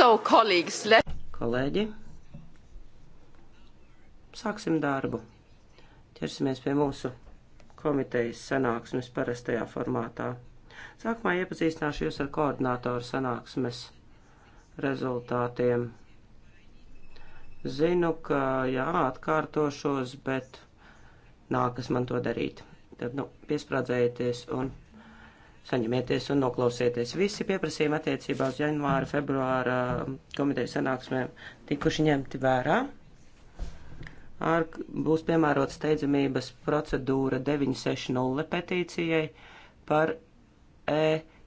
So, colleagues, let... Kolēģi, sāksim darbu. Ķersimies pie mūsu komitejas sanāksmes parastajā formātā. Sākumā iepazīstināšu jūs ar koordinātoru sanāksmes rezultātiem. Zinu, ka jāatkārtošos, bet nākas man to darīt. Tad, nu, piesprādzējieties un saņemieties un noklausieties. Visi pieprasījumi attiecībā uz janvāra, februāra komitejas sanāksmēm tikuši ņemti vērā. Ar, būs piemērot steidzamības procedūra 960 petīcijai par E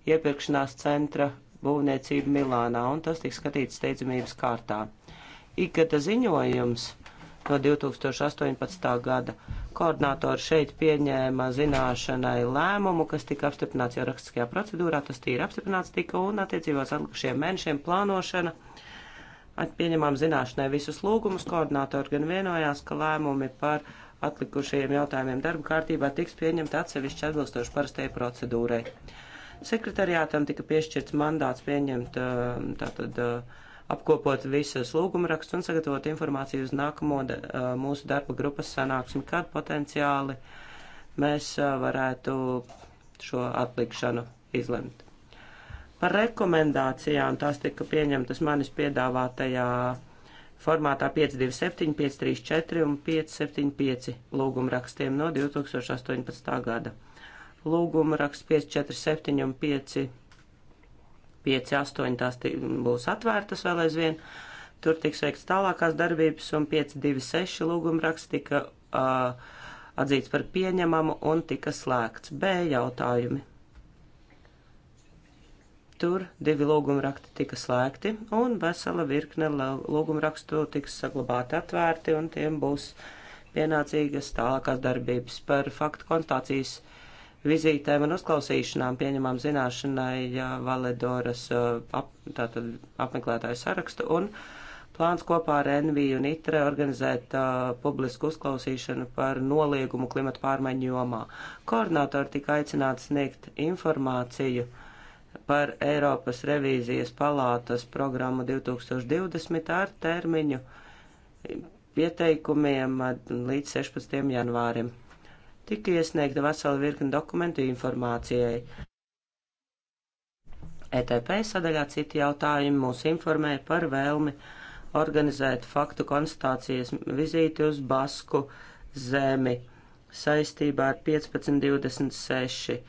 iepirkšanās centra būvniecību Milānā, un tas tiks skatīts steidzamības kārtā. Ikata ziņojums no 2018. gada. Koordinātori šeit pieņēma zināšanai lēmumu, kas tika apstiprināts jau rakstiskajā procedūrā, tas tīri apstiprināts tika un attiecībās atlikušiem mēnešiem plānošana. Pieņemām zināšanai visus lūgumus, koordinātori gan vienojās, ka lēmumi par atlikušajiem jautājumiem darba kārtībā tiks pieņemti atsevišķi atbilstoši parastajai procedūrai. Sekretariātam tika piešķirts mandāts pieņemt tātad. Tā, apkopot visus lūgumrakstus un sagatavot informāciju uz nākamo da, mūsu darba grupas sanāksmi, kad potenciāli mēs varētu šo atlikšanu izlemt. Par rekomendācijām tās tika pieņemtas manis piedāvātajā formātā 527, 534 un 575 lūgumrakstiem no 2018. gada. Lūgumraksts 547 un 5. 5, 8 tās būs atvērtas vēl aizvien. Tur tiks veikts tālākās darbības, un 5, 2, 6 lūguma raksts tika uh, atzīts par pieņemamu un tika slēgts. B jautājumi. Tur divi lūgumrakti tika slēgti, un vesela virkne lūgumrakstu tiks saglabāti atvērti, un tiem būs pienācīgas tālākās darbības par faktu konstatācijas uh, vizītēm un uzklausīšanām pieņemām zināšanai Valedoras uh, ap, tātad, apmeklētāju sarakstu un plāns kopā ar NV un ITRE organizēt uh, publisku uzklausīšanu par noliegumu klimatu pārmaiņu jomā. Koordinātori tika aicināti sniegt informāciju par Eiropas revīzijas palātas programmu 2020 ar termiņu pieteikumiem um, līdz 16. janvārim tika iesniegta vesela virkni dokumentu informācijai. ETP sadaļā citi jautājumi mūs informē par vēlmi organizēt faktu konstatācijas vizīti uz Basku zemi saistībā ar 1526 uh,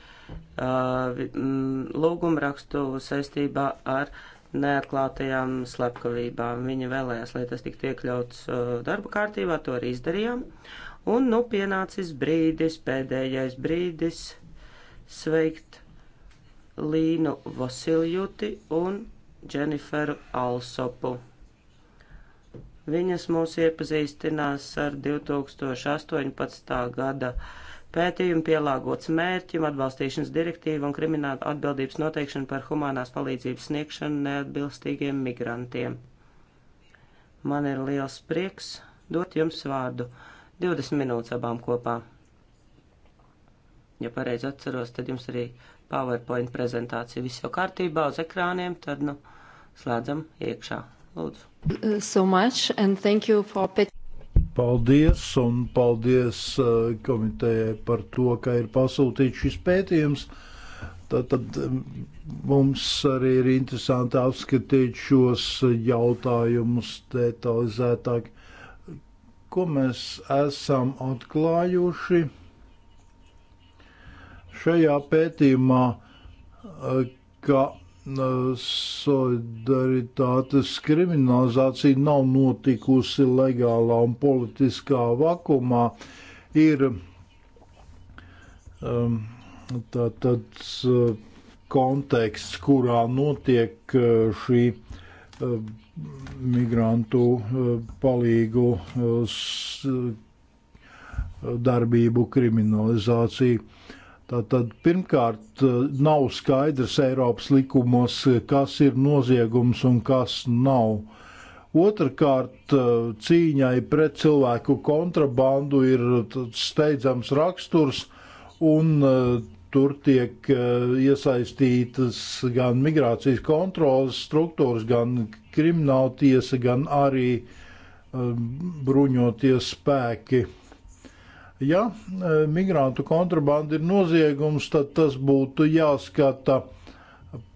mm, lūgumrakstu saistībā ar neatklātajām slepkavībām. Viņa vēlējās, lai tas tiktu iekļauts uh, darba kārtībā, to arī izdarījām. Uh, Un nu pienācis brīdis, pēdējais brīdis sveikt Līnu Vasiljuti un Dženiferu Alsopu. Viņas mūs iepazīstinās ar 2018. gada pētījumu pielāgots mērķim, atbalstīšanas direktīvu un krimināla atbildības noteikšanu par humanās palīdzības sniegšanu neatbilstīgiem migrantiem. Man ir liels prieks dot jums vārdu. 20 minūtes abām kopā. Ja pareizi atceros, tad jums arī PowerPoint prezentācija viss jau kārtībā uz ekrāniem, tad, nu, slēdzam iekšā. Lūdzu. Uh, so much and thank you for Paldies un paldies uh, komitējai par to, ka ir pasūtīts šis pētījums. Tad, tad um, mums arī ir interesanti apskatīt šos jautājumus detalizētāk ko mēs esam atklājuši šajā pētījumā, ka e, solidaritātes kriminalizācija nav notikusi legālā un politiskā vakumā, ir um, tātad e, konteksts, kurā notiek e, šī Eh, migrantu eh, palīgu eh, darbību kriminalizāciju. Tātad pirmkārt nav skaidrs Eiropas likumos, kas ir noziegums un kas nav. Otrakārt, cīņai pret cilvēku kontrabandu ir steidzams raksturs, un tur tiek eh, iesaistītas gan migrācijas kontrolas struktūras, gan krimināla tiesa, gan arī eh, bruņoties spēki. Ja eh, migrantu kontrabanda ir noziegums, tad tas būtu jāskata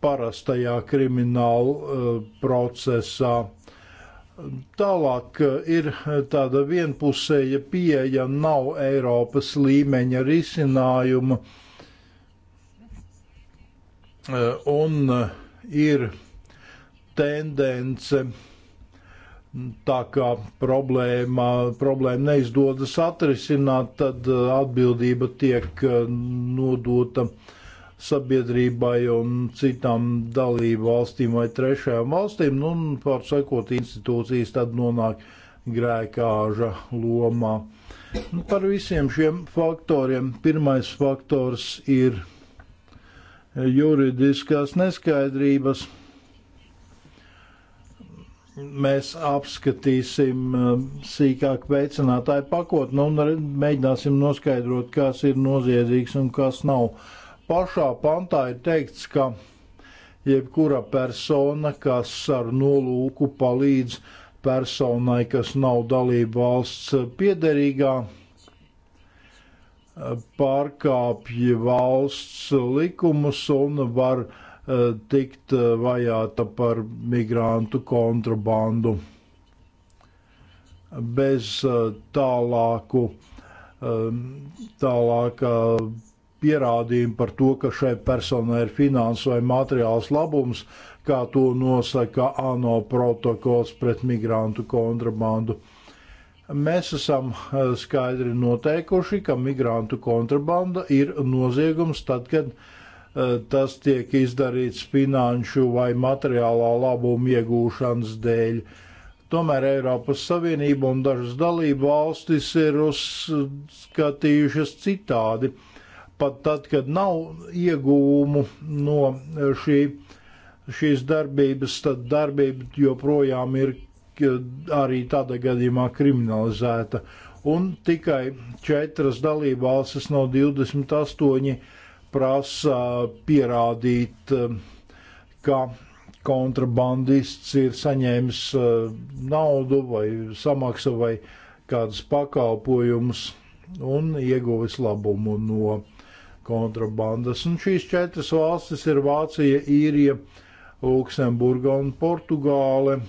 parastajā krimināla procesā. Tālāk ir tāda vienpusēja pieeja, nav Eiropas līmeņa risinājuma. Uh, Eh, un eh, ir tendence tā kā problēma, problēma neizdodas atrisināt, tad eh, atbildība tiek nodota sabiedrībai un citām dalību valstīm vai trešajām valstīm, nu, un pārsakot institūcijas tad nonāk grēkāža lomā. Nu, par visiem šiem faktoriem pirmais faktors ir juridiskās neskaidrības. Mēs apskatīsim uh, sīkāk veicinātāju pakotni nu, un mēģināsim noskaidrot, kas ir noziedzīgs un kas nav. Pašā pantā ir teikts, ka jebkura persona, kas ar nolūku palīdz personai, kas nav dalība valsts piederīgā, pārkāpj valsts likumus un var eh, tikt eh, vajāta par migrantu kontrabandu. Bez eh, tālāku, ehm, tālāka pierādījumi par to, ka šai personai ir finanses vai materiāls labums, kā to nosaka ANO protokols pret migrantu kontrabandu. Uh, Mēs esam eh, skaidri noteikuši, ka migrantu kontrabanda ir noziegums tad, kad eh, tas tiek izdarīts finanšu vai materiālā labuma iegūšanas dēļ. Tomēr Eiropas Savienība un dažas dalību valstis ir uzskatījušas citādi. Pat tad, kad nav iegūmu no šī, šīs darbības, tad darbība joprojām ir arī tādā gadījumā kriminalizēta. Un tikai četras dalībvalstis no 28 prasa pierādīt, eh, ka kontrabandists ir saņēmis eh, naudu vai samaksu vai kādus pakalpojumus un ieguvis labumu no kontrabandas. Un šīs četras valstis ir Vācija, Īrija, Luksemburga un Portugāle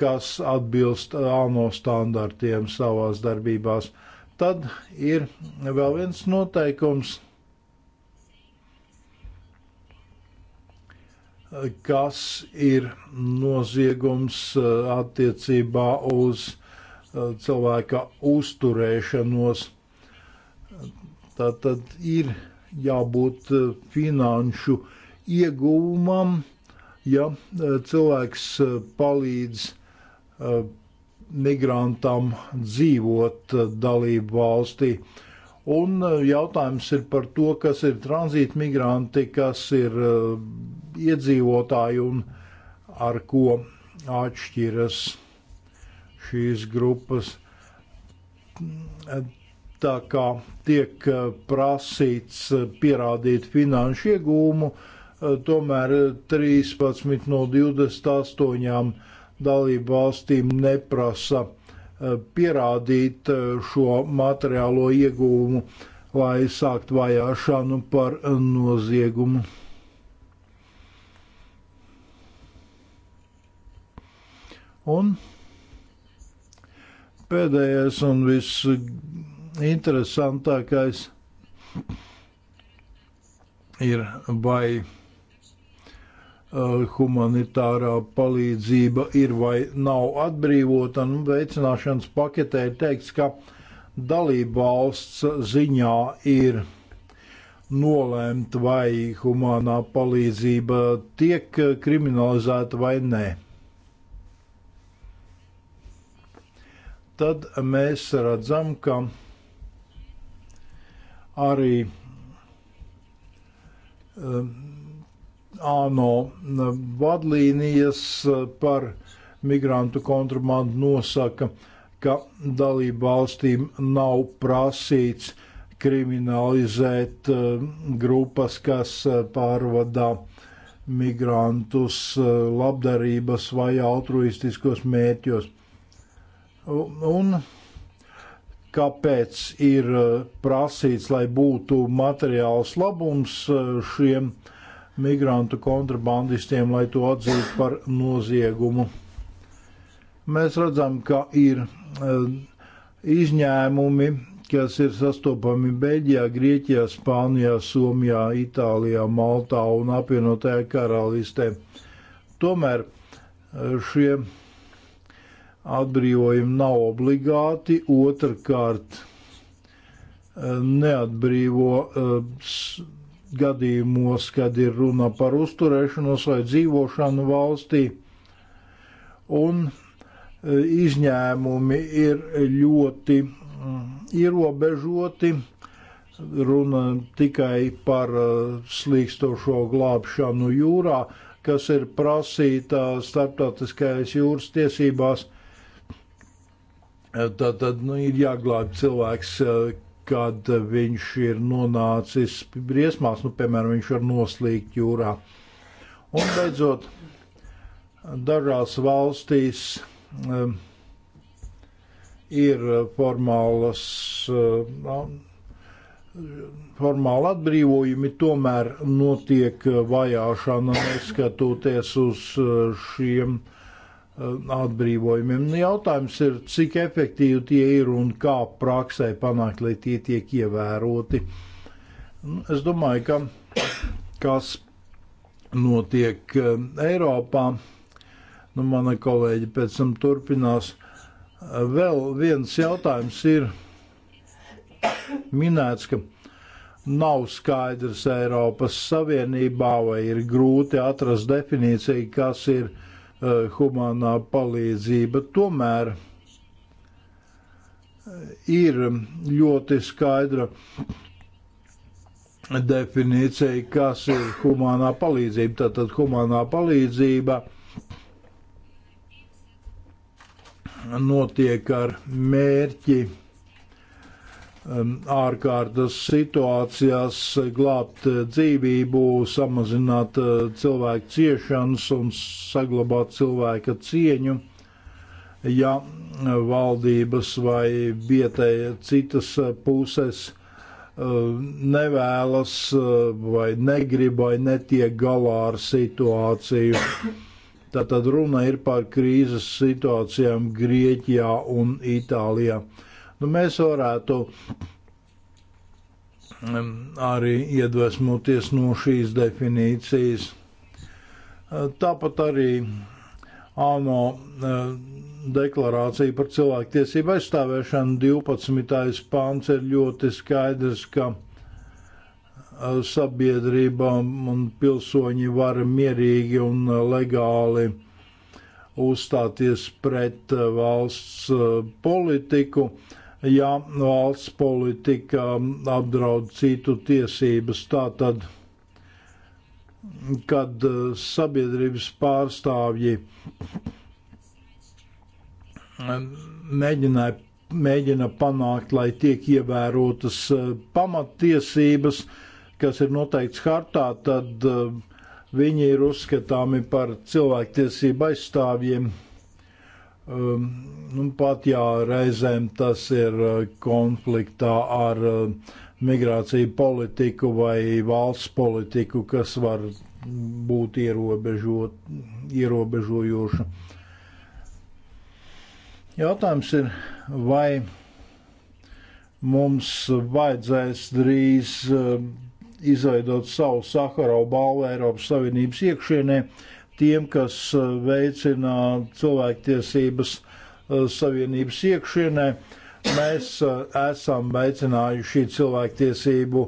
kas atbilst ANO standartiem savās darbībās. Tad ir vēl viens noteikums, kas ir noziegums uh, attiecībā uz uh, cilvēka uzturēšanos. Tātad ir jābūt uh, finanšu ieguvumam, uh, Ja e, cilvēks e, palīdz e, migrantam dzīvot dalību valstī, un jautājums ir par to, kas ir tranzīta migranti, kas ir iedzīvotāji un ar ko atšķiras šīs grupas. Tā kā tiek prasīts pierādīt finanšu iegūmu, uh, Eh, tomēr 13 eh, no 28 dalību valstīm neprasa eh, pierādīt šo materiālo iegūmu, lai sākt vajāšanu par noziegumu. Un pēdējais un visinteresantākais ir, vai Eh, humanitārā palīdzība ir vai nav atbrīvota. Nu, veicināšanas paketē ir teikts, ka dalībvalsts ziņā ir nolēmt, vai humanā palīdzība tiek kriminalizēta vai nē. Tad mēs redzam, ka arī um, ANO vadlīnijas e, par migrantu kontrabandu nosaka, ka dalību valstīm nav prasīts kriminalizēt e, grupas, kas e, pārvadā migrantus labdarības vai altruistiskos mērķos. Un kāpēc ir prasīts, lai būtu materiāls labums šiem migrantu kontrabandistiem, lai to atzītu par noziegumu. Mēs redzam, ka ir eh, izņēmumi, kas ir sastopami Beļģijā, Grieķijā, Spānijā, Somijā, Itālijā, Maltā un apvienotajā karalistē. Tomēr eh, šie atbrīvojumi nav obligāti. Otrakārt, eh, neatbrīvo gadījumos, kad ir runa par uzturēšanos vai dzīvošanu valstī. Un e, izņēmumi ir ļoti mm, ierobežoti. Runa tikai par e, slīkstošo glābšanu jūrā, kas ir prasīta starptautiskajās jūras tiesībās. E, tad, tad nu, ir jāglābj cilvēks, kad viņš ir nonācis briesmās, nu, piemēram, viņš var noslīgt jūrā. Un beidzot, dažās valstīs um, ir formālas, um, formāli atbrīvojumi, tomēr notiek vajāšana neskatoties uz uh, šiem uh, Eh, atbrīvojumiem. Nu, jautājums ir, cik efektīvi tie ir un kā praksē panākt, lai tie tiek ievēroti. Nu, es domāju, ka kas notiek eh, Eiropā, nu, mana kolēģi pēc tam turpinās. Eh, vēl viens jautājums ir minēts, ka nav skaidrs Eiropas Savienībā vai ir grūti atrast definīciju, kas ir uh, Eh, humānā palīdzība. Tomēr eh, ir ļoti skaidra definīcija, kas ir humānā palīdzība. Tātad humānā palīdzība notiek ar mērķi Um, ārkārtas situācijās glābt uh, dzīvību, samazināt uh, cilvēku ciešanas un saglabāt cilvēka cieņu. Ja uh, valdības vai vietēja citas puses nevēlas vai negrib vai netiek galā ar situāciju. Tātad runa ir par krīzes situācijām Grieķijā un Itālijā. Uh, Nu, mēs varētu arī iedvesmoties no šīs definīcijas. Eh, tāpat arī ANO eh, deklarācija par cilvēktiesību aizstāvēšanu 12. pāns ir ļoti skaidrs, ka eh, sabiedrībām un pilsoņi var mierīgi un legāli uzstāties pret valsts politiku ja valsts politika apdraud citu tiesības. Tātad, kad eh, sabiedrības pārstāvji eh, mēģināja, mēģina panākt, lai tiek ievērotas eh, pamattiesības, kas ir noteikts hartā, tad viņi ir uzskatāmi par cilvēktiesību aizstāvjiem. Un um, nu, pat jā, reizēm tas ir uh, konfliktā ar uh, migrāciju politiku vai valsts politiku, kas var būt ierobežot, ierobežojoša. Jautājums ir, vai mums vajadzēs drīz uh, izveidot savu Saharau balvu Eiropas Savienības iekšienē, tiem, kas uh, veicina cilvēktiesības uh, savienības iekšienē. Mēs uh, esam veicinājuši cilvēktiesību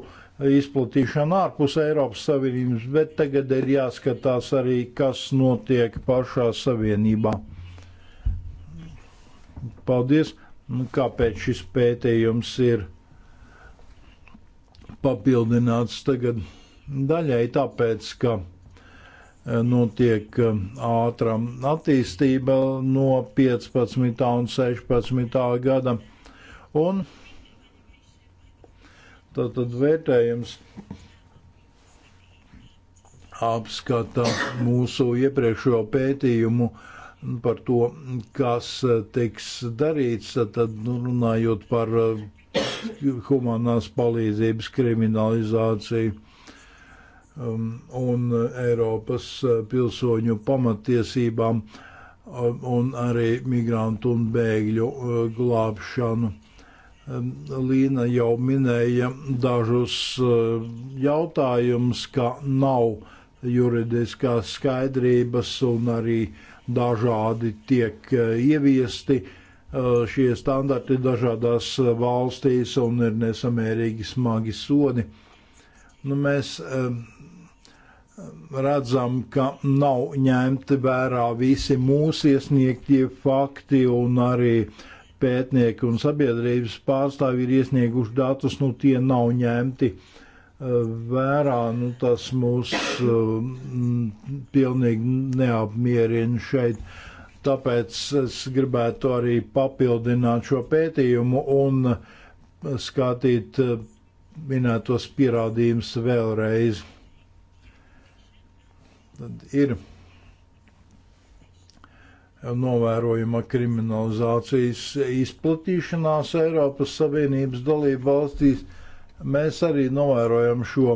izplatīšanu ārpus Eiropas Savienības, bet tagad ir jāskatās arī, kas notiek pašā Savienībā. Paldies! Nu, kāpēc šis pētījums ir papildināts tagad? Daļai tāpēc, ka Eh, notiek eh, ātra attīstība no 15. un 16. gada. Un tātad vērtējums apskata mūsu iepriekšējo pētījumu par to, kas eh, tiks darīts, tad runājot par humanās palīdzības kriminalizāciju. Um, un uh, Eiropas uh, pilsoņu pamatiesībām uh, un arī migrantu un bēgļu glābšanu. Um, Līna jau minēja dažus jautājumus, ka nav juridiskās skaidrības un arī dažādi tiek ieviesti šie standarti dažādās valstīs un ir nesamērīgi smagi sodi. Nu, mēs um, redzam, ka nav ņemti vērā visi mūsu iesniegtie fakti un arī pētnieki un sabiedrības pārstāvji ir iesnieguši datus, nu tie nav ņemti eh, vērā, nu tas mūs eh, pilnīgi neapmierina šeit. Tāpēc es gribētu arī papildināt šo pētījumu un skatīt eh, minētos pierādījumus vēlreiz tad ir novērojama kriminalizācijas izplatīšanās Eiropas Savienības dalību valstīs. Mēs arī novērojam šo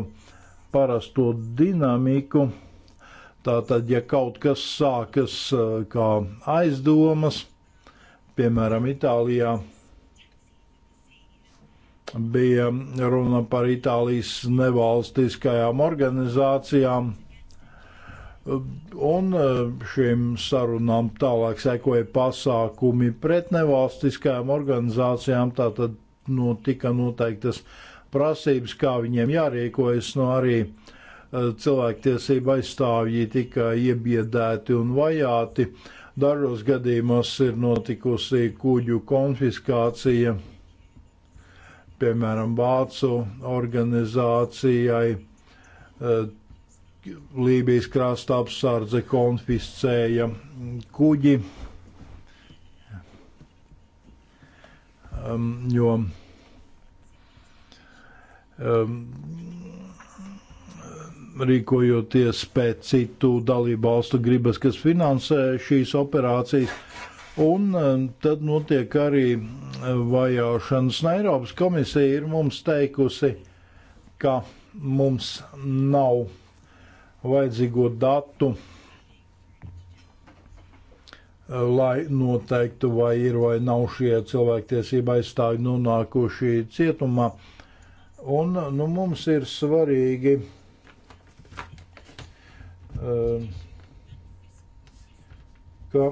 parasto dinamiku. Tātad, ja kaut kas sākas eh, kā aizdomas, piemēram, Itālijā bija runa par Itālijas nevalstiskajām organizācijām, Un e, šīm sarunām tālāk sekoja pasākumi pret nevalstiskajām organizācijām. Tātad nu, tika noteiktas prasības, kā viņiem jārīkojas. Nu, arī e, cilvēktiesība aizstāvji tika iebiedēti un vajāti. Dažos gadījumos ir notikusi kuģu konfiskācija, piemēram, Vācu organizācijai e, Lībijas krasta apsardze konfiscēja kuģi, um, jo um, rīkojoties pēc citu dalību valstu gribas, kas finansē šīs operācijas, un um, tad notiek arī vajāšanas. Eiropas komisija ir mums teikusi, ka mums nav vajadzīgo datu, lai noteiktu, vai ir vai nav šie cilvēktiesība aizstāvi nonākuši cietumā. Un nu, mums ir svarīgi um, ka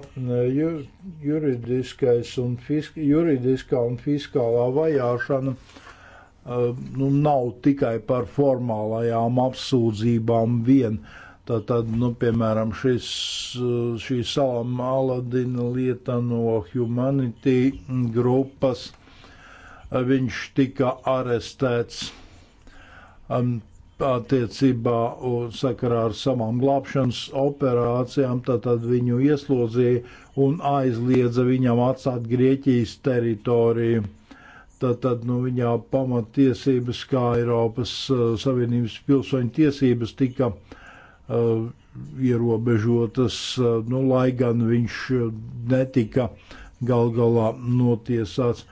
juridiskais un fisk, juridiskā un fiskālā vajāšana uh, Eh, nu, nav tikai par formālajām apsūdzībām vien. Tātad, nu, piemēram, šis, eh, šī salama Aladina lieta no Humanity grupas, eh, viņš tika arestēts ehm, attiecībā sakarā ar savām glābšanas operācijām, tātad viņu ieslodzīja un aizliedza viņam atstāt Grieķijas teritoriju Tātad nu, viņā pamatiesības, kā Eiropas uh, Savienības pilsoņu tiesības, tika uh, ierobežotas, uh, nu, lai gan viņš uh, netika gal galā notiesāts.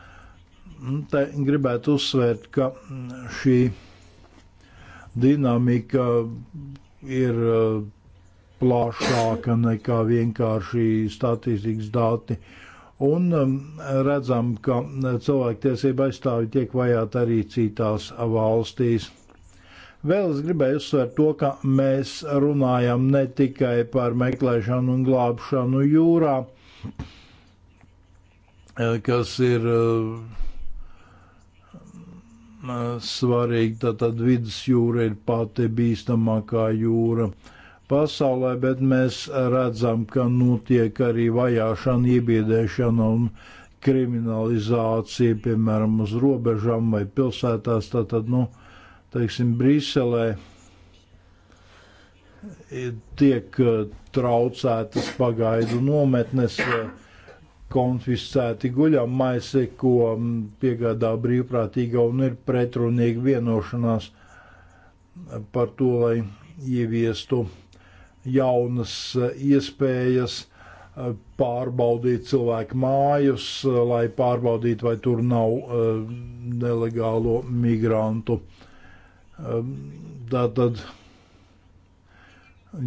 Nu, te gribētu uzsvērt, ka mm, šī dinamika ir uh, plašāka nekā vienkārši statistikas dati. Uh, un um, redzam, ka uh, cilvēktiesība aizstāvi tiek vajāt arī citās valstīs. Vēl es gribēju uzsvērt to, ka mēs runājam ne tikai par meklēšanu un glābšanu jūrā, uh, kas ir uh, svarīgi, tad, tad vidusjūra ir pati bīstamākā jūra. Uh, pasaulē, bet mēs redzam, ka notiek arī vajāšana, iebiedēšana un kriminalizācija, piemēram, uz robežām vai pilsētās. Tātad, nu, teiksim, Brīselē tiek eh, traucētas pagaidu nometnes, eh, konfiscēti guļamaisi, ko mm, piegādā brīvprātīga un ir pretrunīga vienošanās par to, lai ieviestu jaunas eh, iespējas eh, pārbaudīt cilvēku mājus, eh, lai pārbaudītu, vai tur nav nelegālo migrantu. Ehm, tātad,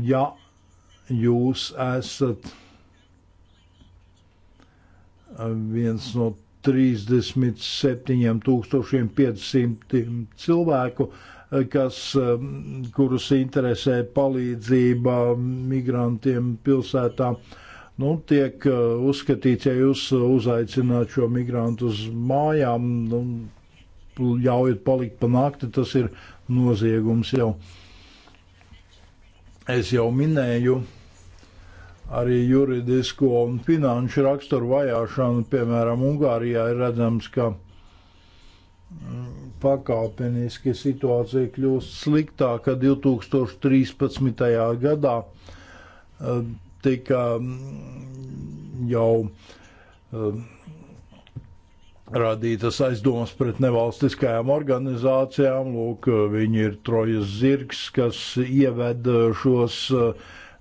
ja jūs esat viens no 37,500 cilvēku, kas, um, kurus interesē palīdzība migrantiem pilsētā. Nu, tiek uh, uzskatīts, ja jūs uzaicināt šo migrantu uz mājām, nu, ļaujat palikt pa nakti, tas ir noziegums jau. Es jau minēju arī juridisko un finanšu raksturu vajāšanu, piemēram, Ungārijā ir redzams, ka pakāpeniski situācija kļūst sliktāka 2013. gadā. Tika jau radītas aizdomas pret nevalstiskajām organizācijām. Lūk, viņi ir trojas zirgs, kas ieved šos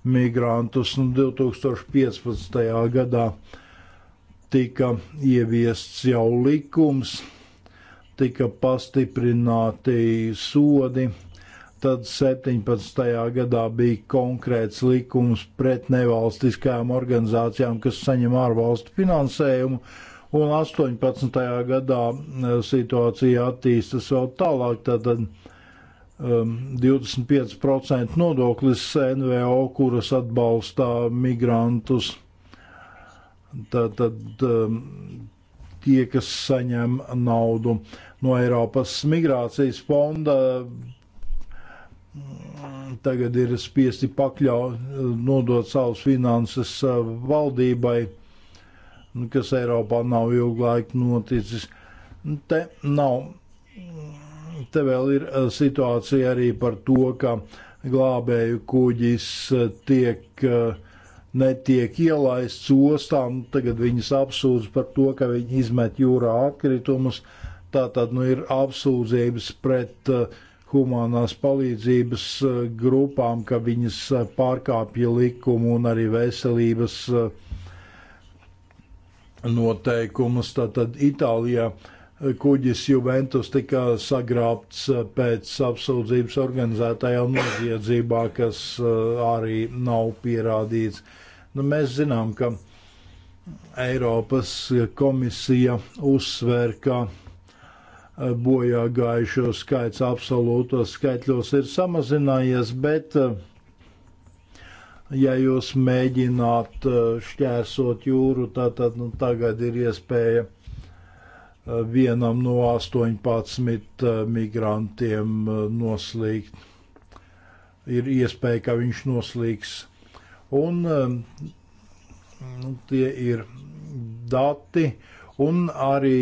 migrantus 2015. gadā. Tika ieviests jau likums, tika pastiprināti sodi. Tad 17. gadā bija konkrēts likums pret nevalstiskajām organizācijām, kas saņem ārvalstu finansējumu, un 18. gadā e, situācija attīstas vēl tālāk. Tātad e, um, 25% nodoklis NVO, kuras atbalstā migrantus. Tātad um, tie, kas saņem naudu no Eiropas migrācijas fonda, tagad ir spiesti pakļaut, nodot savus finanses eh, valdībai, kas Eiropā nav ilgu laiku noticis. Te nav, te vēl ir eh, situācija arī par to, ka glābēju kuģis eh, tiek uh, netiek ielaists ostām, tagad viņas apsūdz par to, ka viņi izmet jūrā atkritumus. Tā tad nu, ir apsūdzības pret uh, humanās palīdzības uh, grupām, ka viņas uh, pārkāpja likumu un arī veselības uh, noteikumus. Tātad Itālijā uh, kuģis Juventus tika sagrābts uh, pēc apsūdzības organizētajā noziedzībā, kas arī nav pierādīts. Uh, Nu, mēs zinām, ka Eiropas komisija uzsver, ka eh, bojā gājušo skaits absolūtos skaitļos ir samazinājies, bet eh, ja jūs mēģināt eh, šķērsot jūru, tad, tad nu, tagad ir iespēja vienam no 18 migrantiem noslīgt. Ir iespēja, ka viņš noslīgs Un um, nu, tie ir dati, un arī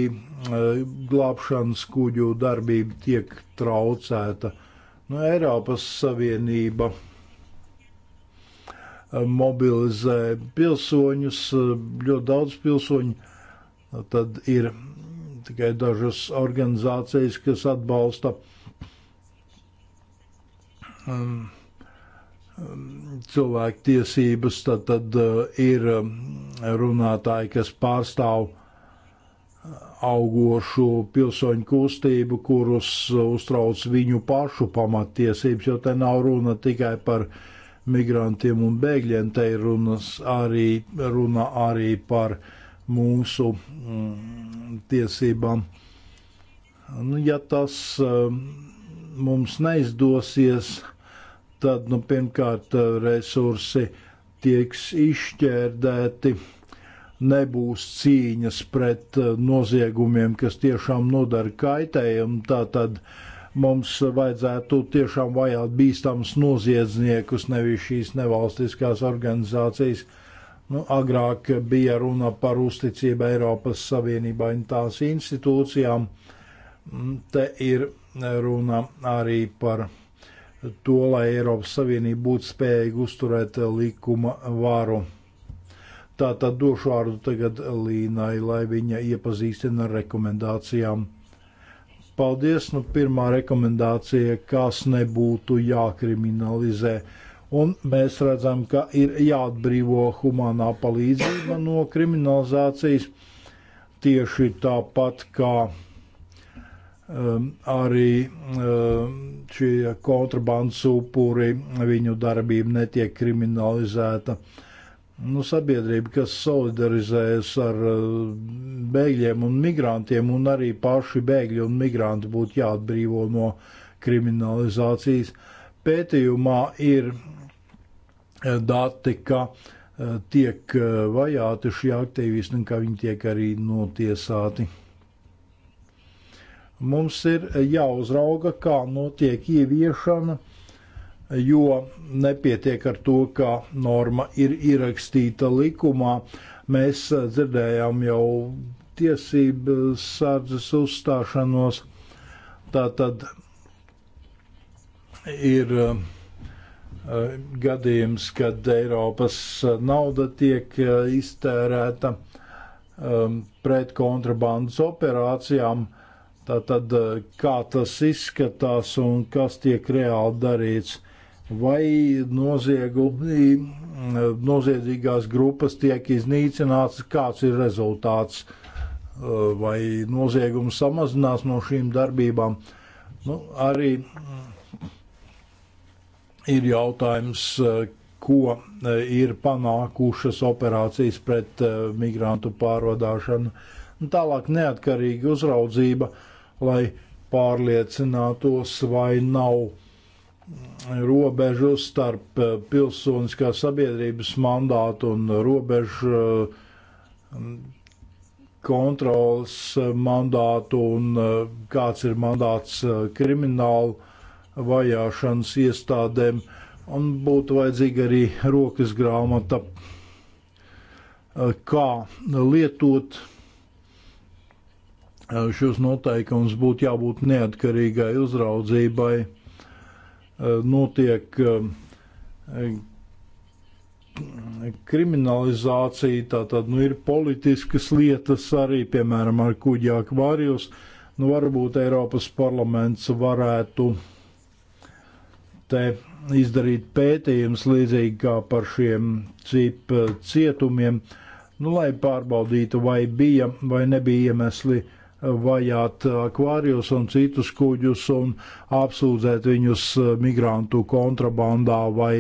uh, glābšanas kuģu darbība tiek traucēta. Nu, Eiropas Savienība uh, mobilizē pilsoņus, uh, ļoti daudz pilsoņu. Tad ir tikai dažas organizācijas, kas atbalsta um, cilvēku tiesības, tad, tad eh, ir eh, runātāji, kas pārstāv eh, augošu pilsoņu kustību, kurus uztrauc viņu pašu pamattiesības, jo te nav runa tikai par migrantiem un bēgļiem, te ir runas arī, runa arī par mūsu mm, tiesībām. Nu, ja tas mm, mums neizdosies, tad nu, pirmkārt eh, resursi tiks izšķērdēti, nebūs cīņas pret eh, noziegumiem, kas tiešām nodara kaitējumu. Tātad mums vajadzētu tiešām vajāt bīstams noziedzniekus, nevis šīs nevalstiskās organizācijas. Nu, agrāk bija runa par uzticību Eiropas Savienībai un tās institūcijām. Mm, te ir runa arī par to, lai Eiropas Savienība būtu spējīga uzturēt likuma vāru. Tā tad došu vārdu tagad Līnai, lai viņa iepazīstina ar rekomendācijām. Paldies, nu pirmā rekomendācija, kas nebūtu jākriminalizē. Un mēs redzam, ka ir jāatbrīvo humanā palīdzība no kriminalizācijas tieši tāpat kā Um, arī um, šie kontrabandas upuri, viņu darbība netiek kriminalizēta. Nu, sabiedrība, kas solidarizējas ar uh, bēgļiem un migrantiem, un arī paši bēgļi un migranti būtu jāatbrīvo no kriminalizācijas. Pētījumā ir uh, dati, ka uh, tiek vajāti šie aktīvisti un ka viņi tiek arī notiesāti. Mums ir jāuzrauga, kā notiek ieviešana, jo nepietiek ar to, ka norma ir ierakstīta likumā. Mēs dzirdējām jau tiesību sardzes uzstāšanos. Tā tad ir eh, gadījums, kad Eiropas nauda tiek eh, iztērēta eh, pret kontrabandas operācijām, Tātad, eh, kā tas izskatās un kas tiek reāli darīts, vai eh, noziedzīgās grupas tiek iznīcināts, kāds ir rezultāts, eh, vai noziegums samazinās no šīm darbībām. Nu, arī mm, ir jautājums, ko ir panākušas operācijas pret migrantu pārvadāšanu. Tālāk neatkarīga uzraudzība. Uh, lai pārliecinātos, vai nav robežu starp eh, pilsoniskās sabiedrības mandātu un robežu eh, kontrolas eh, mandātu un kāds ir mandāts kriminālu vajāšanas iestādēm. Un būtu vajadzīga arī rokas grāmata, kā lietot šos noteikumus būtu jābūt neatkarīgai uzraudzībai. Notiek kriminalizācija, tātad nu, ir politiskas lietas arī, piemēram, ar kuģi akvārijus. Nu, varbūt Eiropas parlaments varētu te izdarīt pētījums līdzīgi kā par šiem cip cietumiem, nu, lai pārbaudītu, vai bija vai nebija iemesli uh, vajāt akvārijus un citus kuģus un apsūdzēt viņus migrantu kontrabandā vai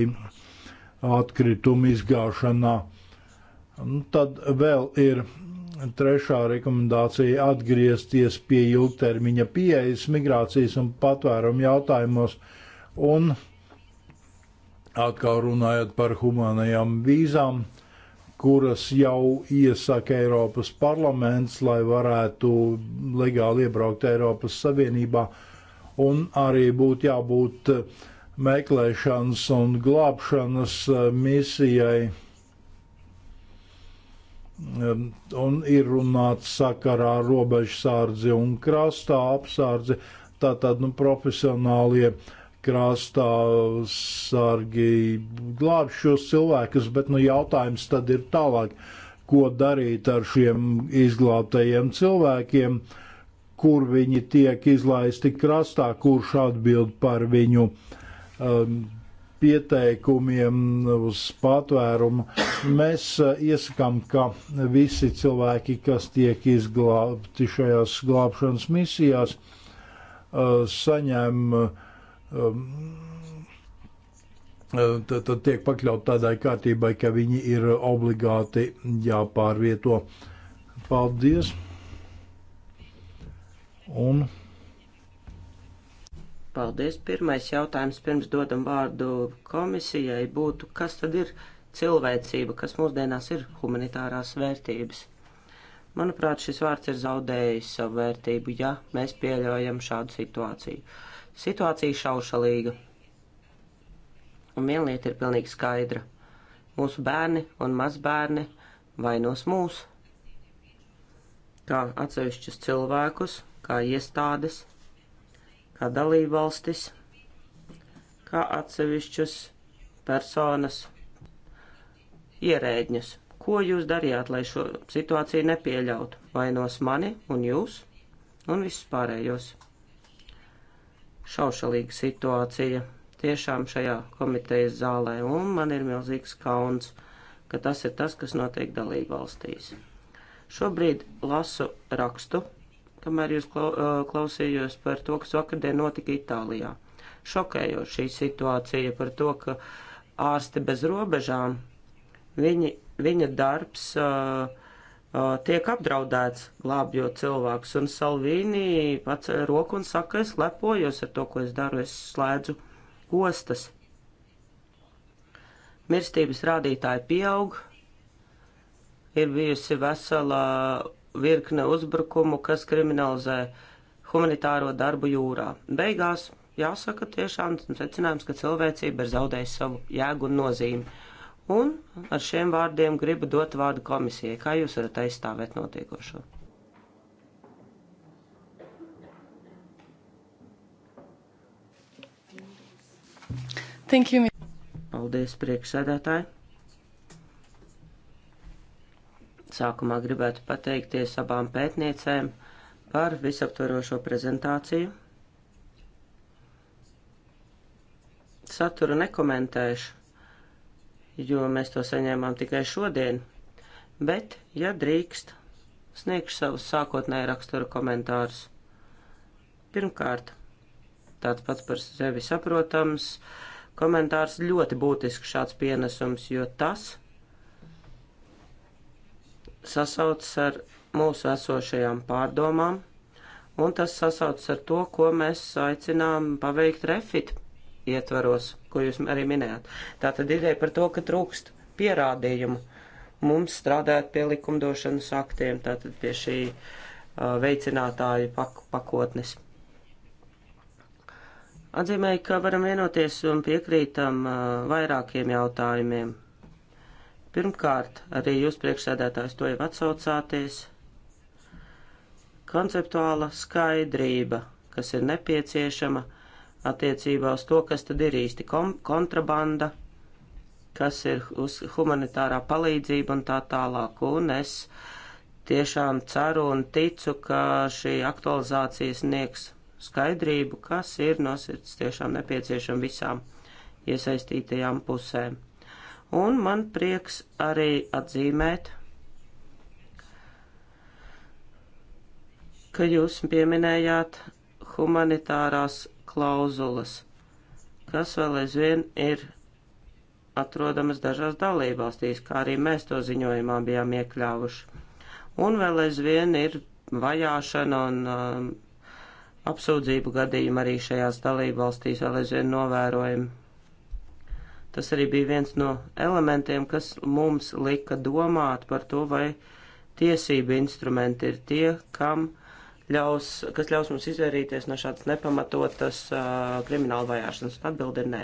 atkritumu izgāšanā. Un nu, tad vēl ir trešā rekomendācija atgriezties pie ilgtermiņa pieejas migrācijas un patvērumu jautājumos un atkal runājot par humanajām vīzām kuras jau iesaka Eiropas parlaments, lai varētu legāli iebraukt Eiropas Savienībā, un arī būtu jābūt meklēšanas un glābšanas eh, misijai. Un ir runāts sakarā robežsārdzi un krastā apsārdzi, tātad nu, profesionālie uh, krastā sargi glābj šos cilvēkus, bet nu, jautājums tad ir tālāk, ko darīt ar šiem izglābtajiem cilvēkiem, kur viņi tiek izlaisti krastā, kurš atbild par viņu um, pieteikumiem uz patvērumu. Mēs uh, iesakām, ka visi cilvēki, kas tiek izglābti šajās glābšanas misijās, uh, saņem uh, um, tad, uh, tad tiek pakļaut tādai kārtībai, ka viņi ir obligāti jāpārvieto. Paldies! Un... Paldies! Pirmais jautājums pirms dodam vārdu komisijai būtu, kas tad ir cilvēcība, kas mūsdienās ir humanitārās vērtības? Manuprāt, šis vārds ir zaudējis savu vērtību, ja mēs pieļaujam šādu situāciju. Uh, Situācija šaušalīga. Un viena lieta ir pilnīgi skaidra. Mūsu bērni un mazbērni vainos mūs, kā atsevišķus cilvēkus, kā iestādes, kā dalībvalstis, kā atsevišķus personas ierēģņus. Ko jūs darījāt, lai šo situāciju nepieļautu? Vainos mani un jūs un visus pārējos šaušalīga situācija tiešām šajā komitejas zālē, un man ir milzīgs kauns, ka tas ir tas, kas notiek dalību valstīs. Šobrīd lasu rakstu, kamēr jūs klausījos par to, kas vakardien notika Itālijā. Šokējoša šī situācija par to, ka ārsti bez robežām, viņi, viņa darbs uh, tiek apdraudēts, glābjot cilvēkus. Un Salvīni pats roku un saka, es lepojos ar to, ko es daru, es slēdzu ostas. Mirstības rādītāji pieaug, ir bijusi vesela virkne uzbrukumu, kas kriminalizē humanitāro darbu jūrā. Beigās jāsaka tiešām secinājums, ka cilvēcība ir zaudējusi savu jēgu un nozīmi. Un ar šiem vārdiem gribu dot vārdu komisijai. Kā jūs varat aizstāvēt notiekošo? Thank you. Paldies, priekšsēdētāji. Sākumā gribētu pateikties abām pētniecēm par visaptvarošo prezentāciju. Saturu nekomentēšu, jo mēs to saņēmām tikai šodien. Bet, ja drīkst, sniegšu savus sākotnēju rakstura komentārus. Pirmkārt, tāds pats par sevi saprotams komentārs ļoti būtisks šāds pienesums, jo tas sasaucas ar mūsu esošajām pārdomām, un tas sasaucas ar to, ko mēs aicinām paveikt refit ietvaros, ko jūs arī minējāt. Tā tad ideja par to, ka trūkst pierādījumu mums strādājot pie likumdošanas aktiem, tātad pie šī uh, veicinātāju pak pakotnes. Atzīmēju, ka varam vienoties un piekrītam uh, vairākiem jautājumiem. Pirmkārt, arī jūs priekšsēdētājs to jau atsaucāties. Konceptuāla skaidrība, kas ir nepieciešama, uh, attiecībā uz to, kas tad ir īsti kontrabanda, kas ir uz humanitārā palīdzība un tā tālāk. Un es tiešām ceru un ticu, ka šī aktualizācija sniegs skaidrību, kas ir nosirds tiešām nepieciešama visām iesaistītajām pusēm. Un man prieks arī atzīmēt, ka jūs pieminējāt humanitārās klauzulas, kas vēl aizvien ir atrodamas dažās dalībvalstīs, kā arī mēs to ziņojumā bijām iekļāvuši. Un vēl aizvien ir vajāšana un um, apsūdzību gadījumi arī šajās dalībvalstīs vēl aizvien novērojami. Tas arī bija viens no elementiem, kas mums lika domāt par to, vai tiesība instrumenti ir tie, kam uh, ļaus, kas ļaus mums izvairīties no šādas nepamatotas uh, krimināla vajāšanas? Atbildi ir nē.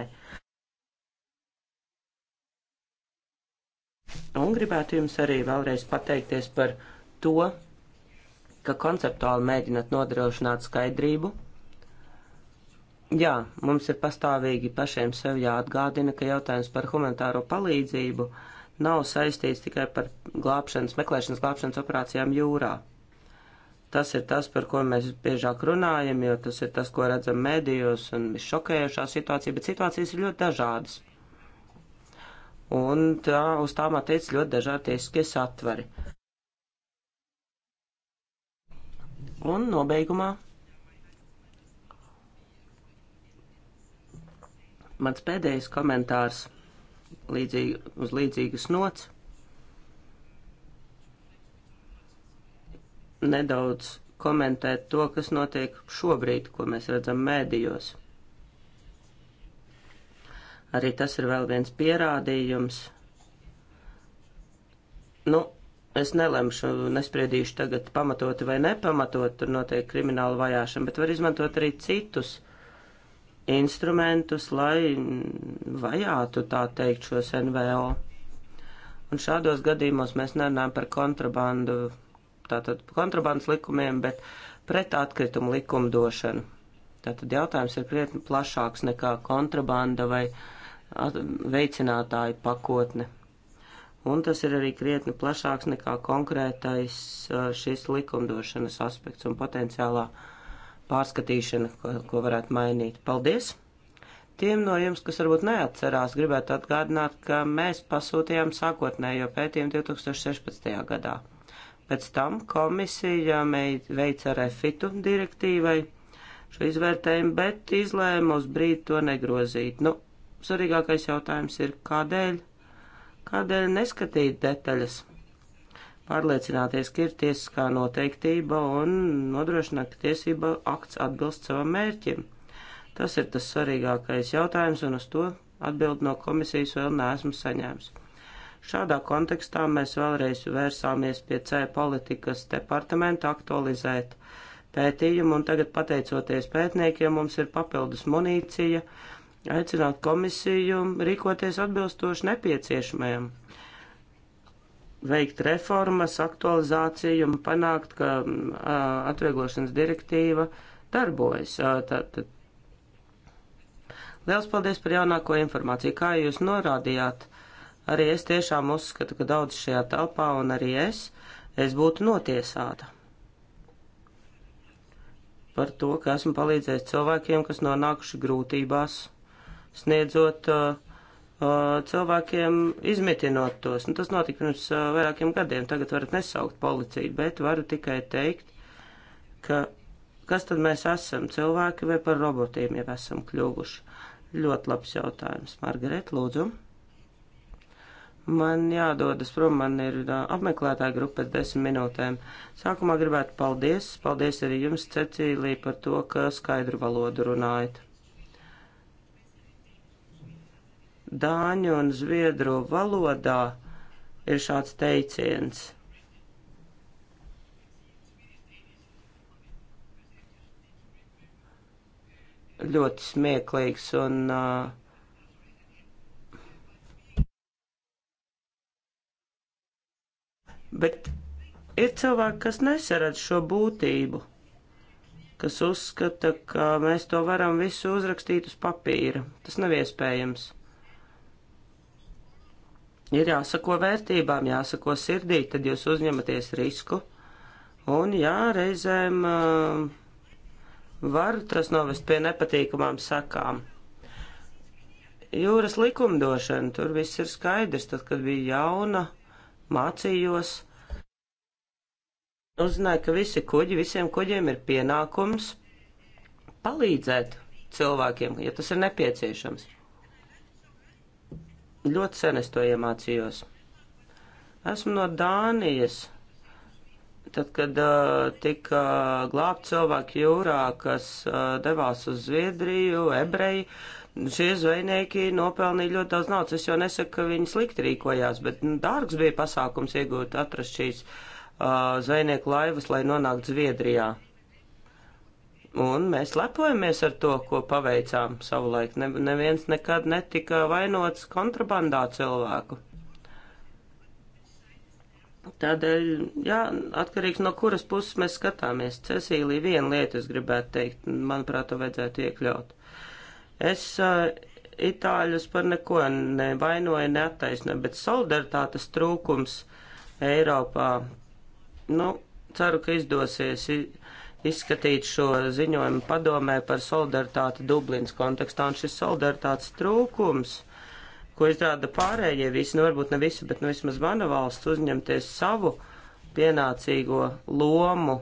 Un gribētu jums arī vēlreiz pateikties par to, ka konceptuāli mēģinat nodrošināt skaidrību. Jā, mums ir pastāvīgi pašiem sev jāatgādina, ka jautājums par humanitāro palīdzību nav saistīts tikai par glābšanas, meklēšanas glābšanas operācijām jūrā. Tas ir tas, par ko mēs biežāk runājam, jo tas ir tas, ko redzam mēdījos un šokējošā situācija, bet situācijas ir ļoti dažādas. Un tā, uz tām attiec ļoti dažādi tiesiskie satvari. Un nobeigumā mans pēdējais komentārs līdzīgi, uz līdzīgas nots nedaudz komentēt to, kas notiek šobrīd, ko mēs redzam mēdījos. Arī tas ir vēl viens pierādījums. Nu, es nelemšu, nespriedīšu tagad pamatoti vai nepamatot, tur notiek krimināla vajāšana, bet var izmantot arī citus instrumentus, lai vajātu tā teikt šos NVO. Un šādos gadījumos mēs nerunājam par kontrabandu tātad kontrabandas likumiem, bet pret atkritumu likumdošanu. Tātad jautājums ir krietni plašāks nekā kontrabanda vai veicinātāju pakotne. Un tas ir arī krietni plašāks nekā konkrētais šis likumdošanas aspekts un potenciālā pārskatīšana, ko, ko varētu mainīt. Paldies! Tiem no jums, kas varbūt neatcerās, gribētu atgādināt, ka mēs pasūtījām sākotnējo pētījumu 2016. gadā. Pēc tam komisija veica refitu direktīvai šo izvērtējumu, bet izlēma uz brīdi to negrozīt. Nu, svarīgākais jautājums ir, kādēļ, kādēļ neskatīt detaļas, pārliecināties, ka ir tiesiskā noteiktība un nodrošināt, ka tiesība akts atbilst savam mērķim. Tas ir tas svarīgākais jautājums, un uz to atbildi no komisijas vēl neesmu saņēmis. Šādā kontekstā mēs vēlreiz vērsāmies pie C politikas departamenta aktualizēt pētījumu, un tagad pateicoties pētniekiem mums ir papildus munīcija aicināt komisiju rīkoties atbilstoši nepieciešamajam veikt reformas, aktualizāciju un panākt, ka a, atvieglošanas direktīva darbojas. A, tā, tā. Liels paldies par jaunāko informāciju. Kā jūs norādījāt, Arī es tiešām uzskatu, ka daudz šajā telpā un arī es, es būtu notiesāta par to, ka esmu palīdzējis cilvēkiem, kas nonākuši grūtībās, sniedzot uh, uh cilvēkiem, izmitinot tos. Nu, tas notika pirms uh, vairākiem gadiem, tagad varat nesaukt policiju, bet varu tikai teikt, ka kas tad mēs esam, cilvēki vai par robotiem jau esam kļuvuši. Ļoti labs jautājums, Margaret, lūdzu. Man jādodas prom, man ir apmeklētāja grupa pēc desmit minūtēm. Sākumā gribētu paldies, paldies arī jums, Cecīlija, par to, ka skaidru valodu runājat. Dāņu un Zviedru valodā ir šāds teiciens. Ļoti smieklīgs un uh, Bet ir cilvēki, kas nesaredz šo būtību, kas uzskata, ka mēs to varam visu uzrakstīt uz papīra. Tas nav iespējams. Ir jāsako vērtībām, jāsako sirdī, tad jūs uzņematies risku. Un jā, reizēm uh, var tas novest pie nepatīkamām sakām. Jūras likumdošana, tur viss ir skaidrs, tad, kad bija jauna mācījos, uzzināju, ka visi kuģi, visiem kuģiem ir pienākums palīdzēt cilvēkiem, ja tas ir nepieciešams. Ļoti sen es to iemācījos. Esmu no Dānijas. Tad, kad uh, tika glābti cilvēki jūrā, kas uh, devās uz Zviedriju, ebreji, uh, šie zvejnieki nopelnīja ļoti daudz naudas. Es jau nesaku, ka viņi slikti rīkojās, bet nu, dārgs bija pasākums iegūt atrast šīs uh, zvejnieku laivas, lai nonāktu Zviedrijā. Un mēs lepojamies ar to, ko paveicām savulaik. Ne, neviens nekad netika vainots kontrabandā cilvēku. Tādēļ, jā, atkarīgs no kuras puses mēs skatāmies. Cecīlija, viena lieta es gribētu teikt, manuprāt, to vajadzētu iekļaut. Es uh, itāļus par neko nevainoju, neattaisnoju, bet solidaritātes trūkums Eiropā, nu, ceru, ka izdosies izskatīt šo ziņojumu padomē par solidaritāti Dublins kontekstā, un šis solidaritātes trūkums ko izrāda pārējie visi, nu varbūt ne visi, bet nu vismaz mana valsts uzņemties savu pienācīgo lomu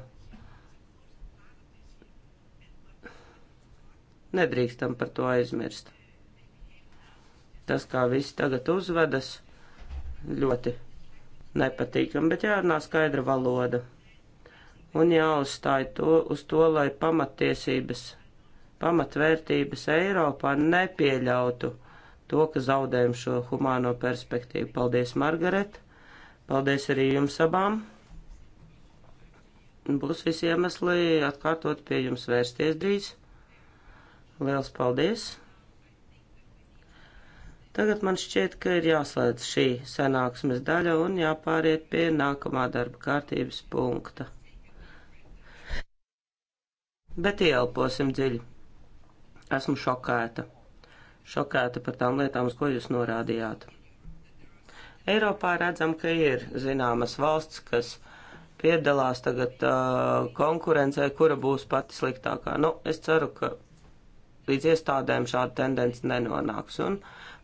Nedrīkstam par to aizmirst. Tas, kā visi tagad uzvedas, ļoti nepatīkam, bet jārunā skaidra valoda. Un jāuzstāj to, uz to, lai pamatiesības, pamatvērtības Eiropā nepieļautu to, ka zaudējam šo humāno perspektīvu. Paldies, Margaret! Paldies arī jums abām! Būs visi iemesli atkārtot pie jums vērsties drīz. Liels paldies! Tagad man šķiet, ka ir jāslēdz šī sanāksmes daļa un jāpāriet pie nākamā darba kārtības punkta. Bet ielposim dziļi. Esmu šokēta. Šokēta par tām lietām, uz ko jūs norādījāt. Eiropā redzam, ka ir zināmas valsts, kas piedalās tagad uh, konkurencē, kura būs pati sliktākā. Nu, es ceru, ka līdz iestādēm šāda tendence nenonāks. Un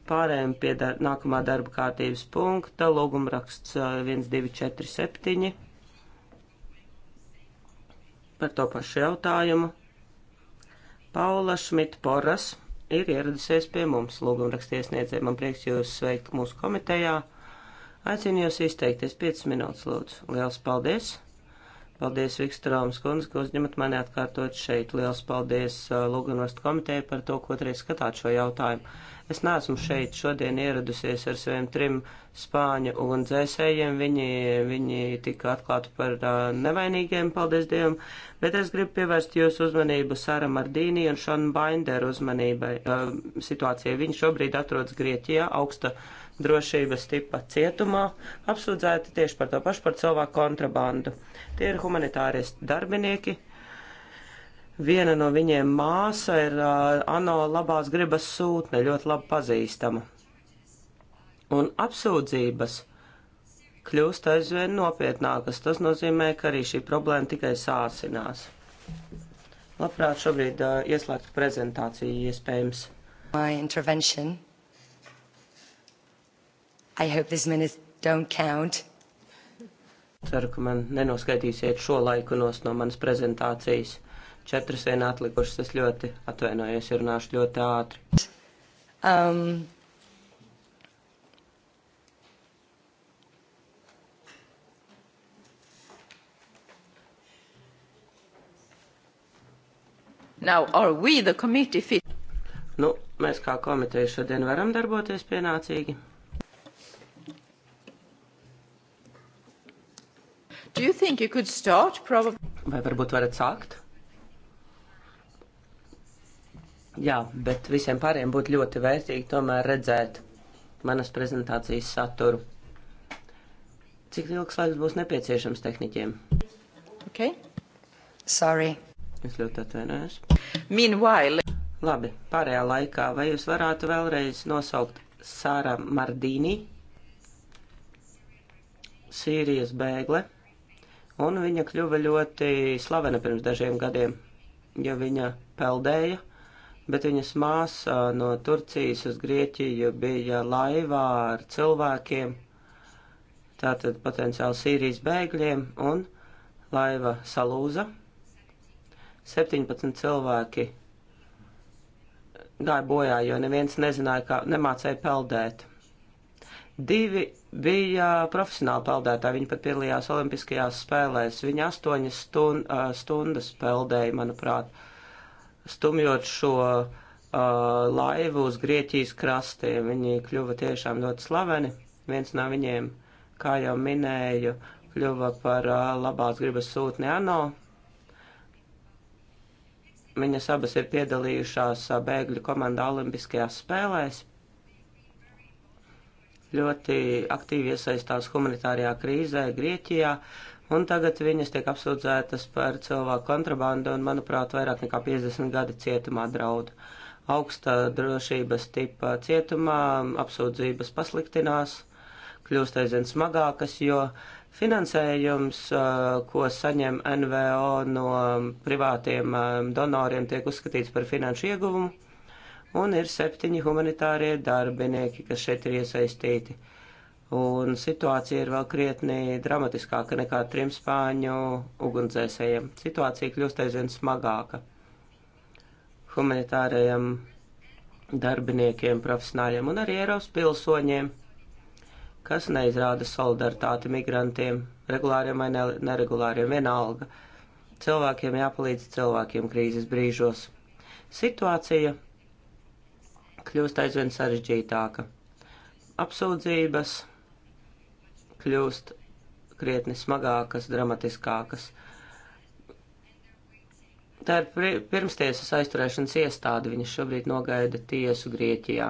pārējiem pie dar nākamā darba kārtības punkta logumraksts 1247 par to pašu jautājumu. Paula Šmit-Poras ir ieradusies pie mums lūgumrakstiesniedzēji. Man prieks jūs sveikt mūsu komitejā. Aicinu jūs izteikties 5 minūtes, lūdzu. Liels paldies! Paldies, Vikstrāms kundze, ka uzņemat mani atkārtot šeit. Liels paldies uh, Lūgunvastu komiteju par to, ko arī skatāt šo jautājumu. Es neesmu šeit šodien ieradusies ar saviem trim spāņu ugunsdzēsējiem. Viņi, viņi tika atklāti par uh, nevainīgiem, paldies Dievam. Bet es gribu pievērst jūsu uzmanību Sara Mardīnī un Šona Bainderu uzmanībai uh, situācijai. Viņi šobrīd atrodas Grieķijā augsta. Uh, drošības tipa cietumā, apsūdzēti tieši par to pašu, par cilvēku kontrabandu. Tie ir humanitārie darbinieki. Viena no viņiem māsa ir uh, ANO labās gribas sūtne, ļoti labi pazīstama. Un apsūdzības kļūst aizvien nopietnākas. Tas nozīmē, ka arī šī problēma tikai sāsinās. Labprāt, šobrīd uh, ieslēgtu prezentāciju iespējams. My intervention I hope these minutes don't count. Ceru, ka man nenoskaitīsiet šo laiku nost no manas prezentācijas. Četras vien atlikušas, es ļoti atvainojos, ja runāšu ļoti ātri. Um, Now, are we the committee fit? Nu, mēs kā komiteja šodien varam darboties pienācīgi. Do you think you could start? Probably. Vai varbūt varat sākt? Jā, bet visiem pārējiem būtu ļoti vērtīgi tomēr redzēt manas prezentācijas saturu. Cik ilgs laiks būs nepieciešams tehniķiem? Okay. Sorry. Es ļoti atvainojos. Meanwhile. Labi, pārējā laikā vai jūs varētu vēlreiz nosaukt Sāra Mardīni, Sīrijas bēgle? un viņa kļuva ļoti slavena pirms dažiem gadiem, jo viņa peldēja, bet viņas māsa no Turcijas uz Grieķiju bija laivā ar cilvēkiem, tātad potenciāli Sīrijas bēgļiem, un laiva salūza. 17 cilvēki gāja bojā, jo neviens nezināja, kā nemācēja peldēt. Divi bija profesionāli peldētāji. Viņa pat piedalījās Olimpiskajās spēlēs. Viņa astoņas stund, stundas peldēja, manuprāt, stumjot šo uh, laivu uz Grieķijas krastiem. Viņi kļuva tiešām ļoti slaveni. Viens no viņiem, kā jau minēju, kļuva par uh, labās gribas sūtni ANO. Viņas abas ir piedalījušās uh, bēgļu komandā Olimpiskajās spēlēs ļoti aktīvi iesaistās humanitārajā krīzē Grieķijā, un tagad viņas tiek apsūdzētas par cilvēku kontrabandu un, manuprāt, vairāk nekā 50 gadi cietumā draudu. Augsta drošības tipa cietumā apsūdzības pasliktinās, kļūst aizvien smagākas, jo finansējums, ko saņem NVO no privātiem donoriem, tiek uzskatīts par finanšu ieguvumu un ir septiņi humanitārie darbinieki, kas šeit ir iesaistīti. Un situācija ir vēl krietni dramatiskāka nekā trim spāņu ugunsdzēsējiem. Situācija kļūst aizvien smagāka. Humanitārajiem darbiniekiem, profesionāļiem un arī Eiropas pilsoņiem, kas neizrāda solidaritāti migrantiem, regulāriem vai neregulāriem, vienalga. Cilvēkiem jāpalīdz cilvēkiem krīzes brīžos. Situācija kļūst aizvien sarežģītāka. Apsūdzības kļūst krietni smagākas, dramatiskākas. Tā ir pirmstiesas aizturēšanas iestāde, viņas šobrīd nogaida tiesu Grieķijā.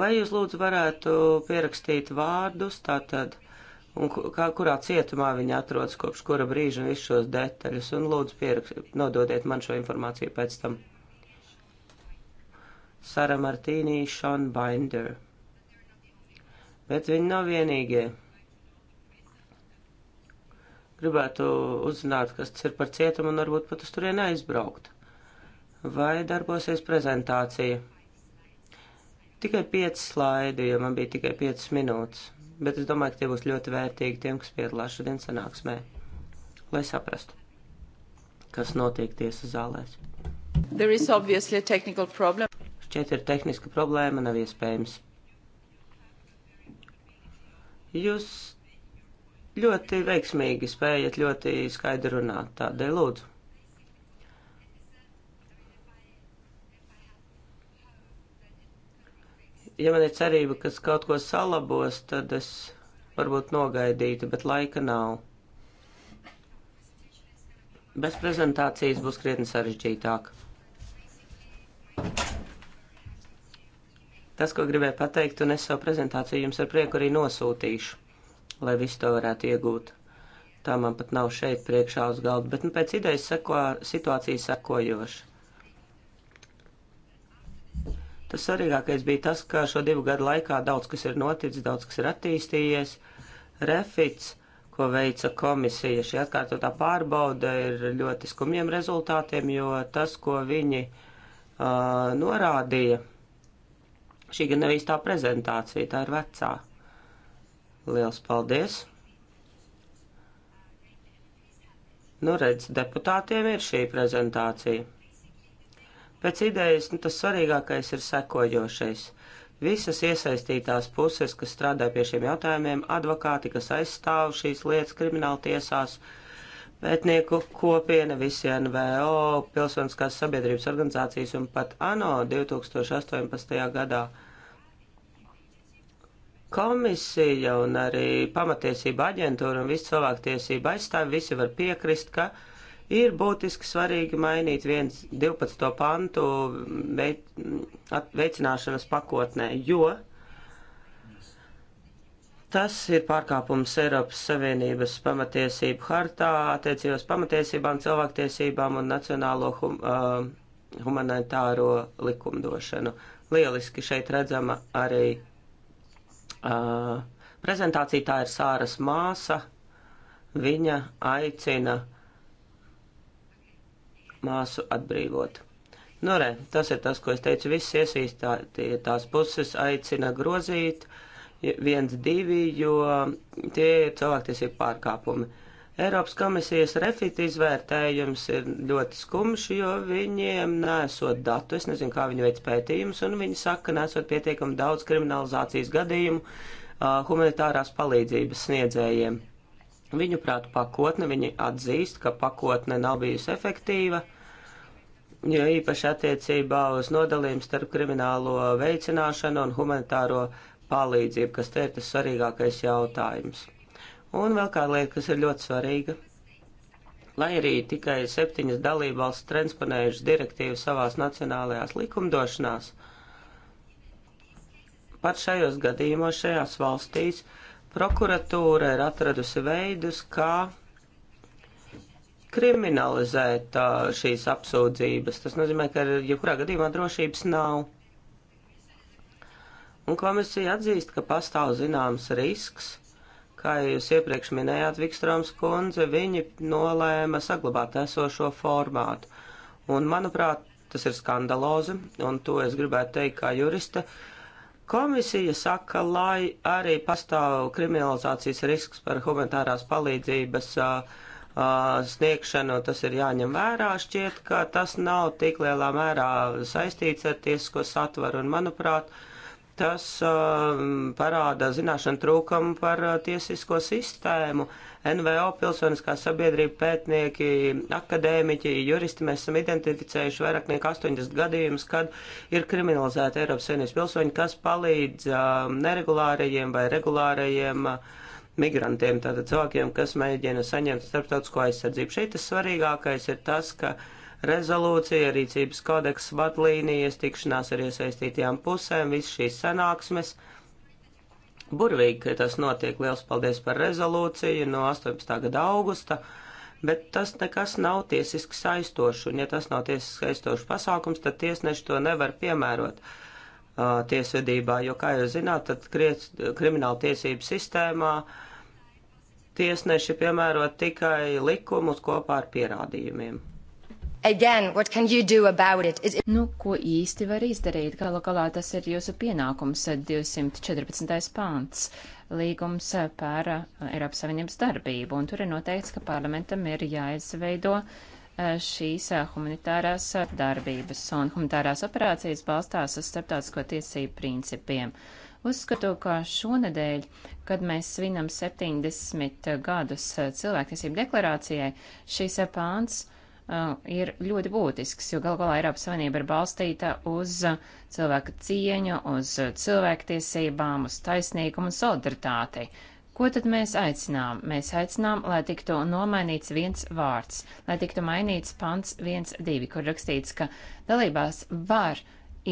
Vai jūs lūdzu varētu pierakstīt vārdus, tātad, un kā, kurā cietumā viņi atrodas, kopš kura brīža un visus šos detaļus, un lūdzu pierakst, nododiet man šo informāciju pēc tam. Sara Martīnī, Sean Binder. Bet viņi nav vienīgie. Gribētu uzzināt, kas tas ir par cietumu un varbūt pat uz turieni aizbraukt. Vai darbosies prezentācija? Tikai pieci slaidi, jo man bija tikai piecas minūtes. Bet es domāju, ka tie būs ļoti vērtīgi tiem, kas piedalās šodien sanāksmē, lai saprastu, kas notiek tiesas zālēs. There is obviously a technical problem. Šķiet ir tehniska problēma, nav iespējams. Jūs ļoti veiksmīgi spējat ļoti skaidri runāt, tādēļ lūdzu. Ja man ir cerība, ka kaut ko salabos, tad es varbūt nogaidītu, bet laika nav. Bez prezentācijas būs krietni sarežģītāk. Tas, ko gribēju pateikt, un es savu prezentāciju jums ar prieku arī nosūtīšu, lai visu to varētu iegūt. Tā man pat nav šeit priekšā uz galda, bet nu, pēc idejas seko, situācija sekojoša. Tas svarīgākais bija tas, ka šo divu gadu laikā daudz kas ir noticis, daudz kas ir attīstījies. Refits, ko veica komisija, šī atkārtotā pārbauda ir ļoti skumjiem rezultātiem, jo tas, ko viņi uh, norādīja, Šī gan nav īstā prezentācija, tā ir vecā. Liels paldies! Nu, redz, deputātiem ir šī prezentācija. Pēc idejas nu, tas svarīgākais ir sekojošais. Visas iesaistītās puses, kas strādā pie šiem jautājumiem, advokāti, kas aizstāv šīs lietas krimināla tiesās, uh, Pētnieku kopiena, visi NVO, pilsoniskās sabiedrības organizācijas un pat ANO 2018. gadā komisija un arī pamatiesība aģentūra un visi cilvēktiesība aizstāvi visi var piekrist, ka ir būtiski svarīgi mainīt 1, 12. pantu veicināšanas pakotnē, jo Tas ir pārkāpums Eiropas Savienības pamatiesību hartā, attiecībās pamatiesībām, cilvēktiesībām un nacionālo hum, uh, humanitāro likumdošanu. Lieliski šeit redzama arī uh, prezentācija, tā ir Sāras māsa. Viņa aicina māsu atbrīvot. Nu, re, tas ir tas, ko es teicu. Visas iesaistītās puses aicina grozīt viens, divi, jo tie ir cilvēktiesību pārkāpumi. Eiropas komisijas refita izvērtējums ir ļoti skumšs, jo viņiem nesot datu, es nezinu, kā viņi veic pētījumus, un viņi saka, nesot pietiekami daudz kriminalizācijas gadījumu uh, humanitārās palīdzības sniedzējiem. Viņuprāt, pakotne, viņi atzīst, ka pakotne nav bijusi efektīva, jo īpaši attiecībā uz nodalījumu starp kriminālo veicināšanu un humanitāro uh, palīdzību, kas te ir tas svarīgākais jautājums. Un vēl kāda lieta, kas ir ļoti svarīga. Lai arī tikai septiņas dalībvalsts transponējušas direktīvu savās nacionālajās likumdošanās, pat šajos gadījumos šajās valstīs prokuratūra ir atradusi veidus, kā kriminalizēt šīs apsūdzības. Tas nozīmē, ka jebkurā gadījumā drošības nav. Un komisija atzīst, ka pastāv zināms risks, kā jūs iepriekš minējāt, Vikstrāms kundze, viņi nolēma saglabāt esošo formātu. Un, manuprāt, tas ir skandalozi, un to es gribētu teikt kā juriste. Komisija saka, lai arī pastāv kriminalizācijas risks par humanitārās palīdzības uh, uh, sniegšanu, tas ir jāņem vērā. Šķiet, ka tas nav tik lielā mērā saistīts ar tiesisko satvaru, un, manuprāt, uh, tas uh, parāda zināšanu trūkumu par uh, tiesisko sistēmu. NVO pilsoniskā sabiedrība pētnieki, akadēmiķi, juristi mēs esam identificējuši vairāk nekā 80 gadījumus, kad ir kriminalizēta Eiropas Savienības pilsoņi, kas palīdz uh, neregulārajiem vai regulārajiem uh, migrantiem, tātad cilvēkiem, kas mēģina saņemt starptautisko aizsardzību. Šeit tas svarīgākais ir tas, ka uh, rezolūcija, rīcības kodeks, vadlīnijas, tikšanās ar iesaistītajām pusēm, visas šīs sanāksmes. Burvīgi, ka tas notiek. Liels paldies par rezolūciju no 18. gada augusta bet tas nekas nav tiesiski saistošs, un ja tas nav tiesiski saistošs pasākums, tad tiesneši to nevar piemērot uh, tiesvedībā, jo, kā jūs zināt, tad kriet, krimināla tiesību sistēmā tiesneši piemērot tikai likumus kopā ar pierādījumiem. Again, what can you do about it? Is it... Nu, ko īsti var izdarīt? Galu galā tas ir jūsu pienākums 214. Eh, pāns līgums eh, par eh, Eiropas Savienības darbību, un tur ir noteikts, ka parlamentam ir jāizveido šīs humanitārās darbības, un humanitārās operācijas balstās uz starptautisko tiesību principiem. Uzskatu, ka šonadēļ, kad mēs svinam 70 gadus cilvēktiesību deklarācijai, šīs pāns uh, Uh, ir ļoti būtisks, jo gal galā Eiropas Savienība ir balstīta uz cilvēka cieņu, uz cilvēktiesībām, uz taisnīgumu un solidaritāti. Ko tad mēs aicinām? Mēs aicinām, lai tiktu nomainīts viens vārds, lai tiktu mainīts pants 1.2, kur rakstīts, ka dalībās var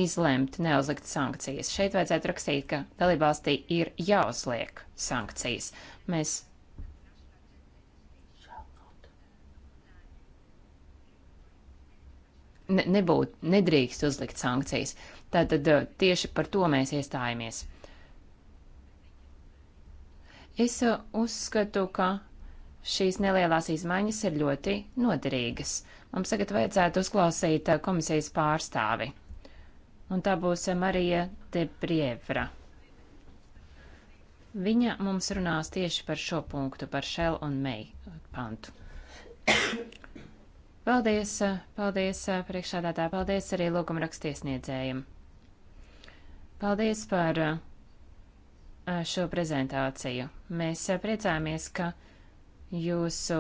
izlemt neuzlikt sankcijas. Šeit vajadzētu rakstīt, ka dalībvalstī ir jāuzliek sankcijas. Mēs ne, nebūt, nedrīkst uzlikt sankcijas. Tātad eh, tieši par to mēs iestājamies. Es eh, uzskatu, ka šīs nelielās izmaiņas ir ļoti noderīgas. Mums tagad vajadzētu uzklausīt eh, komisijas pārstāvi. Un tā būs Marija Debrievra. Viņa mums runās tieši par šo punktu, par Shell un May pantu. Paldies, paldies priekšādātā, paldies arī lūgumrakstiesniedzējiem. Paldies par šo prezentāciju. Mēs priecāmies, ka jūsu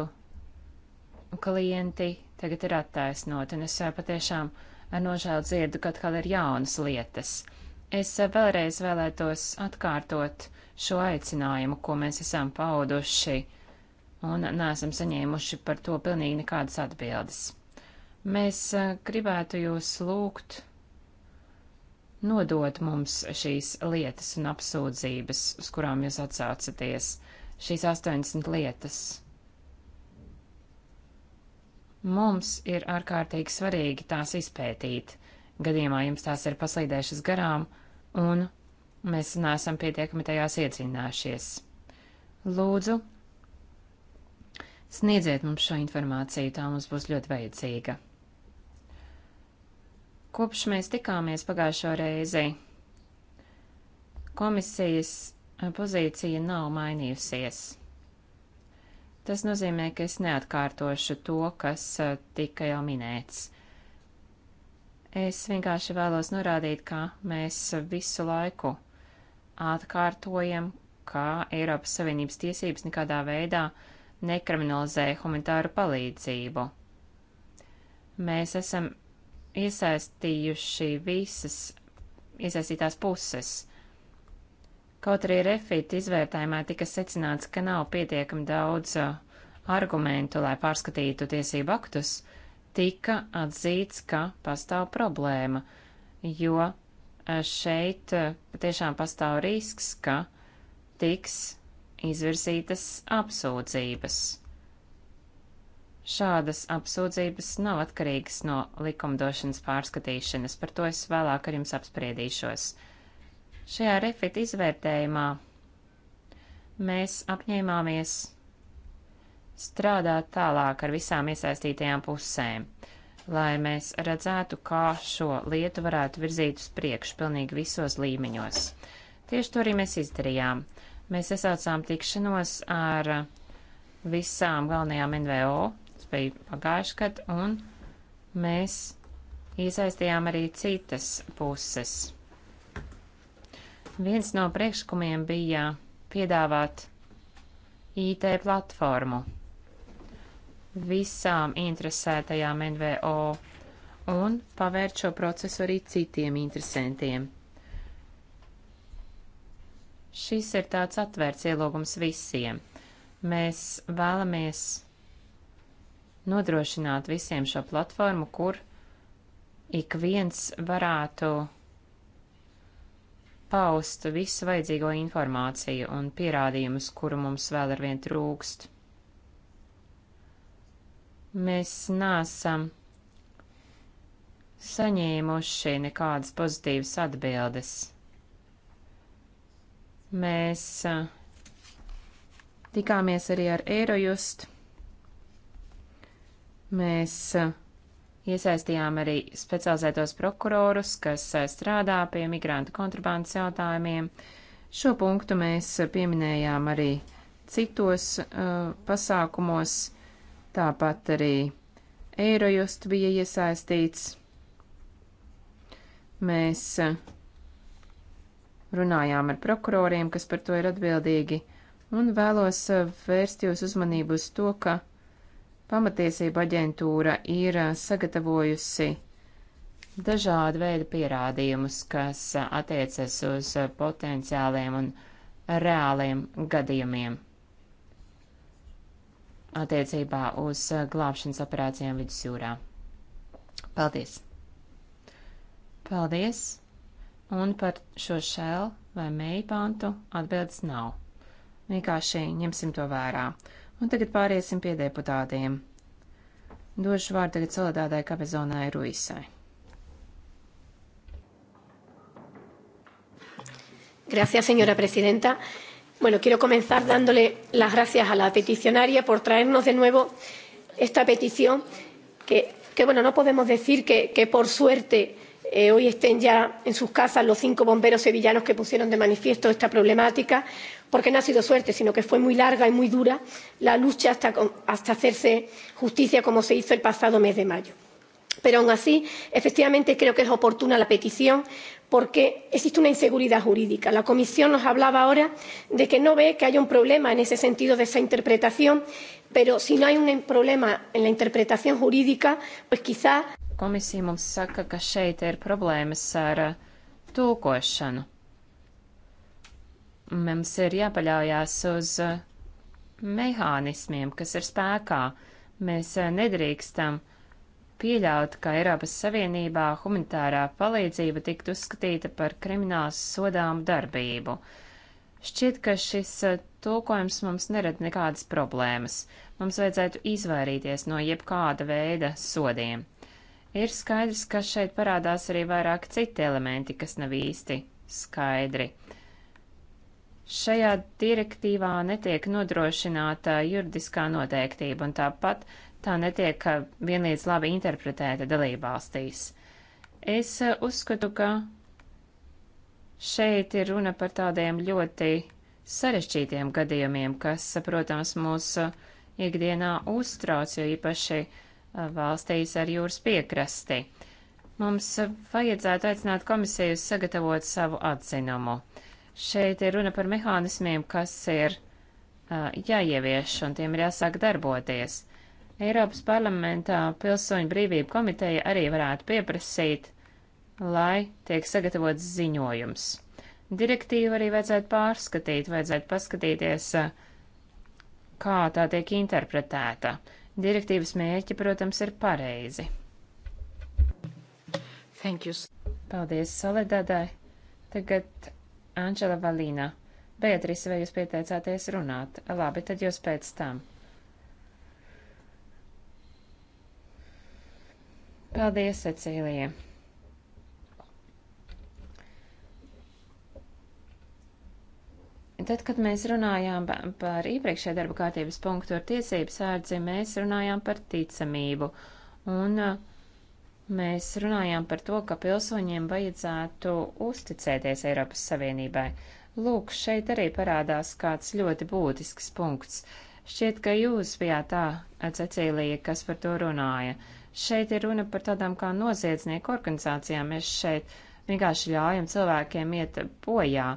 klienti tagad ir attaisnoti, un es patiešām ar nožēlu dzirdu, ka atkal ir jaunas lietas. Es vēlreiz vēlētos atkārtot šo aicinājumu, ko mēs esam pauduši un neesam saņēmuši par to pilnīgi nekādas atbildes. Mēs eh, gribētu jūs lūgt nodot mums šīs lietas un apsūdzības, uz kurām jūs atsaucaties, šīs 80 lietas. Mums ir ārkārtīgi svarīgi tās izpētīt, gadījumā jums tās ir paslīdējušas garām, un mēs neesam pietiekami tajās iedzinājušies. Lūdzu, Sniedziet mums šo informāciju, tā mums būs ļoti vajadzīga. Kopš mēs tikāmies pagājušo reizi, komisijas pozīcija nav mainījusies. Tas nozīmē, ka es neatkārtošu to, kas tika jau minēts. Es vienkārši vēlos norādīt, ka mēs visu laiku atkārtojam, ka Eiropas Savienības tiesības nekādā veidā uh, nekriminalizē humanitāru palīdzību. Mēs esam iesaistījuši visas iesaistītās puses. Kaut arī refit izvērtējumā tika secināts, ka nav pietiekami daudz uh, argumentu, lai pārskatītu tiesību aktus, tika atzīts, ka pastāv problēma, jo uh, šeit uh, patiešām pastāv risks, ka tiks izvirzītas apsūdzības. Šādas apsūdzības nav atkarīgas no likumdošanas pārskatīšanas, par to es vēlāk ar jums apspriedīšos. Šajā refita izvērtējumā mēs apņēmāmies strādāt tālāk ar visām iesaistītajām pusēm, lai mēs redzētu, kā šo lietu varētu virzīt uz priekšu pilnīgi visos līmeņos. Tieši to arī mēs izdarījām. Mēs sasaucām tikšanos ar visām galvenajām NVO, tas bija pagājuši gadu, un mēs iesaistījām arī citas puses. Viens no priekšlikumiem bija piedāvāt IT platformu visām interesētajām NVO un pavērt šo procesu arī citiem interesantiem. Šis ir tāds atvērts ielūgums visiem. Mēs vēlamies nodrošināt visiem šo platformu, kur ik viens varētu paust visu vajadzīgo informāciju un pierādījumus, kuru mums vēl ar vien trūkst. Mēs nesam saņēmuši nekādas pozitīvas atbildes. Mēs tikāmies arī ar Eirojust. Mēs iesaistījām arī specializētos prokurorus, kas strādā pie migrantu kontrabandas jautājumiem. Šo punktu mēs pieminējām arī citos uh, pasākumos, tāpat arī Eirojust bija iesaistīts. Mēs uh, runājām ar prokuroriem, kas par to ir atbildīgi, un vēlos uh, vērst jūs uzmanību uz to, ka pamatiesība aģentūra ir uh, sagatavojusi dažādu veidu pierādījumus, kas uh, attiecas uz potenciāliem un reāliem gadījumiem attiecībā uz glābšanas operācijām vidusjūrā. Paldies! Paldies! un par šo šēl vai meiju pantu atbildes nav. Vienkārši ņemsim to vērā. Un tagad pāriesim pie deputātiem. Došu vārdu tagad solidādai kabezonai Ruisai. Gracias, señora presidenta. Bueno, quiero comenzar dándole las gracias a la peticionaria por traernos de nuevo esta petición que, que bueno, no podemos decir que, que por suerte eh, eh, hoy estén ya en sus casas los cinco bomberos sevillanos que pusieron de manifiesto esta problemática, porque no ha sido suerte, sino que fue muy larga y muy dura la lucha hasta, hasta hacerse justicia como se hizo el pasado mes de mayo. Pero aún así, efectivamente, creo que es oportuna la petición porque existe una inseguridad jurídica. La Comisión nos hablaba ahora de que no ve que haya un problema en ese sentido de esa interpretación, pero si no hay un problema en la interpretación jurídica, pues quizá Komisija mums saka, ka šeit ir problēmas ar uh, tulkošanu. Mums ir jāpaļaujās uz uh, mehānismiem, kas ir spēkā. Mēs uh, nedrīkstam pieļaut, ka Eiropas Savienībā humanitārā palīdzība tiktu uzskatīta par kriminālas sodām darbību. Šķiet, ka šis tulkojums mums nerada nekādas problēmas. Mums vajadzētu izvairīties no jebkāda veida sodiem. Ir skaidrs, ka šeit parādās arī vairāk citi elementi, kas nav īsti skaidri. Šajā direktīvā netiek nodrošināta juridiskā noteiktība, un tāpat tā netiek vienlīdz labi interpretēta dalībvalstīs. Es eh, uzskatu, ka šeit ir runa par tādiem ļoti sarežģītiem gadījumiem, kas, protams, mūsu eh, ikdienā uztrauc, jo īpaši valstīs ar jūras piekrasti. Mums vajadzētu aicināt komisiju sagatavot savu atzinumu. Šeit ir runa par mehānismiem, kas ir uh, jāievieš un tiem ir jāsāk darboties. Eiropas parlamentā Pilsoņu brīvību komiteja arī varētu pieprasīt, lai tiek sagatavots ziņojums. Direktīvu arī vajadzētu pārskatīt, vajadzētu paskatīties, uh, kā tā tiek interpretēta. Uh, Direktīvas mērķi, protams, ir pareizi. Thank you. Paldies, Soledadai. Tagad Anģela Valīna. Beatrice, vai jūs pieteicāties runāt? Labi, tad jūs pēc tam. Paldies, Cecīlija. Tad, kad mēs runājām par iepriekšējā darba kārtības punktu ar tiesības sārdzi, mēs runājām par ticamību. Un uh, mēs runājām par to, ka pilsoņiem vajadzētu uzticēties Eiropas Savienībai. Lūk, šeit arī parādās kāds ļoti būtisks punkts. Šķiet, ka jūs bijāt tā, Cecīlija, kas par to runāja. Šeit ir runa par tādām kā noziedznieku organizācijām. Mēs šeit vienkārši ļaujam cilvēkiem iet bojā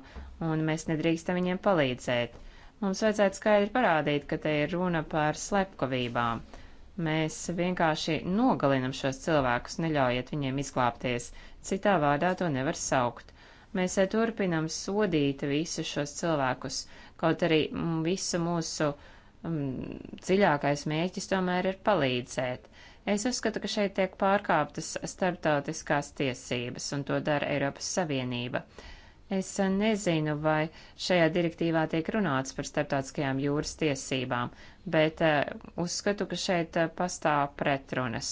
un mēs nedrīkstam viņiem palīdzēt. Mums vajadzētu skaidri parādīt, ka te ir runa par slepkavībām. Mēs vienkārši nogalinam šos cilvēkus, neļaujiet viņiem izglābties, citā vārdā to nevar saukt. Mēs eh, turpinam sodīt visus šos cilvēkus, kaut arī mm, visu mūsu um, dziļākais mēķis tomēr ir palīdzēt. Es uzskatu, ka šeit tiek pārkāptas starptautiskās tiesības, un to dara Eiropas Savienība. Uh, Es nezinu, vai šajā direktīvā tiek runāts par starptautiskajām jūras tiesībām, bet eh, uzskatu, ka šeit eh, pastāv pretrunas.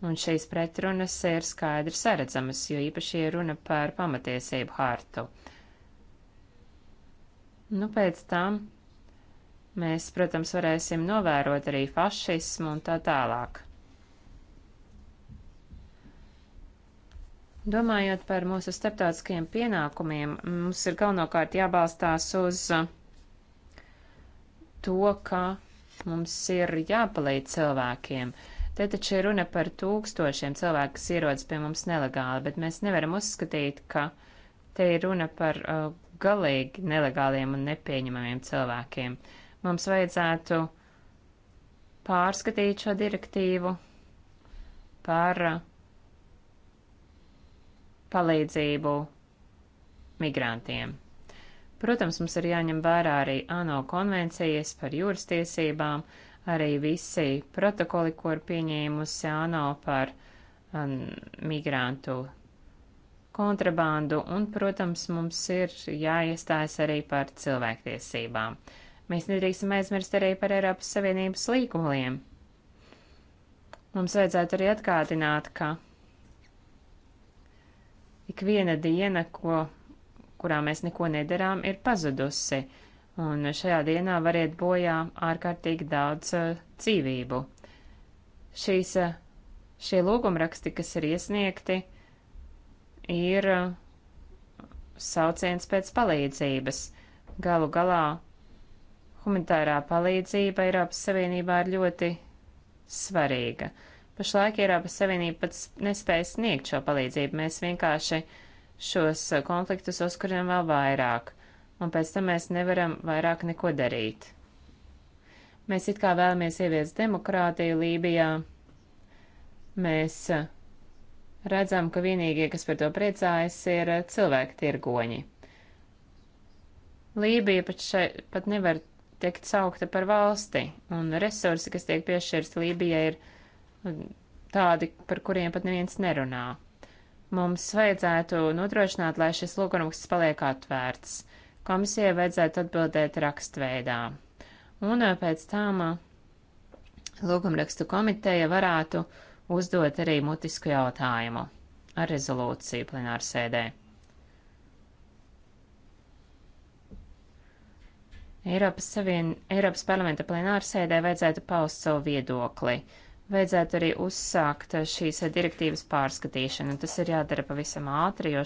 Un šīs pretrunas ir skaidri saredzamas, jo īpaši ir runa par pamatiesību hārtu. Nu, pēc tam mēs, protams, varēsim novērot arī fašismu un tā tālāk. Domājot par mūsu starptautiskajiem pienākumiem, mums ir galvenokārt jābalstās uz uh, to, ka mums ir jāpalīdz cilvēkiem. Te taču ir runa par tūkstošiem cilvēku, kas ierodas pie mums nelegāli, bet mēs nevaram uzskatīt, ka te ir runa par uh, galīgi nelegāliem un nepieņemamiem cilvēkiem. Mums vajadzētu pārskatīt šo direktīvu par uh, palīdzību migrantiem. Protams, mums ir jāņem vērā arī ANO konvencijas par jūras tiesībām, arī visi protokoli, ko ir pieņēmusi ANO par um, migrantu kontrabandu, un, protams, mums ir jāiestājas arī par cilvēktiesībām. Mēs nedrīkstam aizmirst arī par Eiropas Savienības līkumiem. Mums vajadzētu arī atgādināt, ka Ik viena diena, ko, kurā mēs neko nedarām, ir pazudusi, un šajā dienā var iet bojā ārkārtīgi daudz uh, dzīvību. Šīs, uh, šie lūgumraksti, kas ir iesniegti, ir uh, sauciens pēc palīdzības. Galu galā humanitārā palīdzība Eiropas Savienībā ir ļoti svarīga. Uh, Pašlaik Eiropas Savienība pats nespēja sniegt šo palīdzību. Mēs vienkārši šos uh, konfliktus uzkurinām vēl vairāk, un pēc tam mēs nevaram vairāk neko darīt. Mēs it kā vēlamies ieviest demokrātiju Lībijā. Mēs uh, redzam, ka vienīgie, kas par to priecājas, ir uh, cilvēki tirgoņi. Lībija pat, šai, pat nevar tikt saukta par valsti, un resursi, kas tiek piešķirsti Lībijai, ir tādi, par kuriem pat neviens nerunā. Mums vajadzētu nodrošināt, lai šis lūgumraksts paliek atvērts. Komisijai vajadzētu atbildēt rakstveidā. Un pēc tam lūgumrakstu komiteja varētu uzdot arī mutisku jautājumu ar rezolūciju plenārsēdē. Eiropas, savien, Eiropas parlamenta plenārsēdē vajadzētu paust savu viedokli. Uh, vajadzētu arī uzsākt šīs direktīvas pārskatīšanu. Tas ir jādara pavisam ātri, jo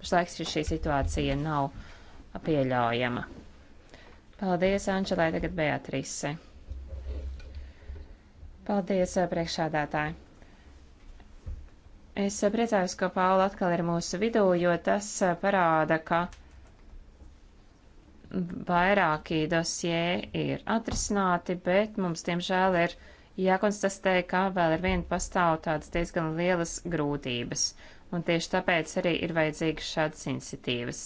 pašlaik šī situācija nav pieļaujama. Paldies, Ančelai, tagad Beatrise. Paldies, priekšādātāji. Es priecājos, ka Paula atkal ir mūsu vidū, jo tas parāda, ka vairāki dosie ir atrisināti, bet mums, diemžēl, ir jākonstatē, ka vēl ar vienu pastāv tādas diezgan lielas grūtības, un tieši tāpēc arī ir vajadzīgas šādas iniciatīvas.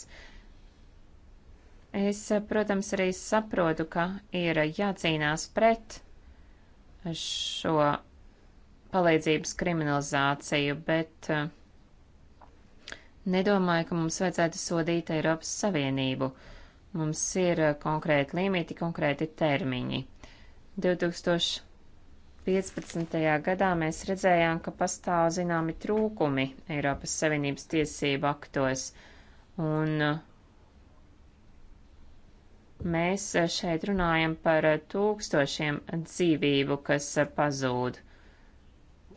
Es, protams, arī saprotu, ka ir jācīnās pret šo palīdzības kriminalizāciju, bet eh, nedomāju, ka mums vajadzētu sodīt Eiropas Savienību. Mums ir eh, konkrēti limiti, konkrēti termiņi. 2000 2015. gadā mēs redzējām, ka pastāv zināmi trūkumi Eiropas Savienības tiesību aktos, un uh, mēs šeit runājam par tūkstošiem dzīvību, kas pazūd,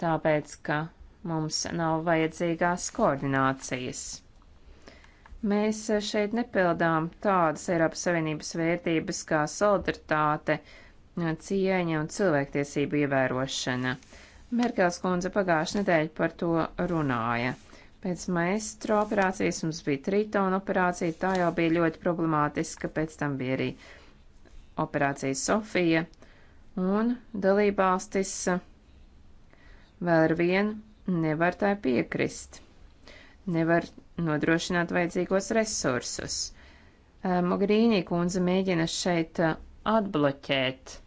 tāpēc, ka mums nav vajadzīgās koordinācijas. Mēs šeit nepildām tādas Eiropas Savienības vērtības kā solidaritāte, cieņa un cilvēktiesību ievērošana. Merkels kundze pagājušajā nedēļā par to runāja. Pēc maestro operācijas mums bija tritona operācija, tā jau bija ļoti problemātiska, pēc tam bija arī operācija Sofija, un dalībvalstis vēl ar vienu nevar tai piekrist, nevar nodrošināt vajadzīgos resursus. Eh, Mogrīnī kundze mēģina šeit eh, atbloķēt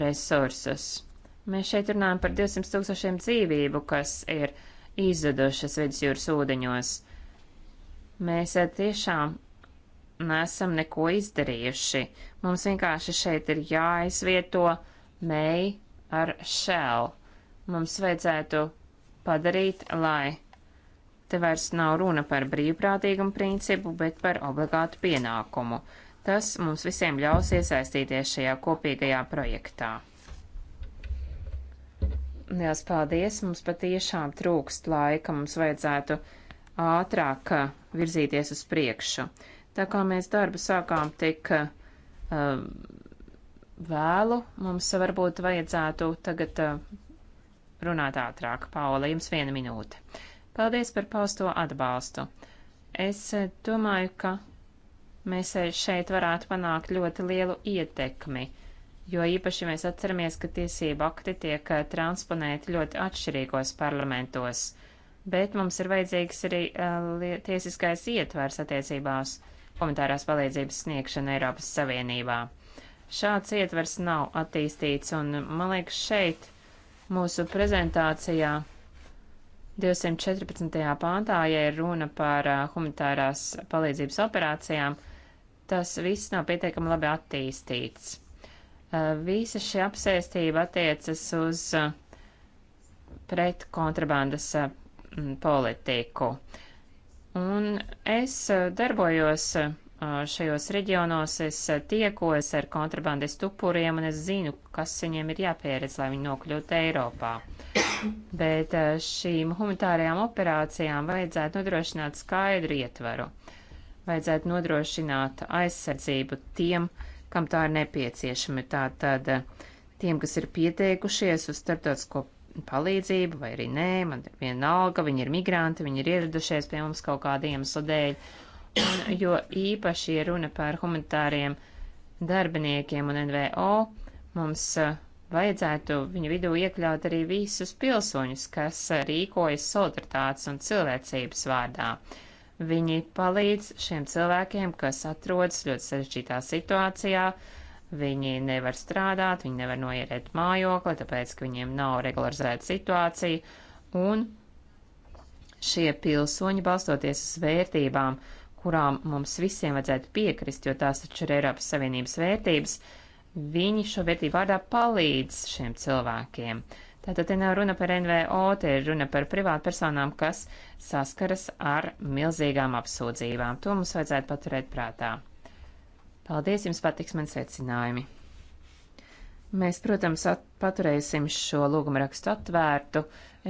resursus. Mēs šeit runājam par 200 tūkstošiem dzīvību, kas ir izzudušas vidusjūras ūdeņos. Mēs eh, tiešām nesam neko izdarījuši. Mums vienkārši šeit ir jāizvieto mei ar shell. Mums vajadzētu padarīt, lai te vairs nav runa par brīvprātīgumu principu, bet par obligātu pienākumu. Tas mums visiem ļaus iesaistīties šajā kopīgajā projektā. Lielas paldies! Mums patiešām trūkst laika, mums vajadzētu ātrāk uh, virzīties uz priekšu. Tā kā mēs darbu sākām tik uh, vēlu, mums varbūt vajadzētu tagad uh, runāt ātrāk. Paula, jums viena minūte. Paldies par pausto atbalstu. Es uh, domāju, ka mēs e, šeit varētu panākt ļoti lielu ietekmi, jo īpaši mēs atceramies, ka tiesību akti tiek e, transponēti ļoti atšķirīgos parlamentos, bet mums ir vajadzīgs arī uh, tiesiskais ietvers attiecībās komentārās palīdzības sniegšanu Eiropas Savienībā. Šāds ietvers nav attīstīts, un man liekas, šeit mūsu prezentācijā 214. pāntā, ja ir runa par humanitārās palīdzības operācijām, tas viss nav pietiekami labi attīstīts. Visa šī apsēstība attiecas uz pret kontrabandas politiku. Un es darbojos šajos reģionos, es tiekos ar kontrabandas tupuriem un es zinu, kas viņiem ir jāpieredz, lai viņi nokļūtu Eiropā. Bet šīm humanitārajām operācijām vajadzētu nodrošināt skaidru ietvaru. Uh, vajadzētu nodrošināt aizsardzību tiem, kam tā ir nepieciešama. Tātad eh, tiem, kas ir pieteikušies uz starptautisko palīdzību vai arī nē, man ir vienalga, viņi ir migranti, viņi ir ieradušies pie mums kaut kāda iemesla dēļ, un, jo īpaši ir runa par humanitāriem darbiniekiem un NVO, mums eh, vajadzētu viņu vidū iekļaut arī visus pilsoņus, kas eh, rīkojas solidaritātes un cilvēcības vārdā. Uh, Viņi palīdz šiem cilvēkiem, kas atrodas ļoti sarežģītā situācijā. Viņi nevar strādāt, viņi nevar noierēt mājokli, tāpēc, ka viņiem nav regularizēta situācija. Un šie pilsoņi, balstoties uz vērtībām, kurām mums visiem vajadzētu piekrist, jo tās taču ir Eiropas Savienības vērtības, viņi šo vērtību vārdā palīdz šiem cilvēkiem. Uh, Tātad te nav runa par NVO, te ir runa par privātpersonām, kas saskaras ar milzīgām apsūdzībām. To mums vajadzētu paturēt prātā. Paldies, jums patiks man secinājumi. Mēs, protams, at paturēsim šo lūgumu rakstu atvērtu.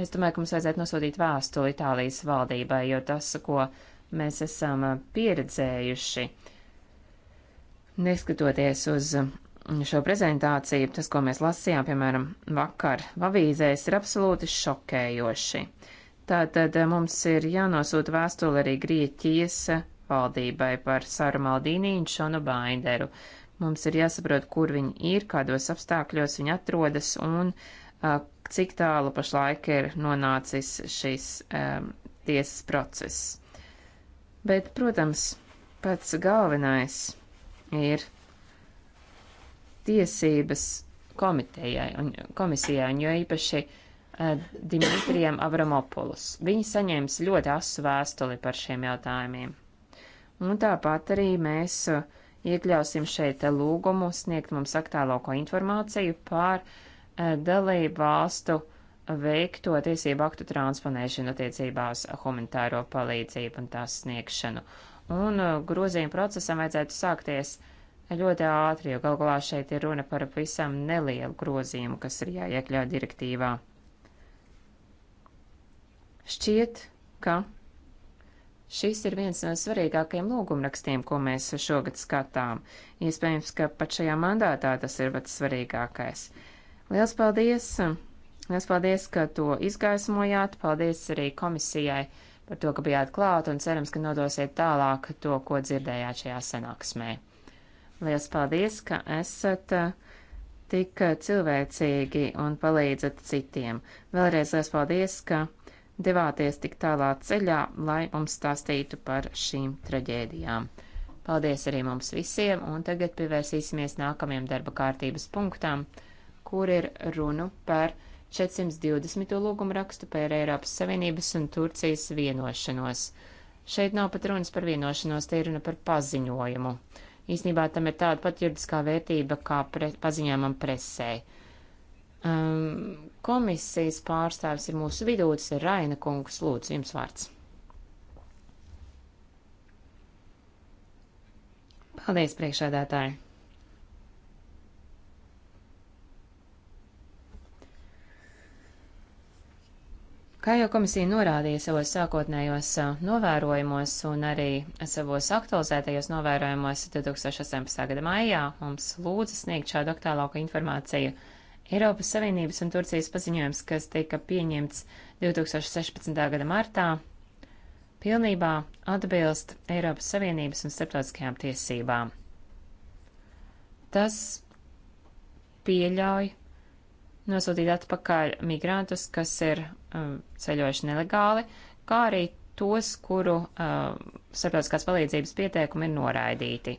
Es domāju, ka mums vajadzētu nosūtīt vēstuli Itālijas valdībai, jo tas, ko mēs esam pieredzējuši, neskatoties uz šo prezentāciju, tas, ko mēs lasījām, piemēram, vakar avīzēs, ir absolūti šokējoši. Tātad eh, mums ir jānosūta vēstule arī Grieķijas valdībai par Saru Maldīnī un Šonu Bainderu. Mums ir jāsaprot, kur viņi ir, kādos apstākļos viņi atrodas un uh, cik tālu pašlaik ir nonācis šis um, tiesas process. Bet, protams, pats galvenais ir tiesības komitejai un komisijai, un jo īpaši uh, eh, Dimitrijam Avramopulus. Viņi saņēmis ļoti asu vēstuli par šiem jautājumiem. Un tāpat arī mēs eh, iekļausim šeit eh, lūgumu sniegt mums aktālāko informāciju par uh, dalību valstu veikto tiesību aktu transponēšanu attiecībā uz humanitāro palīdzību un tās sniegšanu. Un uh, grozījuma procesam vajadzētu sākties uh, ļoti ātri, jo galu galā šeit ir runa par visam nelielu grozījumu, kas ir jāiekļauj direktīvā. Šķiet, ka šis ir viens no svarīgākajiem lūgumrakstiem, ko mēs šogad skatām. Iespējams, ka pat šajā mandātā tas ir pats svarīgākais. Liels paldies! Liels paldies, ka to izgaismojāt. Paldies arī komisijai par to, ka bijāt klāt un cerams, ka nodosiet tālāk to, ko dzirdējāt šajā sanāksmē. Lielas paldies, ka esat eh, tik eh, cilvēcīgi un palīdzat citiem. Vēlreiz liels paldies, ka devāties tik tālā ceļā, lai mums stāstītu par šīm traģēdijām. Paldies arī mums visiem, un tagad pievērsīsimies nākamajam darba kārtības punktam, kur ir runu par 420. lūgumu rakstu par Eiropas Savienības un Turcijas vienošanos. Šeit nav pat runas par vienošanos, te ir runa par paziņojumu īsnībā tam ir tāda pat juridiskā vērtība kā pre, paziņojumam presē. Um, komisijas pārstāvis ir mūsu vidū, tas ir Raina kungs, lūdzu, jums vārds. Paldies, priekšādātāji! Kā jau komisija norādīja savos sākotnējos novērojumos un arī savos aktualizētajos novērojumos 2018. gada maijā, mums lūdza sniegt šādu aktālāku informāciju. Eiropas Savienības un Turcijas paziņojums, kas tika pieņemts 2016. gada martā, pilnībā atbilst Eiropas Savienības un starptautiskajām tiesībām. Tas pieļauj nosūtīt atpakaļ migrantus, kas ir um, ceļojuši nelegāli, kā arī tos, kuru um, starptautiskās palīdzības pieteikumi ir noraidīti.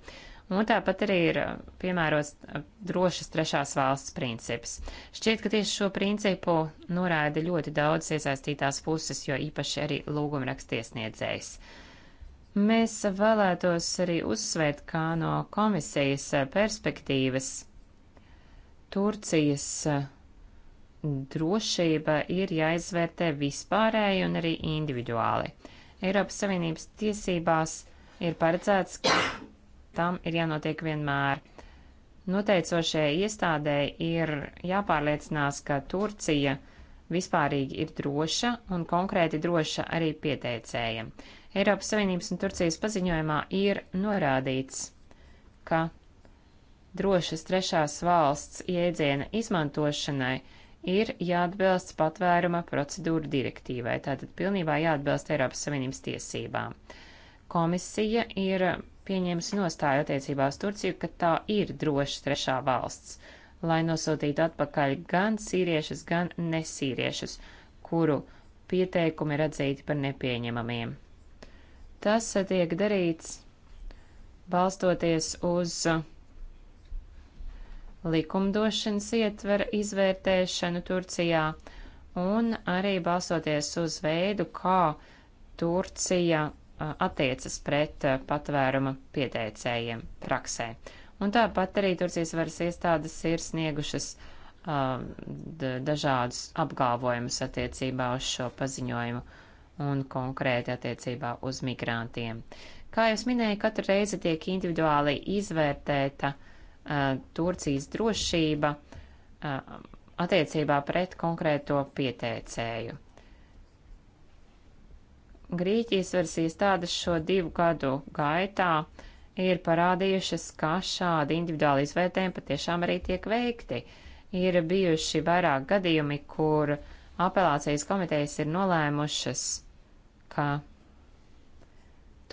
Un tāpat arī ir um, piemērots um, drošas trešās valsts princips. Šķiet, ka tieši šo principu norāda ļoti daudz iesaistītās puses, jo īpaši arī lūgumrakstiesniedzējs. Mēs vēlētos arī uzsvērt, kā no komisijas uh, perspektīvas Turcijas uh, drošība ir jāizvērtē vispārēji un arī individuāli. Eiropas Savienības tiesībās ir paredzēts, ka tam ir jānotiek vienmēr. Noteicošajai iestādēji ir jāpārliecinās, ka Turcija vispārīgi ir droša un konkrēti droša arī pieteicējiem. Eiropas Savienības un Turcijas paziņojumā ir norādīts, ka drošas trešās valsts iedziena izmantošanai ir jāatbilst patvēruma procedūra direktīvai, tātad pilnībā jāatbilst Eiropas Savienības tiesībām. Komisija ir pieņēmusi nostāju attiecībā uz Turciju, ka tā ir droša trešā valsts, lai nosūtītu atpakaļ gan sīriešus, gan nesīriešus, kuru pieteikumi ir atzīti par nepieņemamiem. Tas tiek darīts balstoties uz likumdošanas ietvera izvērtēšanu Turcijā un arī balsoties uz veidu, kā Turcija attiecas pret patvēruma pieteicējiem praksē. Un tāpat arī Turcijas varas iestādes ir sniegušas um, dažādus apgalvojumus attiecībā uz šo paziņojumu un konkrēti attiecībā uz migrantiem. Kā jau minēju, katru reizi tiek individuāli izvērtēta uh, Eh, Turcijas drošība eh, attiecībā pret konkrēto pieteicēju. Grīķijas varas iestādes šo divu gadu gaitā ir parādījušas, ka šādi individuāli izvērtējumi patiešām arī tiek veikti. Ir bijuši vairāk gadījumi, kur apelācijas komitejas ir nolēmušas, ka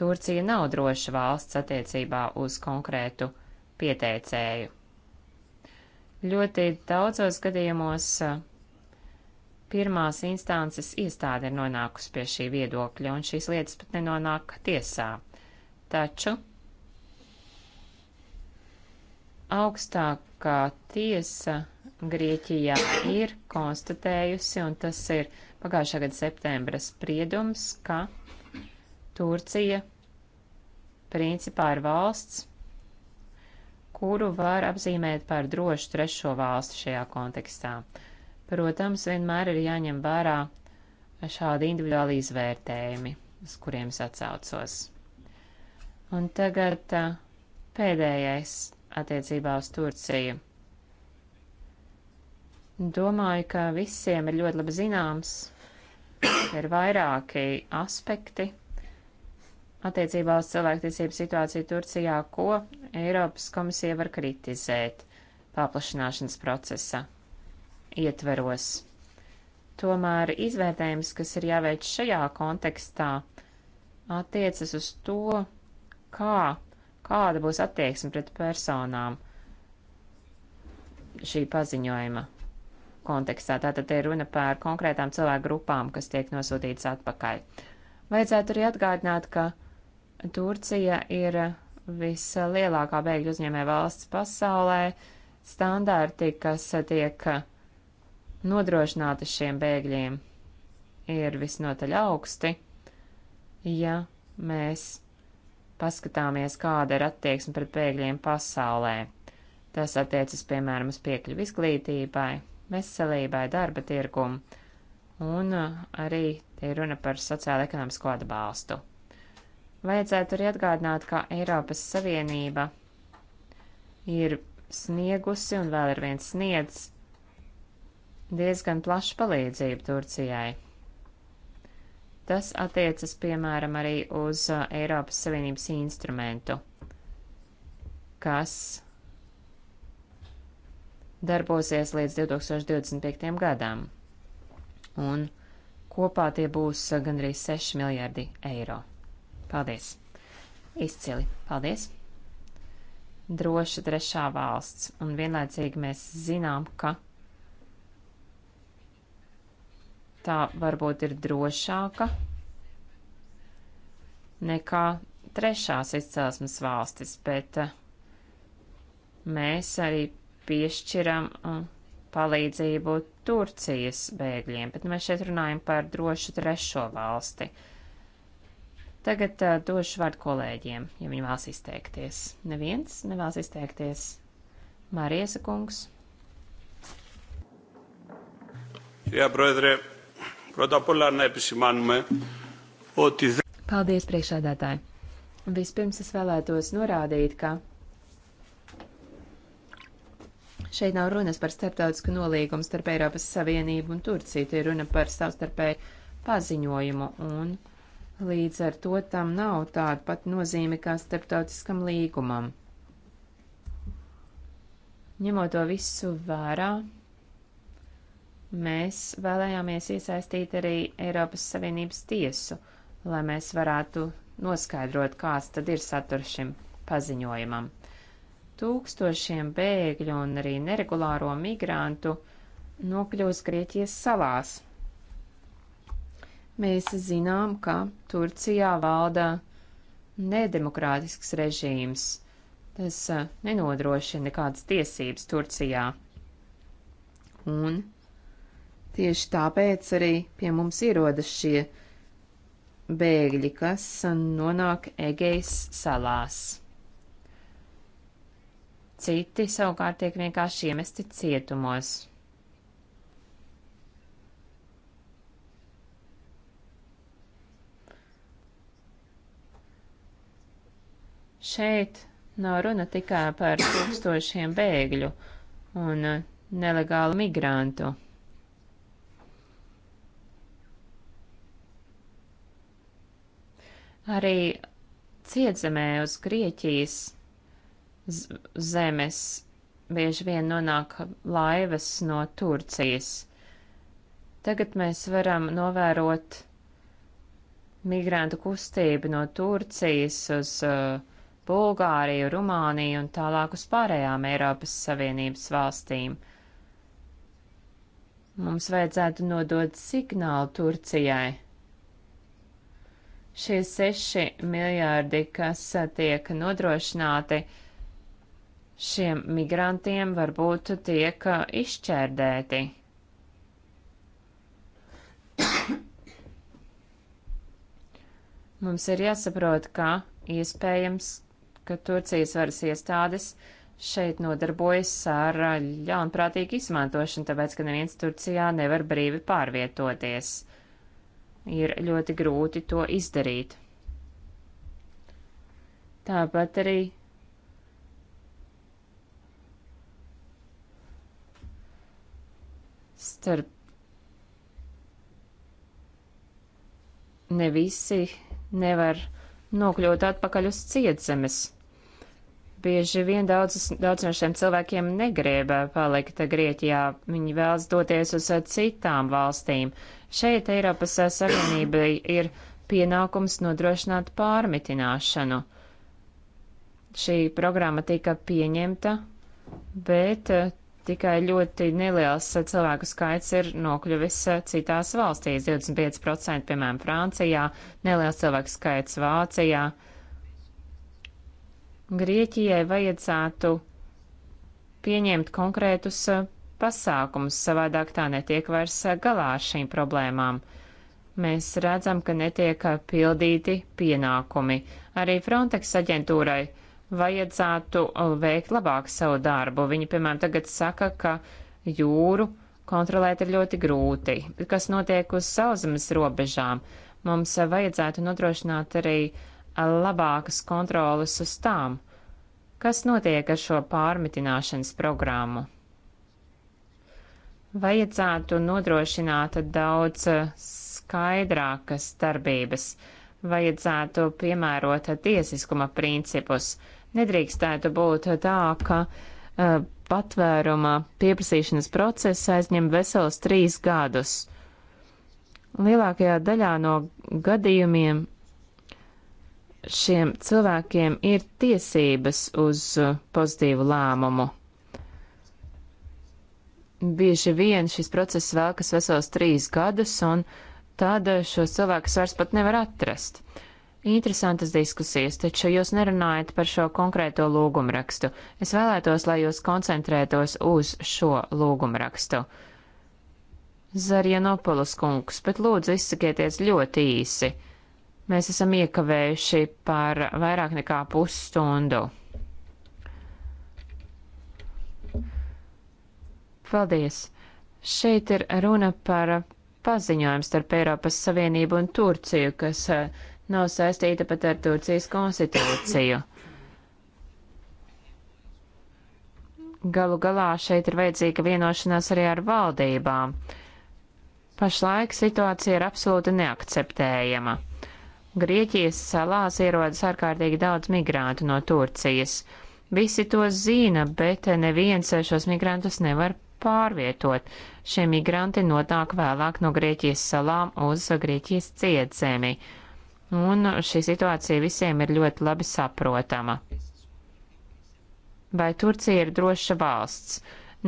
Turcija nav droša valsts attiecībā uz konkrētu uh, pieteicēju. Ļoti daudzos gadījumos pirmās instances iestāde ir nonākusi pie šī viedokļa, un šīs lietas pat nenonāk tiesā. Taču augstākā tiesa Grieķijā ir konstatējusi, un tas ir pagājušā gada septembra spriedums, ka Turcija principā ir valsts, kuru var apzīmēt par drošu trešo valstu šajā kontekstā. Protams, vienmēr ir jāņem vērā šādi individuāli izvērtējumi, uz kuriem es atsaucos. Un tagad pēdējais attiecībā uz Turciju. Domāju, ka visiem ir ļoti labi zināms, ka ir vairāki aspekti, attiecībā uz cilvēktiesību situāciju Turcijā, ko Eiropas komisija var kritizēt paplašināšanas procesa ietveros. Tomēr izvērtējums, kas ir jāveic šajā kontekstā, attiecas uz to, kā, kāda būs attieksme pret personām šī paziņojuma kontekstā. Tātad te ir runa par konkrētām cilvēku grupām, kas tiek nosūtītas atpakaļ. Vajadzētu arī atgādināt, ka Turcija ir vislielākā bēgļu uzņēmē valsts pasaulē. Standārti, kas tiek nodrošināti šiem bēgļiem, ir visnotaļ augsti. Ja mēs paskatāmies, kāda ir attieksme pret bēgļiem pasaulē, tas attiecas, piemēram, uz piekļuvu izglītībai, veselībai, darba tirgumu, un arī te ir runa par sociālo ekonomisko atbalstu. Vajadzētu arī atgādināt, ka Eiropas Savienība ir sniegusi un vēl ir viens sniedz diezgan plašu palīdzību Turcijai. Tas attiecas, piemēram, arī uz uh, Eiropas Savienības instrumentu, kas darbosies līdz 2025. gadam, un kopā tie būs uh, gandrīz 6 miljardi eiro. Paldies! Izcili! Paldies! Droša trešā valsts, un vienlaicīgi mēs zinām, ka tā varbūt ir drošāka nekā trešās izcelsmes valstis, bet eh, mēs arī piešķiram um, palīdzību Turcijas bēgļiem, bet mēs šeit runājam par drošu trešo valsti. Uh, Tagad uh, došu vārdu kolēģiem, ja viņi vēlas izteikties. Neviens nevēlas izteikties. Māriesa kungs. Jā, brodre, protapulā neepisimānume. Paldies, priekšādātāji. Vispirms es vēlētos norādīt, ka šeit nav runas par starptautisku nolīgumu starp Eiropas Savienību un Turciju, te ir runa par savstarpēju paziņojumu un Līdz ar to tam nav tāda pat nozīme kā starptautiskam līgumam. Ņemot to visu vērā, mēs vēlējāmies iesaistīt arī Eiropas Savienības tiesu, lai mēs varētu noskaidrot, kāds tad ir saturs šim paziņojumam. Tūkstošiem bēgļu un arī neregulāro migrantu nokļūs Grieķijas salās. Mēs zinām, ka Turcijā valda nedemokrātisks režīms. Tas uh, nenodrošina nekādas tiesības Turcijā. Un tieši tāpēc arī pie mums ierodas šie bēgļi, kas nonāk Egejas salās. Citi savukārt tiek vienkārši iemesti cietumos. Šeit nav runa tikai par tūkstošiem bēgļu un uh, nelegālu migrantu. Arī cietzemē uz Grieķijas zemes bieži vien nonāk laivas no Turcijas. Tagad mēs varam novērot migrantu kustību no Turcijas uz uh, Bulgāriju, Rumāniju un tālāk uz pārējām Eiropas Savienības valstīm. Mums vajadzētu nodot signālu Turcijai. Šie seši miljārdi, kas tiek nodrošināti šiem migrantiem, varbūt tiek izšķērdēti. Mums ir jāsaprot, ka iespējams ka Turcijas varas iestādes šeit nodarbojas ar uh, ļaunprātīgu izmantošanu, tāpēc, ka neviens Turcijā nevar brīvi pārvietoties. Ir ļoti grūti to izdarīt. Tāpat arī starp ne visi nevar nokļūt atpakaļ uz cietzemes. Bieži vien daudz, daudz no šiem cilvēkiem negrib eh, palikt Grieķijā, viņi vēlas doties uz eh, citām valstīm. Šeit Eiropas eh, Savienība ir pienākums nodrošināt pārmitināšanu. Šī programma tika pieņemta, bet tikai ļoti neliels cilvēku skaits ir nokļuvis citās valstīs - 25%, piemēram, Francijā, neliels cilvēku skaits Vācijā. Uh, Grieķijai vajadzētu pieņemt konkrētus eh, pasākumus, savādāk tā netiek vairs eh, galā ar šīm problēmām. Mēs redzam, ka netiek eh, pildīti pienākumi. Arī Frontex aģentūrai vajadzētu veikt labāk savu darbu. Viņi, piemēram, tagad saka, ka jūru kontrolēt ir ļoti grūti, kas notiek uz sauszemes robežām. Mums vajadzētu nodrošināt arī uh, labākas kontrolas uz tām, kas notiek ar šo pārmitināšanas programmu. Vajadzētu nodrošināt daudz eh, skaidrākas darbības, vajadzētu piemērot tiesiskuma principus. Nedrīkstētu būt tā, ka uh, patvēruma pieprasīšanas process aizņem vesels trīs gadus. Lielākajā daļā no gadījumiem šiem cilvēkiem ir tiesības uz uh, pozitīvu lēmumu. Bieži vien šis process vēlkas vesels trīs gadus, un tad uh, šos cilvēkus vairs pat nevar atrast. Interesantas diskusijas, taču jūs nerunājat par šo konkrēto lūgumrakstu. Es vēlētos, lai jūs koncentrētos uz šo lūgumrakstu. Zarjanopolus kungs, bet lūdzu izsakieties ļoti īsi. Mēs esam iekavējuši par vairāk nekā pusstundu. Paldies! Šeit ir runa par paziņojumu starp Eiropas Savienību un Turciju, kas eh, nav saistīta pat ar Turcijas konstitūciju. Galu galā šeit ir vajadzīga vienošanās arī ar valdībām. Pašlaik situācija ir absolūti neakceptējama. Grieķijas salās ierodas ārkārtīgi daudz migrantu no Turcijas. Visi to zina, bet neviens šos migrantus nevar pārvietot. Šie migranti nonāk vēlāk no Grieķijas salām uz Grieķijas cietzemi. Un šī situācija visiem ir ļoti labi saprotama. Vai Turcija ir droša valsts?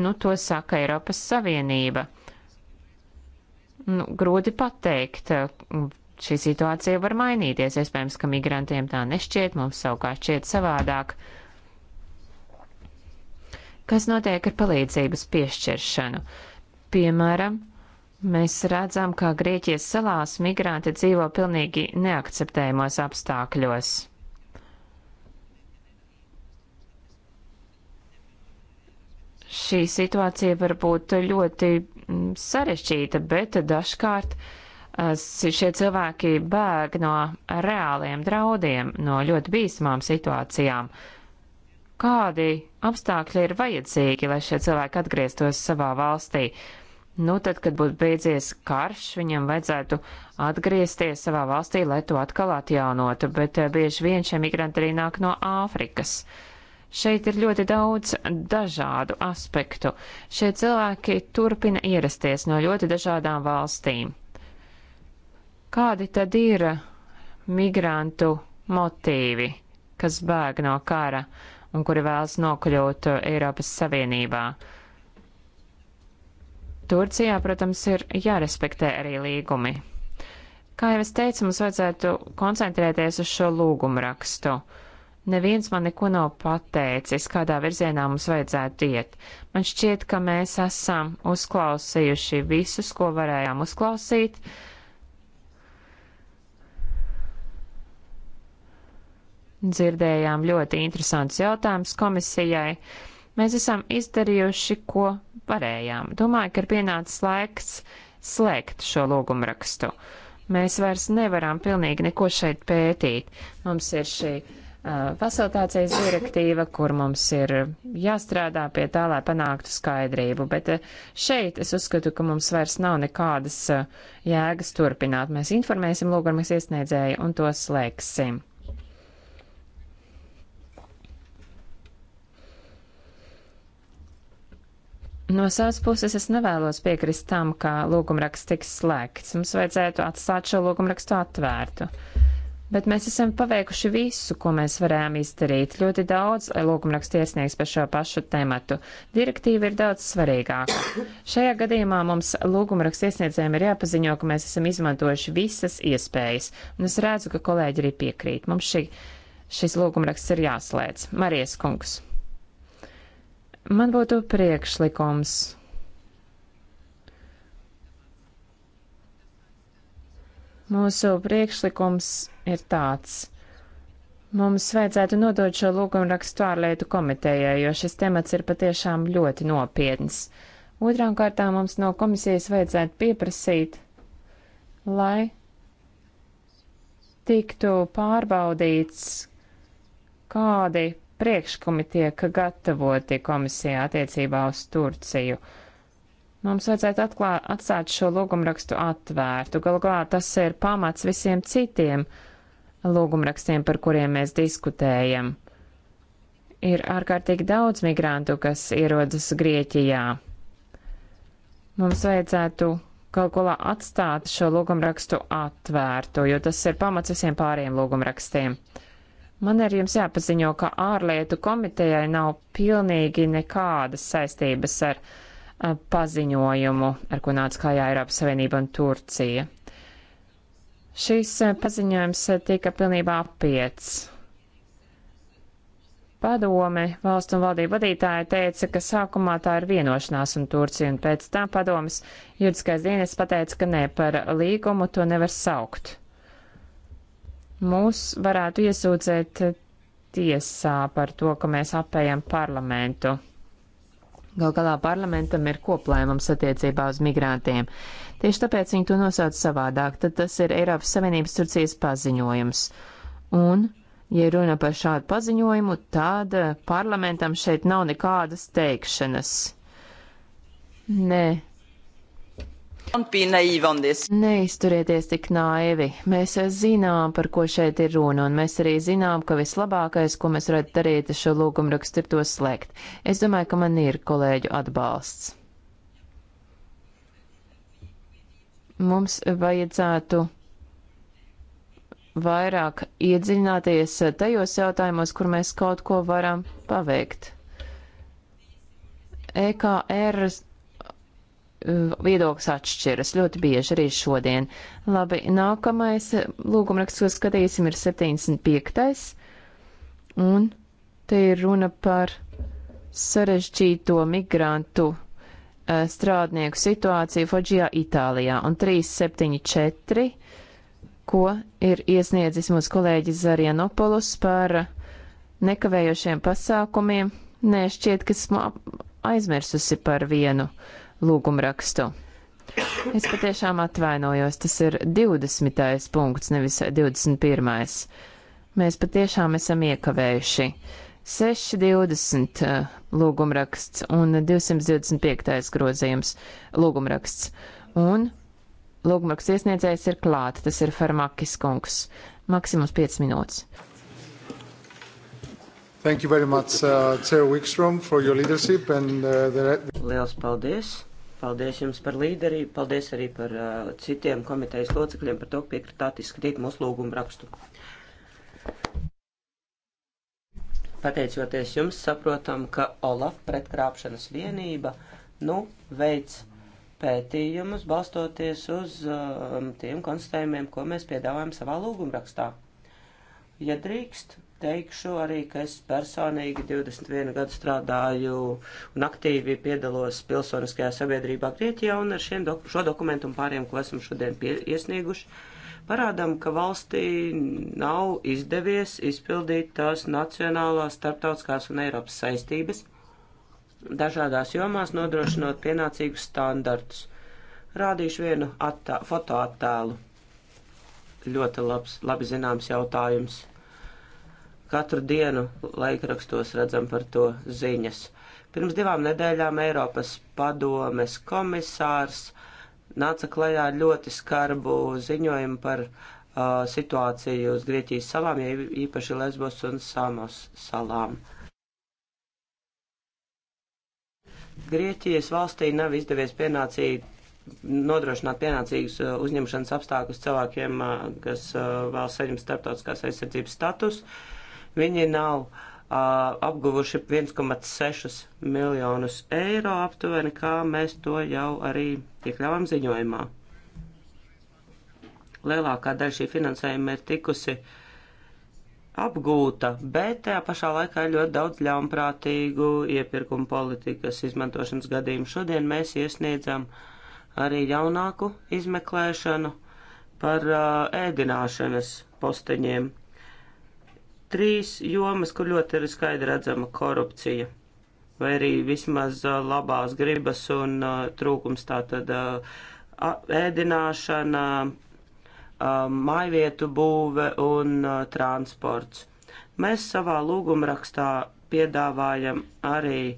Nu, to saka Eiropas Savienība. Nu, grūti pateikt, šī situācija var mainīties. Iespējams, ka migrantiem tā nešķiet, mums savukārt šķiet savādāk. Kas notiek ar palīdzības piešķiršanu? Piemēram, mēs redzam, ka Grieķijas salās migranti dzīvo pilnīgi neakceptējumos apstākļos. Šī situācija var būt ļoti mm, sarežģīta, bet dažkārt uh, šie cilvēki bēg no reāliem draudiem, no ļoti bīstamām situācijām. Kādi apstākļi ir vajadzīgi, lai šie cilvēki atgrieztos savā valstī? Nu, tad, kad būtu beidzies karš, viņam vajadzētu atgriezties savā valstī, lai to atkal atjaunotu, bet eh, bieži vien šie migranti arī nāk no Āfrikas. Šeit ir ļoti daudz dažādu aspektu. Šie cilvēki turpina ierasties no ļoti dažādām valstīm. Kādi tad ir migrantu motīvi, kas bēg no kara un kuri vēlas nokļūt Eiropas Savienībā? Turcijā, protams, ir jārespektē arī līgumi. Kā jau es teicu, mums vajadzētu koncentrēties uz šo lūgumu rakstu. Neviens man neko nav pateicis, kādā virzienā mums vajadzētu iet. Man šķiet, ka mēs esam uzklausījuši visus, ko varējām uzklausīt. Uh, Dzirdējām ļoti interesants jautājums komisijai. Mēs esam izdarījuši, ko varējām. Domāju, ka ir pienācis laiks slēgt šo lūgumrakstu. Mēs vairs nevaram pilnīgi neko šeit pētīt. Mums ir šī fasiltācijas direktīva, kur mums ir jāstrādā pie tā, lai panāktu skaidrību. Bet šeit es uzskatu, ka mums vairs nav nekādas jēgas turpināt. Mēs informēsim lūgumus iesniedzēju un to slēgsim. No savas puses es nevēlos piekrist tam, ka lūgumraksts tiks slēgts. Mums vajadzētu atstāt šo lūgumrakstu atvērtu. Bet mēs esam paveikuši visu, ko mēs varējām izdarīt. Ļoti daudz lūgumrakstu iesniegs par šo pašu tematu. Direktīva ir daudz svarīgāka. Šajā gadījumā mums lūgumrakstu iesniedzējiem ir jāpaziņo, ka mēs esam izmantojuši visas iespējas. Un es redzu, ka kolēģi arī piekrīt. Mums šī, šis lūgumraksts ir jāslēdz. Marijas kungs. Man būtu priekšlikums. Mūsu priekšlikums ir tāds. Mums vajadzētu nodot šo lūgumu rakstu ārlietu komitejai, jo šis temats ir patiešām ļoti nopietns. Otrām kārtām mums no komisijas vajadzētu pieprasīt, lai tiktu pārbaudīts, kādi priekšlikumi tiek gatavoti komisijā attiecībā uz Turciju. Mums vajadzētu atklā, atstāt šo lūgumrakstu atvērtu. Galu galā tas ir pamats visiem citiem lūgumrakstiem, par kuriem mēs diskutējam. Ir ārkārtīgi daudz migrantu, kas ierodas Grieķijā. Mums vajadzētu galu galā atstāt šo lūgumrakstu atvērtu, jo tas ir pamats visiem pāriem lūgumrakstiem. rakstiem. Man ar jums jāpaziņo, ka ārlietu komitejai nav pilnīgi nekādas saistības ar eh, paziņojumu, ar ko nāca klajā Eiropas Savienība un Turcija. Šīs eh, paziņojums tika pilnībā apiets. Padome, valsts un valdību vadītāja teica, ka sākumā tā ir vienošanās un Turcija, un pēc tam padomas juridiskais dienas pateica, ka nē, par līgumu to nevar saukt mūs varētu iesūdzēt tiesā par to, ka mēs apējam parlamentu. Gal galā parlamentam ir koplēmums attiecībā uz migrantiem. Tieši tāpēc viņi to nosauc savādāk, tad tas ir Eiropas Savienības Turcijas paziņojums. Un, ja runa par šādu paziņojumu, tad eh, parlamentam šeit nav nekādas teikšanas. Nē, Neizturieties tik naivi. Mēs zinām, par ko šeit ir runa, un mēs arī zinām, ka vislabākais, ko mēs varētu darīt ar šo lūgumrakstu, ir to slēgt. Es domāju, ka man ir kolēģu atbalsts. Mums vajadzētu vairāk iedziļināties tajos jautājumos, kur mēs kaut ko varam paveikt. EKR Uh, viedoklis atšķiras ļoti bieži arī šodien. Labi, nākamais lūgumraksts, ko skatīsim, ir 75. Un te ir runa par sarežģīto migrantu uh, strādnieku situāciju Fodžijā, Itālijā. Un 374, ko ir iesniedzis mūsu kolēģis Zarianopolus par nekavējošiem pasākumiem. Nē, šķiet, ka esmu aizmirsusi par vienu. Uh, lūgumrakstu. Es patiešām atvainojos, tas ir 20. punkts, nevis 21. Mēs patiešām esam iekavējuši. 620 eh, lūgumraksts un 225 grozījums lūgumraksts. Un lūgumraksts iesniedzējs ir klāt, tas ir Farmakis kungs. Maksimums 5 minūtes. Thank you very much, uh, Chair Wikstrom, for your leadership and uh, the... Liels paldies! Paldies jums par līderību, paldies arī par uh, citiem komitejas locekļiem par to, ka piekritāt izskatīt mūsu lūgumu rakstu. Pateicoties jums, saprotam, ka Olaf pretkrāpšanas vienība, nu, veids pētījumus balstoties uz uh, tiem konstatējumiem, ko mēs piedāvājam savā lūgumrakstā. Ja drīkst, teikšu arī, ka es personīgi 21 gadu strādāju un aktīvi piedalos pilsoniskajā sabiedrībā Grieķijā un ar šiem dok šo dokumentu un pāriem, ko esam šodien iesnieguši, parādām, ka valstī nav izdevies izpildīt tās nacionālās, starptautiskās un Eiropas saistības dažādās jomās, nodrošinot pienācīgus standartus. Rādīšu vienu attā fotoattēlu. Ļoti labs, labi zināms jautājums Katru dienu laikrakstos redzam par to ziņas. Pirms divām nedēļām Eiropas padomes komisārs nāca klajā ar ļoti skarbu ziņojumu par uh, situāciju uz Grieķijas salām, ja īpaši Lesbos un Samos salām. Grieķijas valstī nav izdevies pienācīgi nodrošināt pienācīgus uh, uzņemšanas apstākļus cilvēkiem, uh, kas uh, vēl saņem starptautiskās aizsardzības status. Uh, Viņi nav uh, apguvuši 1,6 miljonus eiro aptuveni, kā mēs to jau arī iekļāvām ziņojumā. Lielākā daļa šī finansējuma ir tikusi apgūta, bet tajā pašā laikā ir ļoti daudz ļaunprātīgu iepirkumu politikas izmantošanas gadījumu. Šodien mēs iesniedzam arī jaunāku izmeklēšanu par uh, ēdināšanas posteņiem. Uh, trīs jomas, kur ļoti ir skaidri redzama korupcija. Vai arī vismaz labās gribas un uh, trūkums tātad uh, ēdināšana, uh, mājvietu būve un uh, transports. Mēs savā lūgumrakstā piedāvājam arī um,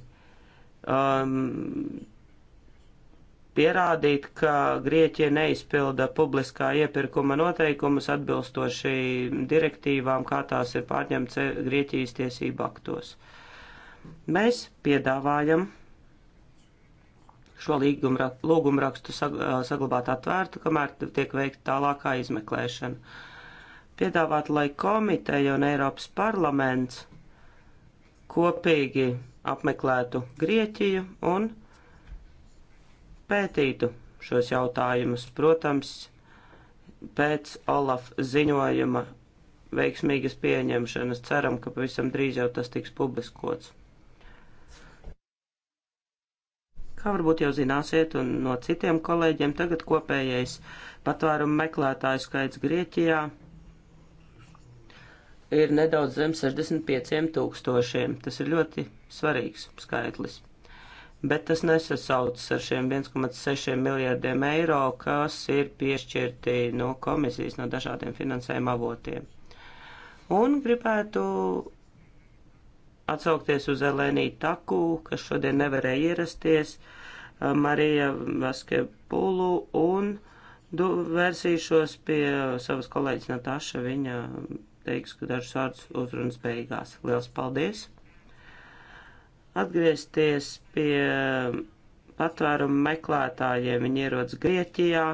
pierādīt, ka Grieķija neizpilda publiskā iepirkuma noteikumus atbilstoši direktīvām, kā tās ir pārņemts Grieķijas tiesību aktos. Mēs piedāvājam šo lūgumrakstu saglabāt atvērtu, kamēr tiek veikta tālākā izmeklēšana. Piedāvāt, lai komiteja un Eiropas parlaments kopīgi apmeklētu Grieķiju un Grieķiju pētītu šos jautājumus. Protams, pēc Olaf ziņojuma veiksmīgas pieņemšanas ceram, ka pavisam drīz jau tas tiks publiskots. Kā varbūt jau zināsiet, un no citiem kolēģiem tagad kopējais patvērumu meklētāju skaits Grieķijā ir nedaudz zem 65 tūkstošiem. Tas ir ļoti svarīgs skaitlis bet tas nesasaucas ar šiem 1,6 miljardiem eiro, kas ir piešķirti no komisijas, no dažādiem finansējuma avotiem. Un gribētu atsaukties uz Elēniju Taku, kas šodien nevarēja ierasties, Marija Vaskepulu un vērsīšos pie savas kolēģis Natāša, viņa teiks, ka dažus vārdus uzrunas beigās. Liels paldies! atgriezties pie patvērumu meklētājiem. Viņi ierodas Grieķijā,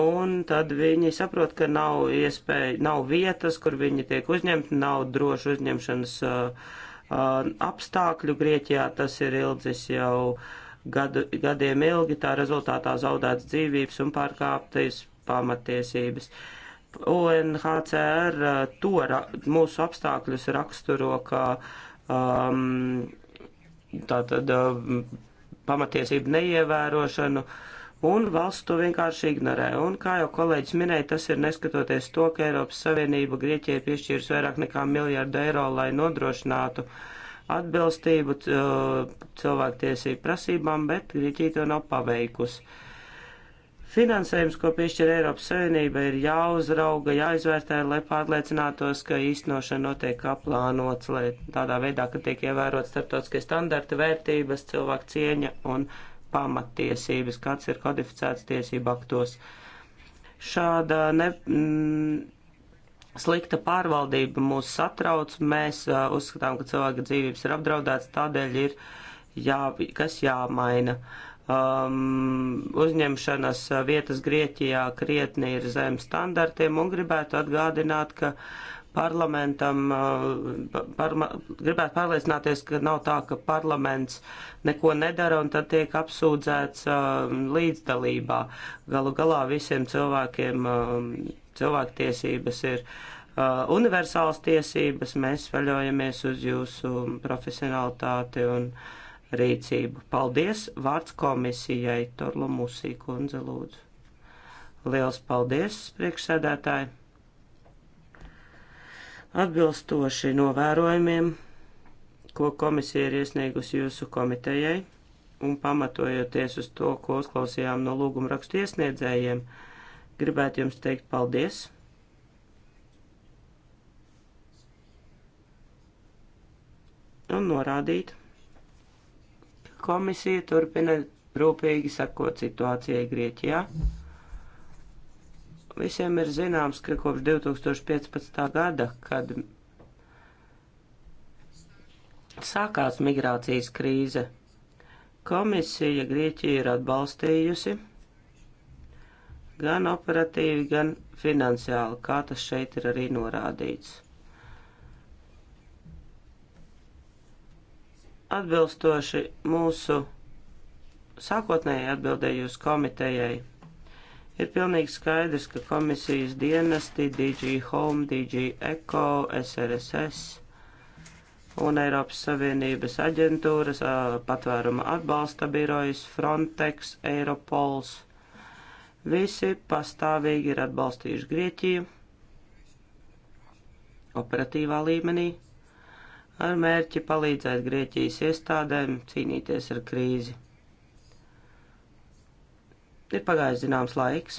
un tad viņi saprot, ka nav iespēja, nav vietas, kur viņi tiek uzņemti, nav droši uzņemšanas uh, uh, apstākļu. Grieķijā tas ir ilgis jau gadu, gadiem ilgi, tā rezultātā zaudēts dzīvības un pārkāptais pamatiesības. UNHCR uh, to ra, mūsu apstākļus raksturo, ka uh, um, tātad um, pamatiesību neievērošanu, un valsts to vienkārši ignorē. Un, kā jau kolēģis minēja, tas ir neskatoties to, ka Eiropas Savienība Grieķijai piešķīrs vairāk nekā miljārdu eiro, lai nodrošinātu atbilstību uh, cilvēktiesību prasībām, bet Grieķija to nav paveikusi. Finansējums, ko piešķir Eiropas Savienība, ir jāuzrauga, jāizvērtē, lai pārliecinātos, ka īstenošana notiek kā plānots, lai tādā veidā, ka tiek ievērot starptautiskie standarti, vērtības, cilvēku cieņa un pamattiesības, kāds ir kodificēts tiesību aktos. Šāda ne, m, mm, slikta pārvaldība mūs satrauc, mēs uh, uzskatām, ka cilvēka dzīvības ir apdraudētas, tādēļ ir jā, kas jāmaina. Uh, um, uzņemšanas vietas Grieķijā krietni ir zem standartiem un gribētu atgādināt, ka parlamentam, uh, parma, gribētu pārliecināties, ka nav tā, ka parlaments neko nedara un tad tiek apsūdzēts uh, līdzdalībā. Galu galā visiem cilvēkiem uh, cilvēktiesības ir uh, universālas tiesības, mēs vaļojamies uz jūsu profesionalitāti un uh, rīcību. Paldies! Vārds komisijai Torlu Musī kundze lūdzu. Liels paldies, priekšsēdētāji! Atbilstoši novērojumiem, ko komisija ir iesniegusi jūsu komitejai, un pamatojoties uz to, ko uzklausījām no lūguma rakstu iesniedzējiem, gribētu jums teikt paldies. Un norādīt, Komisija turpina rūpīgi sekot situācijai Grieķijā. Visiem ir zināms, ka kopš 2015. gada, kad sākās migrācijas krīze, komisija Grieķija ir atbalstījusi gan operatīvi, gan finansiāli, kā tas šeit ir arī norādīts. Atbilstoši mūsu sākotnēji atbildēju uz komitejai, ir pilnīgi skaidrs, ka komisijas dienesti DG Home, DG Eco, SRSS un Eiropas Savienības aģentūras, patvēruma atbalsta birojas, Frontex, Eiropols. Visi pastāvīgi ir atbalstījuši Grieķiju operatīvā līmenī ar mērķi palīdzēt Grieķijas iestādēm cīnīties ar krīzi. Ir pagājis zināms laiks.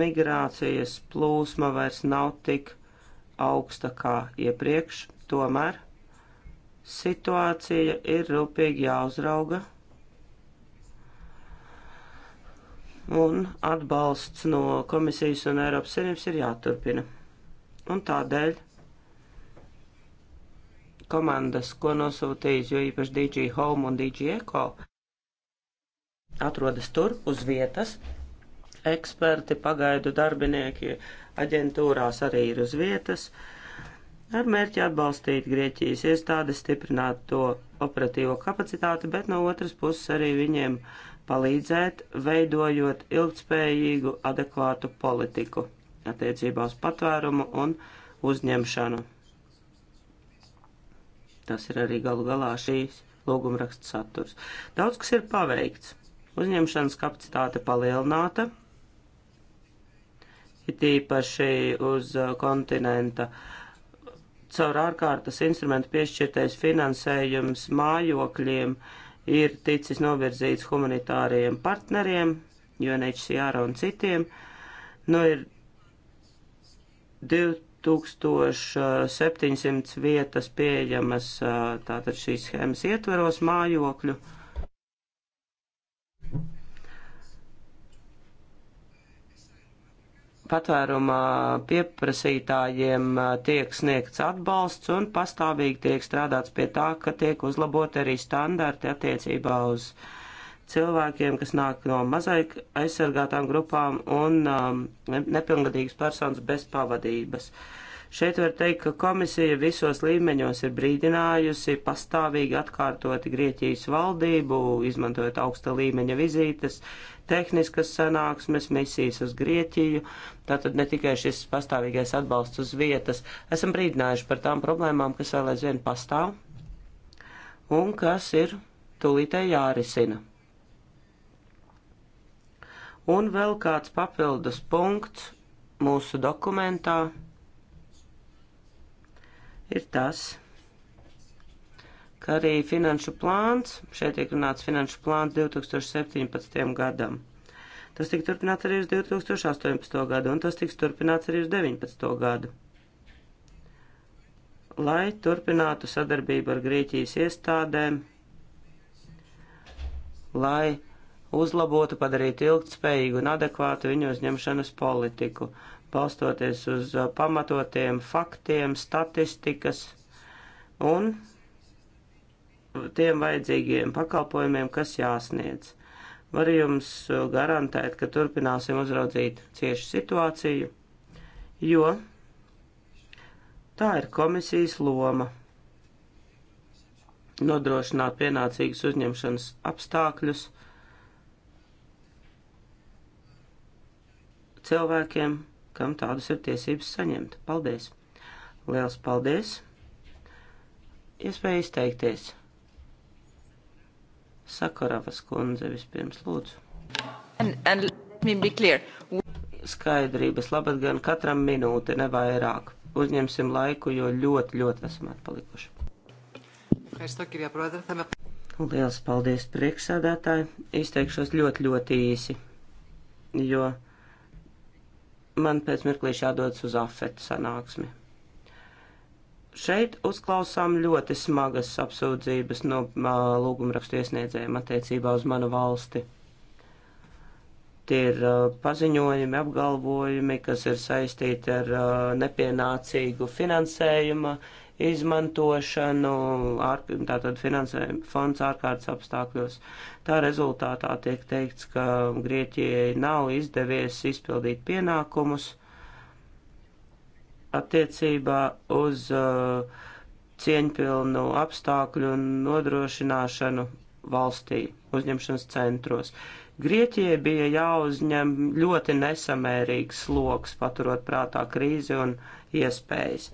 Migrācijas plūsma vairs nav tik augsta kā iepriekš, tomēr situācija ir rūpīgi jāuzrauga. Un atbalsts no komisijas un Eiropas Savienības ir jāturpina. Un tādēļ komandas, ko nosūtījis, jo īpaši DG Home un DG Eco, atrodas tur uz vietas. Eksperti, pagaidu darbinieki aģentūrās arī ir uz vietas. Ar mērķi atbalstīt Grieķijas iestādes, stiprināt to operatīvo kapacitāti, bet no otras puses arī viņiem palīdzēt, veidojot ilgtspējīgu, adekvātu politiku attiecībā uz patvērumu un uzņemšanu. Tas ir arī galu galā šīs lūgumraksta saturs. Daudz kas ir paveikts. Uzņemšanas kapacitāte palielināta, it īpaši uz uh, kontinenta. Caur ārkārtas instrumentu piešķirtais finansējums mājokļiem ir ticis novirzīts humanitāriem partneriem, UNHCR un citiem. Nu, ir 2700 vietas pieejamas tātad šīs schēmas ietveros mājokļu. Patvērumā pieprasītājiem tiek sniegts atbalsts un pastāvīgi tiek strādāts pie tā, ka tiek uzlabot arī standarti attiecībā uz uh, cilvēkiem, kas nāk no mazāk aizsargātām grupām un um, nepilngadīgas personas bez pavadības. Šeit var teikt, ka komisija visos līmeņos ir brīdinājusi pastāvīgi atkārtoti Grieķijas valdību, izmantojot augsta līmeņa vizītes, tehniskas sanāksmes, misijas uz Grieķiju, tātad ne tikai šis pastāvīgais atbalsts uz vietas. Esam brīdinājuši par tām problēmām, kas vēl aizvien pastāv un kas ir tūlītēji jārisina. Un vēl kāds papildus punkts mūsu dokumentā ir tas, ka arī finanšu plāns, šeit tiek runāts finanšu plāns 2017. gadam. Tas tika turpināts arī uz 2018. gadu, un tas tiks turpināts arī uz 19. gadu. Lai turpinātu sadarbību ar Grieķijas iestādēm, lai uzlabotu, padarītu ilgtspējīgu un adekvātu viņu uzņemšanas politiku, balstoties uz uh, pamatotiem faktiem, statistikas un tiem vajadzīgiem pakalpojumiem, kas jāsniedz. Varu jums uh, garantēt, ka turpināsim uzraudzīt cieši situāciju, jo tā ir komisijas loma - nodrošināt pienācīgus uzņemšanas apstākļus cilvēkiem, kam tādas ir tiesības saņemt. Paldies! Liels paldies! Iespēja izteikties. Sakaravas kundze vispirms lūdzu. And, and let me be clear. Skaidrības labad gan katram minūte, ne vairāk. Uzņemsim laiku, jo ļoti, ļoti esam atpalikuši. Liels paldies priekšsēdētāji. Izteikšos ļoti, ļoti īsi, jo man pēc mirklīša jādodas uz afetu sanāksmi. Šeit uzklausām ļoti smagas apsūdzības no lūgumrakstu iesniedzējiem attiecībā uz manu valsti. Tie ir uh, paziņojumi, apgalvojumi, kas ir saistīti ar uh, nepienācīgu finansējuma izmantošanu, ār, tātad finansējuma fonds ārkārtas apstākļos. Tā rezultātā tiek teikts, ka Grieķijai nav izdevies izpildīt pienākumus attiecībā uz uh, cieņpilnu apstākļu nodrošināšanu valstī, uzņemšanas centros. Grieķijai bija jāuzņem ļoti nesamērīgs sloks, paturot prātā krīzi un iespējas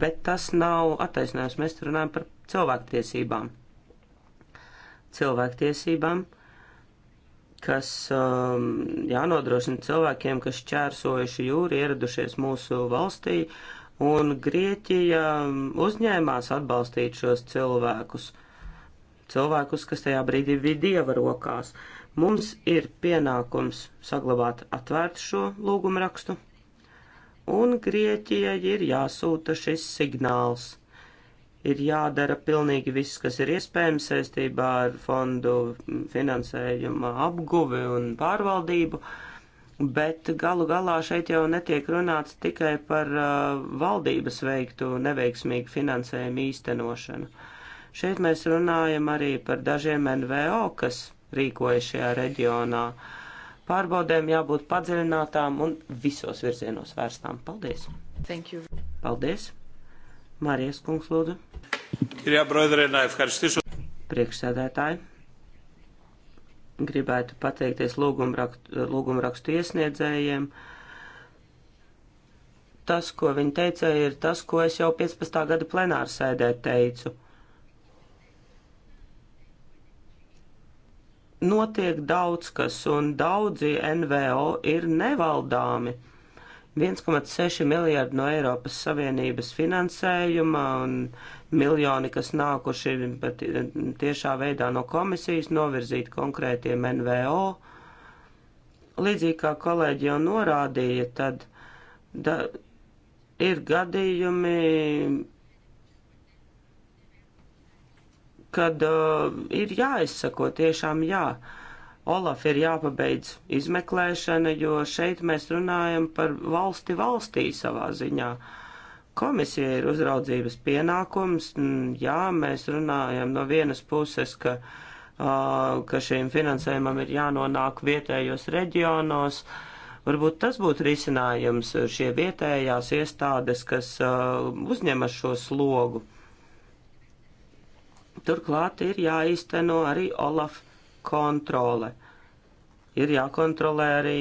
bet tas nav attaisnājums. Mēs runājam par cilvēktiesībām. Cilvēktiesībām, kas um, jānodrošina cilvēkiem, kas čērsojuši jūru, ieradušies mūsu valstī, un Grieķija um, uzņēmās atbalstīt šos cilvēkus. Cilvēkus, kas tajā brīdī bija dieva rokās. Mums ir pienākums saglabāt atvērtu šo lūgumu rakstu un Grieķijai ir jāsūta šis signāls. Ir jādara pilnīgi viss, kas ir iespējams saistībā ar fondu finansējuma apguvi un pārvaldību, bet galu galā šeit jau netiek runāts tikai par uh, valdības veiktu neveiksmīgu finansējumu īstenošanu. Šeit mēs runājam arī par dažiem NVO, kas rīkojas šajā reģionā. Uh, Pārbaudēm jābūt padziļinātām un visos virzienos vērstām. Paldies! Thank you! Paldies! Marijas kungs lūdzu. Kirjā broiderēnā, efkarstišu. Priekšsēdētāji gribētu pateikties lūgumrakstu, lūgumrakstu iesniedzējiem. Tas, ko viņi teica, ir tas, ko es jau 15. gada plenāru sēdē teicu. notiek daudz kas, un daudzi NVO ir nevaldāmi. 1,6 miljārdi no Eiropas Savienības finansējuma un miljoni, kas nākuši tiešā veidā no komisijas, novirzīt konkrētiem NVO. Līdzīgi kā kolēģi jau norādīja, tad da, ir gadījumi kad uh, ir jāizsako, tiešām jā. Olaf ir jāpabeidz izmeklēšana, jo šeit mēs runājam par valsti valstī savā ziņā. Komisija ir uzraudzības pienākums, mm, jā, mēs runājam no vienas puses, ka, uh, ka šīm finansējumam ir jānonāk vietējos reģionos, uh, Varbūt tas būtu risinājums šie vietējās iestādes, kas uh, uzņemas šo slogu. Turklāt ir jāīsteno arī Olaf kontrole. Ir jākontrolē arī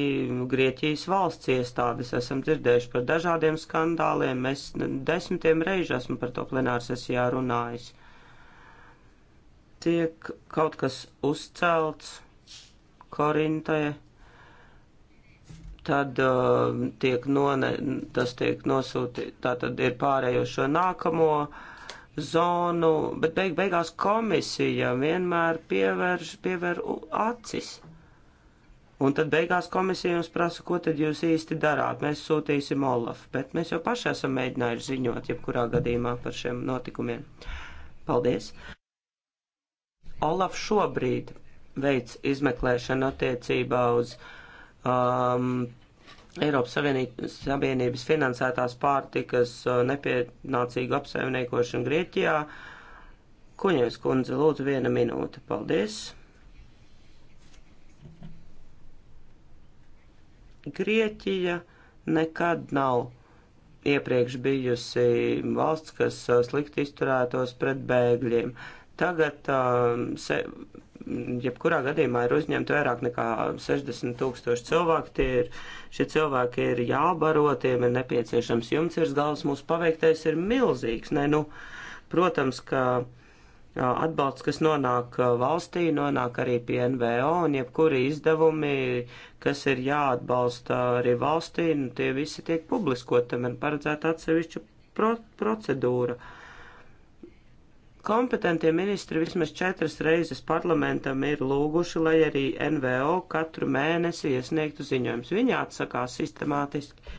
Grieķijas valsts iestādes. Esam dzirdējuši par dažādiem skandāliem. Es desmitiem reižu esmu par to plenārsesijā runājis. Tiek kaut kas uzcelts Korintai, tad uh, tiek none, tas tiek nosūtīts, tā tad ir pārējo šo nākamo uh, zonu, bet beig beigās komisija vienmēr pievērš, pievēr acis. Un tad beigās komisija jums prasa, ko tad jūs īsti darāt. Mēs sūtīsim Olafu, bet mēs jau paši esam mēģinājuši ziņot jebkurā gadījumā par šiem notikumiem. Paldies! Olaf šobrīd veids izmeklēšanu attiecībā uz um, Eiropas Savienības finansētās pārtikas uh, nepienācīgu apsaimniekošanu Grieķijā. Kuņevs kundze, lūdzu, viena minūte. Paldies! Grieķija nekad nav iepriekš bijusi valsts, kas uh, slikti izturētos pret bēgļiem. Tagad uh, se, jebkurā gadījumā ir uzņemti vairāk nekā 60 tūkstoši cilvēku. Tie ir, šie cilvēki ir jābaro, tiem ir nepieciešams jumts virs galvas. Mūsu paveiktais ir milzīgs. Ne, nu, protams, ka atbalsts, kas nonāk valstī, nonāk arī pie NVO un jebkuri izdevumi, kas ir jāatbalsta arī valstī, nu, tie visi tiek publiskot, tam ir paredzēta atsevišķa pro procedūra. Uh, Kompetentie ministri vismaz četras reizes parlamentam ir lūguši, lai arī NVO katru mēnesi iesniegtu ziņojums. Viņi atsakās sistemātiski.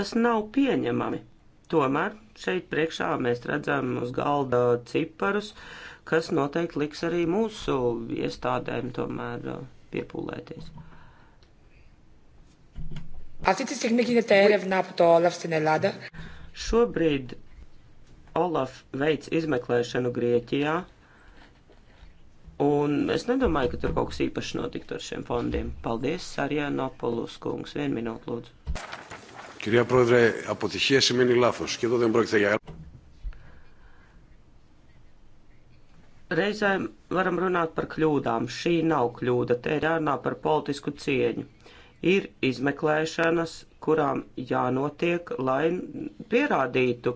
Tas nav pieņemami. Tomēr šeit priekšā mēs redzam uz galda ciparus, kas noteikti liks arī mūsu iestādēm tomēr piepūlēties. Αυτή τη στιγμή γίνεται έρευνα από το Όλαφ στην Ελλάδα. Šobrīd Olaf veids izmeklēšanu Grieķijā, un es nedomāju, ka tur kaut kas īpašs notiktu ar šiem fondiem. Paldies, Sarjā Nopolus kungs. Vienu minūtu, lūdzu. Κυρία Πρόεδρε, αποτυχία σημαίνει λάθος και εδώ δεν πρόκειται για... Reizēm varam runāt par kļūdām. Šī nav kļūda, te ir jārunā par politisku cieņu ir izmeklēšanas, kurām jānotiek, lai pierādītu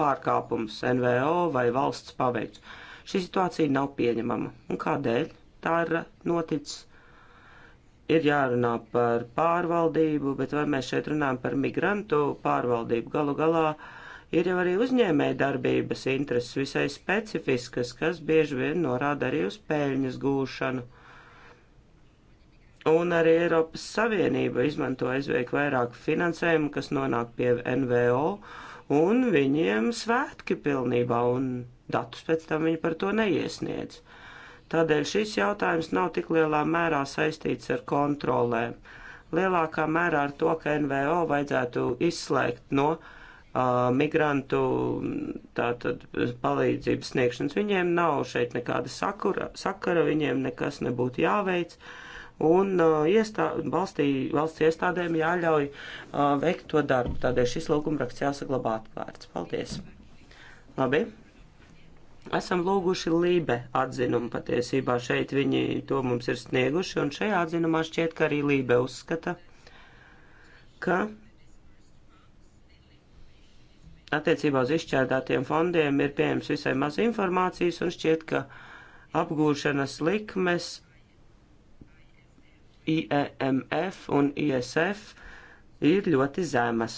pārkāpumus NVO vai valsts paveikts. Šī situācija nav pieņemama. Un kādēļ tā ir noticis? Ir jārunā par pārvaldību, bet vai mēs šeit runājam par migrantu pārvaldību? Galu galā ir jau arī uzņēmēja darbības intereses visai specifiskas, kas bieži vien norāda arī uz pēļņas gūšanu Un arī Eiropas Savienība izmanto aizviek vairāk finansējumu, kas nonāk pie NVO, un viņiem svētki pilnībā, un datus pēc tam viņi par to neiesniedz. Tādēļ šis jautājums nav tik lielā mērā saistīts ar kontrolēm. Lielākā mērā ar to, ka NVO vajadzētu izslēgt no uh, migrantu tātad, palīdzības sniegšanas. Viņiem nav šeit nekāda sakura, sakara, viņiem nekas nebūtu jāveic. Uh, un uh, iestā, valstī, valsts iestādēm jāļauj uh, veikt to darbu. Tādēļ šis lūgumraksts jāsaglabā atvērts. Paldies! Labi! Esam lūguši Lībe atzinumu patiesībā šeit, viņi to mums ir snieguši, un šajā atzinumā šķiet, ka arī Lībe uzskata, ka attiecībā uz izšķērdātiem fondiem ir pieejams visai maz informācijas, un šķiet, ka apgūšanas likmes IEMF un ISF ir ļoti zemas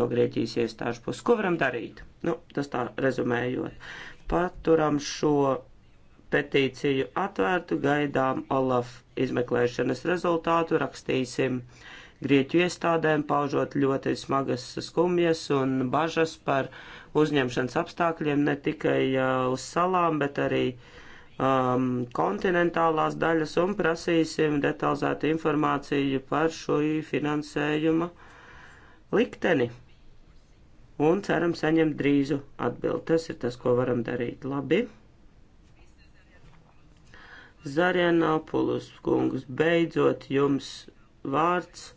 no Grieķijas iestāžu puses. Ko varam darīt? Nu, tas tā rezumējot. Paturam šo petīciju atvērtu, gaidām Olaf izmeklēšanas rezultātu, rakstīsim Grieķu iestādēm, paužot ļoti smagas skumjas un bažas par uzņemšanas apstākļiem ne tikai uh, uz salām, bet arī uh, um, kontinentālās daļas un prasīsim detalizētu informāciju par šo finansējuma likteni. Un ceram saņemt drīzu atbildi. Tas ir tas, ko varam darīt. Labi. Zarianopulus kungs, beidzot jums vārds.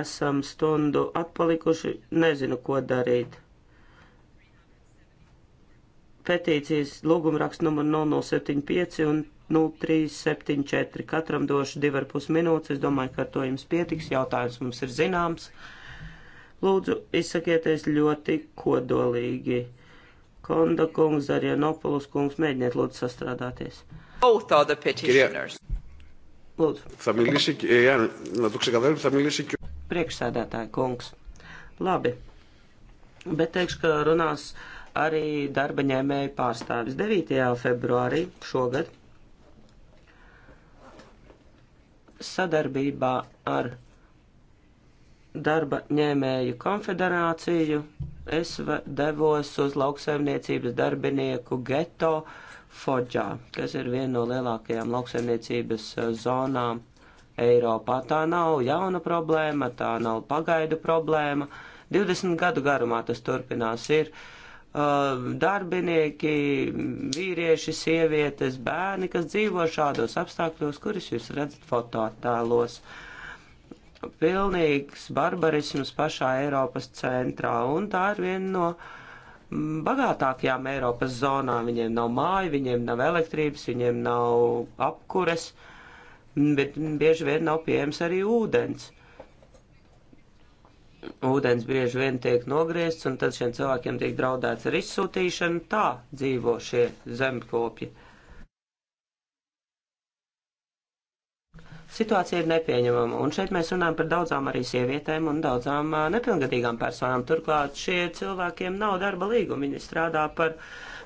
Esam stundu atpalikuši, nezinu, ko darīt petīcijas lūgumraksts numur 0075 un 0374. Katram došu 2,5 minūtes. Es domāju, ka ar to jums pietiks. Jautājums mums ir zināms. Lūdzu, izsakieties ļoti kodolīgi. Konda kungs, Zarianopoulos kungs, mēģiniet lūdzu sastrādāties. Both are the petitioners. Lūdzu. Θα μιλήσει, εάν να το ξεκαθαρίσω, θα μιλήσει και. Priekšsēdētāja kungs. Labi. Bet teikšu, ka runās uh, arī darba ņēmēju pārstāvis 9. februārī šogad sadarbībā ar darba ņēmēju konfederāciju es devos uz lauksaimniecības darbinieku geto Fodžā, kas ir viena no lielākajām lauksaimniecības eh, zonām Eiropā. Tā nav jauna problēma, tā nav pagaidu problēma. 20 gadu garumā tas turpinās. Ir uh, Uh, darbinieki, vīrieši, sievietes, bērni, kas dzīvo šādos apstākļos, kurus jūs redzat fototēlos. Pilnīgs barbarisms pašā Eiropas centrā, un tā ir viena no mm, bagātākajām Eiropas zonām. Viņiem nav māju, viņiem nav elektrības, viņiem nav apkures, bet bieži vien nav pieejams arī ūdens. Uh, ūdens bieži vien tiek nogriezts, un tad šiem cilvēkiem tiek draudēts ar izsūtīšanu. Tā dzīvo šie zemkopji. Situācija ir nepieņemama, un šeit mēs runājam par daudzām arī sievietēm un daudzām uh, nepilngadīgām personām. Turklāt šie cilvēkiem nav darba līguma, viņi strādā par,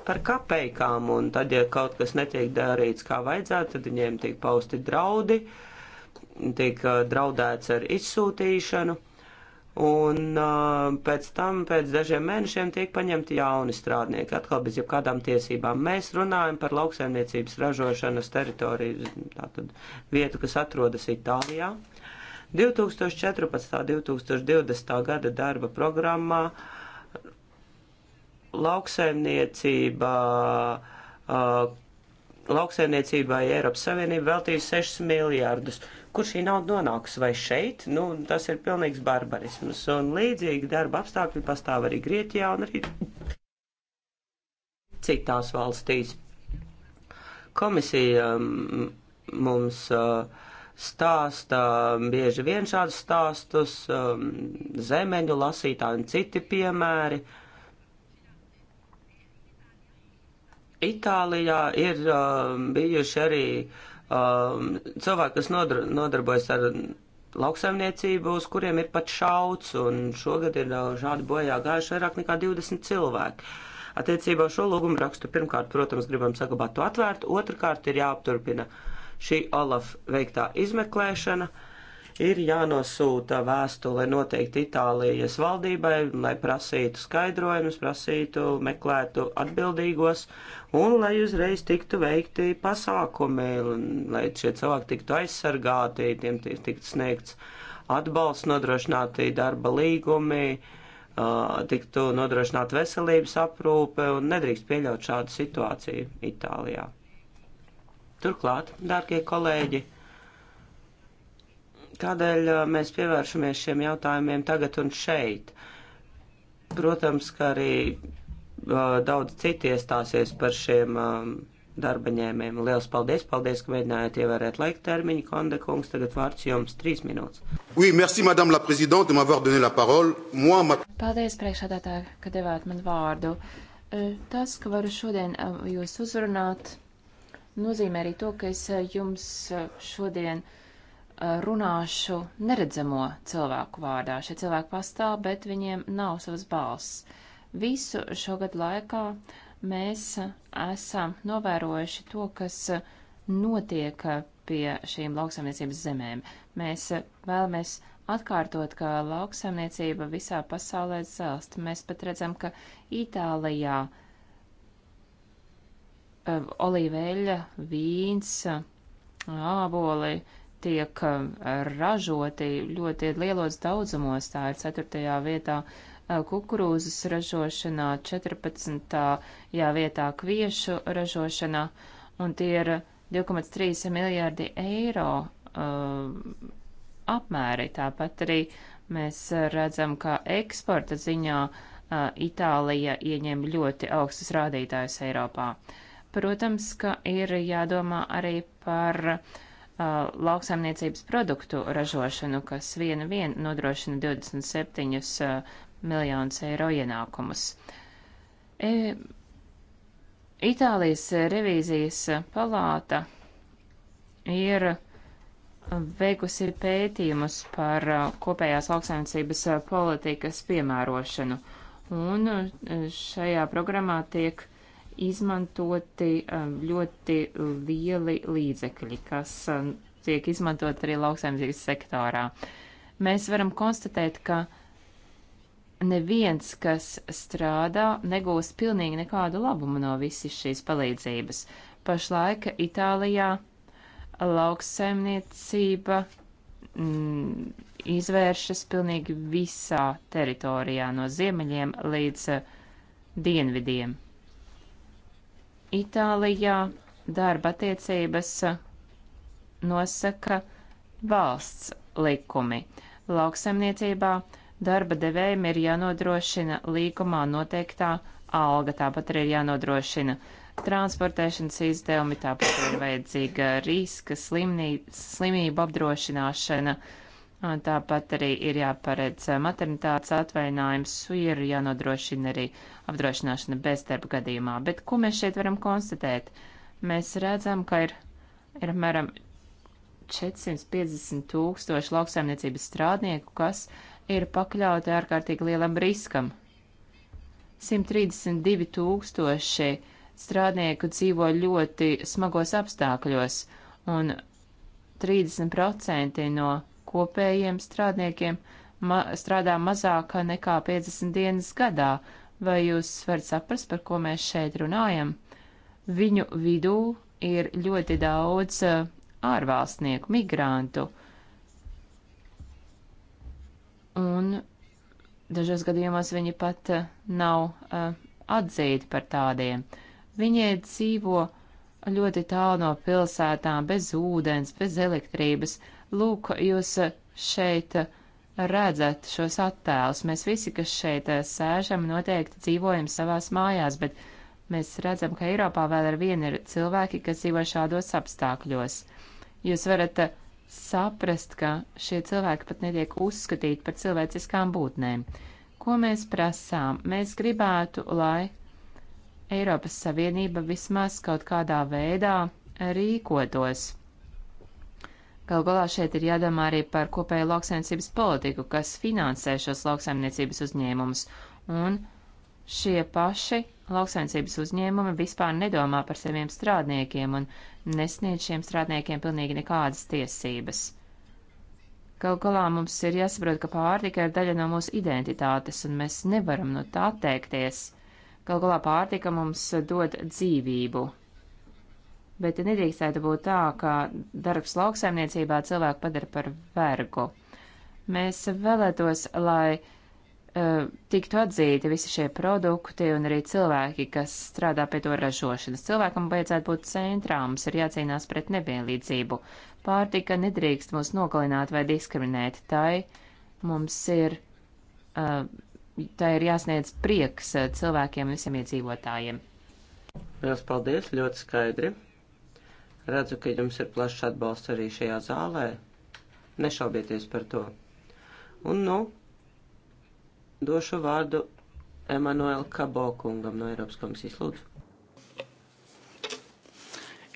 par kapeikām, un tad, ja kaut kas netiek darīts kā vajadzētu, tad viņiem tiek pausti draudi, tiek uh, draudēts ar izsūtīšanu un uh, pēc tam, pēc dažiem mēnešiem, tiek paņemti jauni strādnieki, atkal bez jebkādām tiesībām. Mēs runājam par lauksaimniecības ražošanas teritoriju, tātad vietu, kas atrodas Itālijā. 2014. 2020. gada darba programmā lauksaimniecība. Uh, Lauksaimniecībai Eiropas Savienība veltīja 6 miljārdus. Uh, kur šī nauda nonāks, vai šeit, nu, tas ir pilnīgs barbarisms. Un līdzīgi darba apstākļi pastāv arī Grieķijā un arī citās valstīs. Komisija mm, mums uh, stāsta bieži vien šādus stāstus, um, zemeņu lasītāji un citi piemēri. Itālijā ir um, bijuši arī uh, um, cilvēki, kas nodar, nodarbojas ar lauksaimniecību, uz kuriem ir pat šauts, un šogad ir uh, šādi bojā gājuši vairāk nekā 20 cilvēki. Attiecībā šo lūgumu rakstu pirmkārt, protams, gribam saglabāt to atvērtu, otrkārt ir jāapturpina šī Olaf veiktā izmeklēšana. Uh, ir jānosūta vēstule noteikti Itālijas valdībai, lai prasītu skaidrojumus, prasītu, meklētu atbildīgos un lai uzreiz tiktu veikti pasākumi, lai šie cilvēki tiktu aizsargāti, tiem tiktu sniegts atbalsts, nodrošināti darba līgumi, tiktu nodrošināta veselības aprūpe un nedrīkst pieļaut šādu situāciju Itālijā. Turklāt, dārgie kolēģi, Kādēļ mēs pievēršamies šiem jautājumiem tagad un šeit? Protams, ka arī uh, daudz citi iestāsies par šiem um, darbaņēmiem. Lielas paldies, paldies, ka mēģinājāt ievērēt laika termiņu. Konde kungs, tagad vārds jums trīs minūtes. Oui, merci, madame la présidente, de m'avoir donné la parole. Moi, ma... Paldies, priekšādātāji, ka devāt man vārdu. Tas, ka varu šodien jūs uzrunāt, nozīmē arī to, ka es jums šodien uh, Eh, runāšu neredzamo cilvēku vārdā. Šie cilvēki pastāv, bet viņiem nav savas balss. Visu šogad laikā mēs esam novērojuši to, kas notiek pie šīm lauksaimniecības zemēm. Mēs vēlamies atkārtot, ka lauksaimniecība visā pasaulē zelst. Mēs pat redzam, ka Itālijā eh, olīveļa, vīns, āboli, tiek eh, ražoti ļoti lielos daudzumos. Tā ir 4. vietā eh, kukurūzas ražošanā, 14. vietā kviešu ražošanā, un tie ir 2,3 miljārdi eiro uh, apmēri. Tāpat arī mēs redzam, ka eksporta ziņā uh, Itālija ieņem ļoti augstus rādītājus Eiropā. Protams, ka ir jādomā arī par uh, Uh, lauksaimniecības produktu ražošanu, kas vienu vien nodrošina 27 uh, miljonus eiro ienākumus. E, Itālijas revīzijas palāta ir veikusi pētījumus par uh, kopējās lauksaimniecības politikas piemērošanu, un šajā programmā tiek izmantoti um, ļoti lieli līdzekļi, kas um, tiek izmantot arī lauksaimniecības sektorā. Mēs varam konstatēt, ka neviens, kas strādā, negūs pilnīgi nekādu labumu no visas šīs palīdzības. Pašlaik Itālijā lauksaimniecība mm, izvēršas pilnīgi visā teritorijā, no ziemeļiem līdz uh, dienvidiem. Itālijā darba attiecības eh, nosaka valsts likumi. Lauksaimniecībā darba devējiem ir jānodrošina līgumā noteiktā alga, tāpat arī ir jānodrošina transportēšanas izdevumi, tāpat ir vajadzīga riska, slimnī, slimību apdrošināšana, uh, Un tāpat arī ir jāparedz eh, maternitātes atvainājums, ir jānodrošina arī apdrošināšana bezdarba gadījumā. Bet ko mēs šeit varam konstatēt? Mēs redzam, ka ir, ir apmēram 450 tūkstoši lauksaimniecības strādnieku, kas ir pakļauti ārkārtīgi lielam riskam. 132 tūkstoši strādnieku dzīvo ļoti smagos apstākļos, un 30% no kopējiem strādniekiem ma strādā mazāk nekā 50 dienas gadā, vai jūs varat saprast, par ko mēs šeit runājam? Viņu vidū ir ļoti daudz eh, ārvalstnieku, migrantu. Un dažos gadījumos viņi pat eh, nav uh, atzīti par tādiem. Viņi dzīvo ļoti tālu no pilsētām, bez ūdens, bez elektrības, uh, Lūk, jūs eh, šeit eh, redzat šos attēlus. Mēs visi, kas šeit eh, sēžam, noteikti dzīvojam savās mājās, bet mēs redzam, ka Eiropā vēl ar vienu ir cilvēki, kas dzīvo šādos apstākļos. Jūs varat saprast, ka šie cilvēki pat netiek uzskatīti par cilvēciskām būtnēm. Ko mēs prasām? Mēs gribētu, lai Eiropas Savienība vismaz kaut kādā veidā rīkotos Gal galā šeit ir jādomā arī par kopēju lauksaimniecības politiku, kas finansē šos lauksaimniecības uzņēmumus, un šie paši lauksaimniecības uzņēmumi vispār nedomā par saviem strādniekiem un nesniedz šiem strādniekiem pilnīgi nekādas tiesības. Gal galā mums ir jāsaprot, ka pārtika ir daļa no mūsu identitātes, un mēs nevaram no tā atteikties. Gal galā pārtika mums dod dzīvību, bet nedrīkstētu būt tā, ka darbs lauksaimniecībā cilvēku padara par vergu. Mēs vēlētos, lai uh, tiktu atzīti visi šie produkti un arī cilvēki, kas strādā pie to ražošanas. Cilvēkam vajadzētu būt centrā, mums ir jācīnās pret nevienlīdzību. Pārtika nedrīkst mūs nogalināt vai diskriminēt, tai mums ir, uh, tai ir jāsniedz prieks e, cilvēkiem, visiem iedzīvotājiem. Lielas paldies, ļoti skaidri. Redzu, ka jums ir plašs atbalsts arī šajā zālē. Nešaubieties par to. Un, nu, došu vārdu Emanuela Kabo kungam no Eiropas komisijas lūdzu.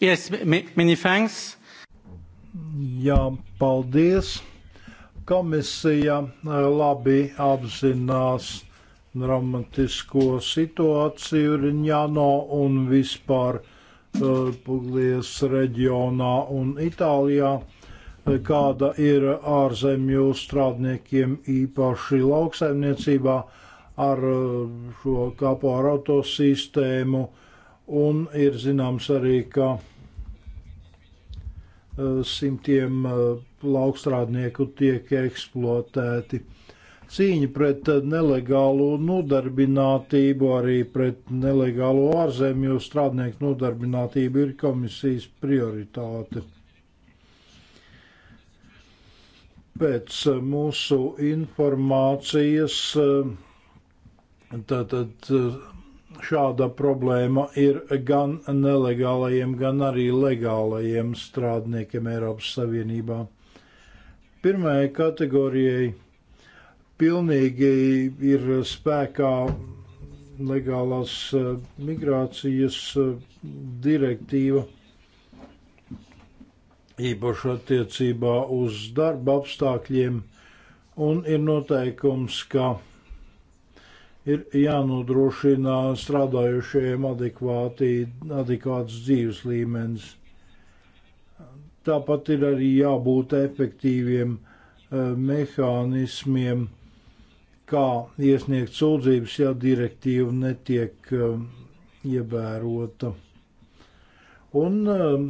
Yes, many thanks. Jā, paldies. Komisija e, labi apzinās dramatisko situāciju Riņāno un vispār Eh, Puglijas reģionā un Itālijā, eh, kāda ir ārzemju strādniekiem īpaši lauksaimniecībā ar eh, šo kaporato sistēmu, un ir zināms arī, ka simtiem laukstrādnieku tiek eksploatēti cīņa pret eh, nelegālo nodarbinātību, arī pret nelegālo ārzemju strādnieku nodarbinātību ir komisijas prioritāte. Pēc eh, mūsu informācijas tātad eh, šāda problēma ir gan nelegālajiem, gan arī legālajiem strādniekiem Eiropas Savienībā. Pirmajai kategorijai pilnīgi ir spēkā legālās eh, migrācijas eh, direktīva īpaši attiecībā uz darba apstākļiem, un ir noteikums, ka ir jānodrošina strādājušajiem adekvāti, adekvāts dzīves līmenis. Tāpat ir arī jābūt efektīviem eh, mehānismiem, kā iesniegt sūdzības, ja direktīva netiek um, ievērota. Un um,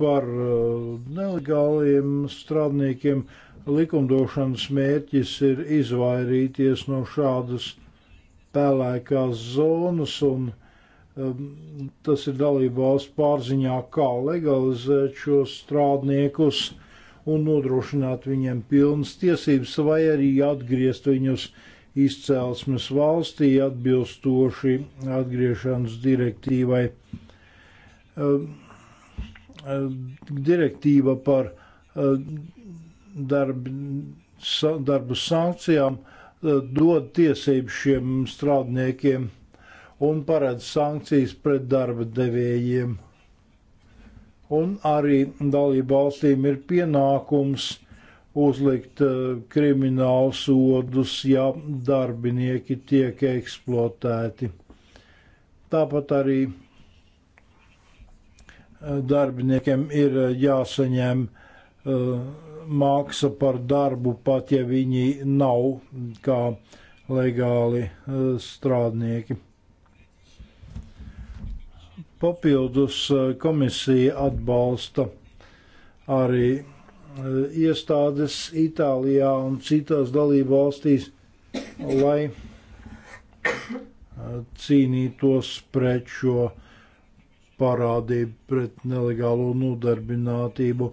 par uh, nelegāliem strādniekiem likumdošanas mērķis ir izvairīties no šādas pelēkās zonas, un um, tas ir dalību valsts pārziņā, kā legalizēt šos strādniekus un nodrošināt viņiem pilnas tiesības, vai arī atgriezt viņus uh, izcelsmes valstī atbilstoši atgriešanas direktīvai. Ehm, ehm, direktīva par ehm, darbi, darbu sankcijām eh, dod tiesības šiem strādniekiem un paredz sankcijas pret darba devējiem. Un arī dalību valstīm ir pienākums uzlikt eh, kriminālu sodus, ja darbinieki tiek eksploatēti. Tāpat arī eh, darbiniekiem ir eh, jāsaņem māksla par darbu, pat ja viņi nav kā legāli strādnieki. Papildus komisija atbalsta arī Eh, iestādes Itālijā un citās dalību valstīs, lai eh, cīnītos pret šo parādību, pret nelegālo nodarbinātību.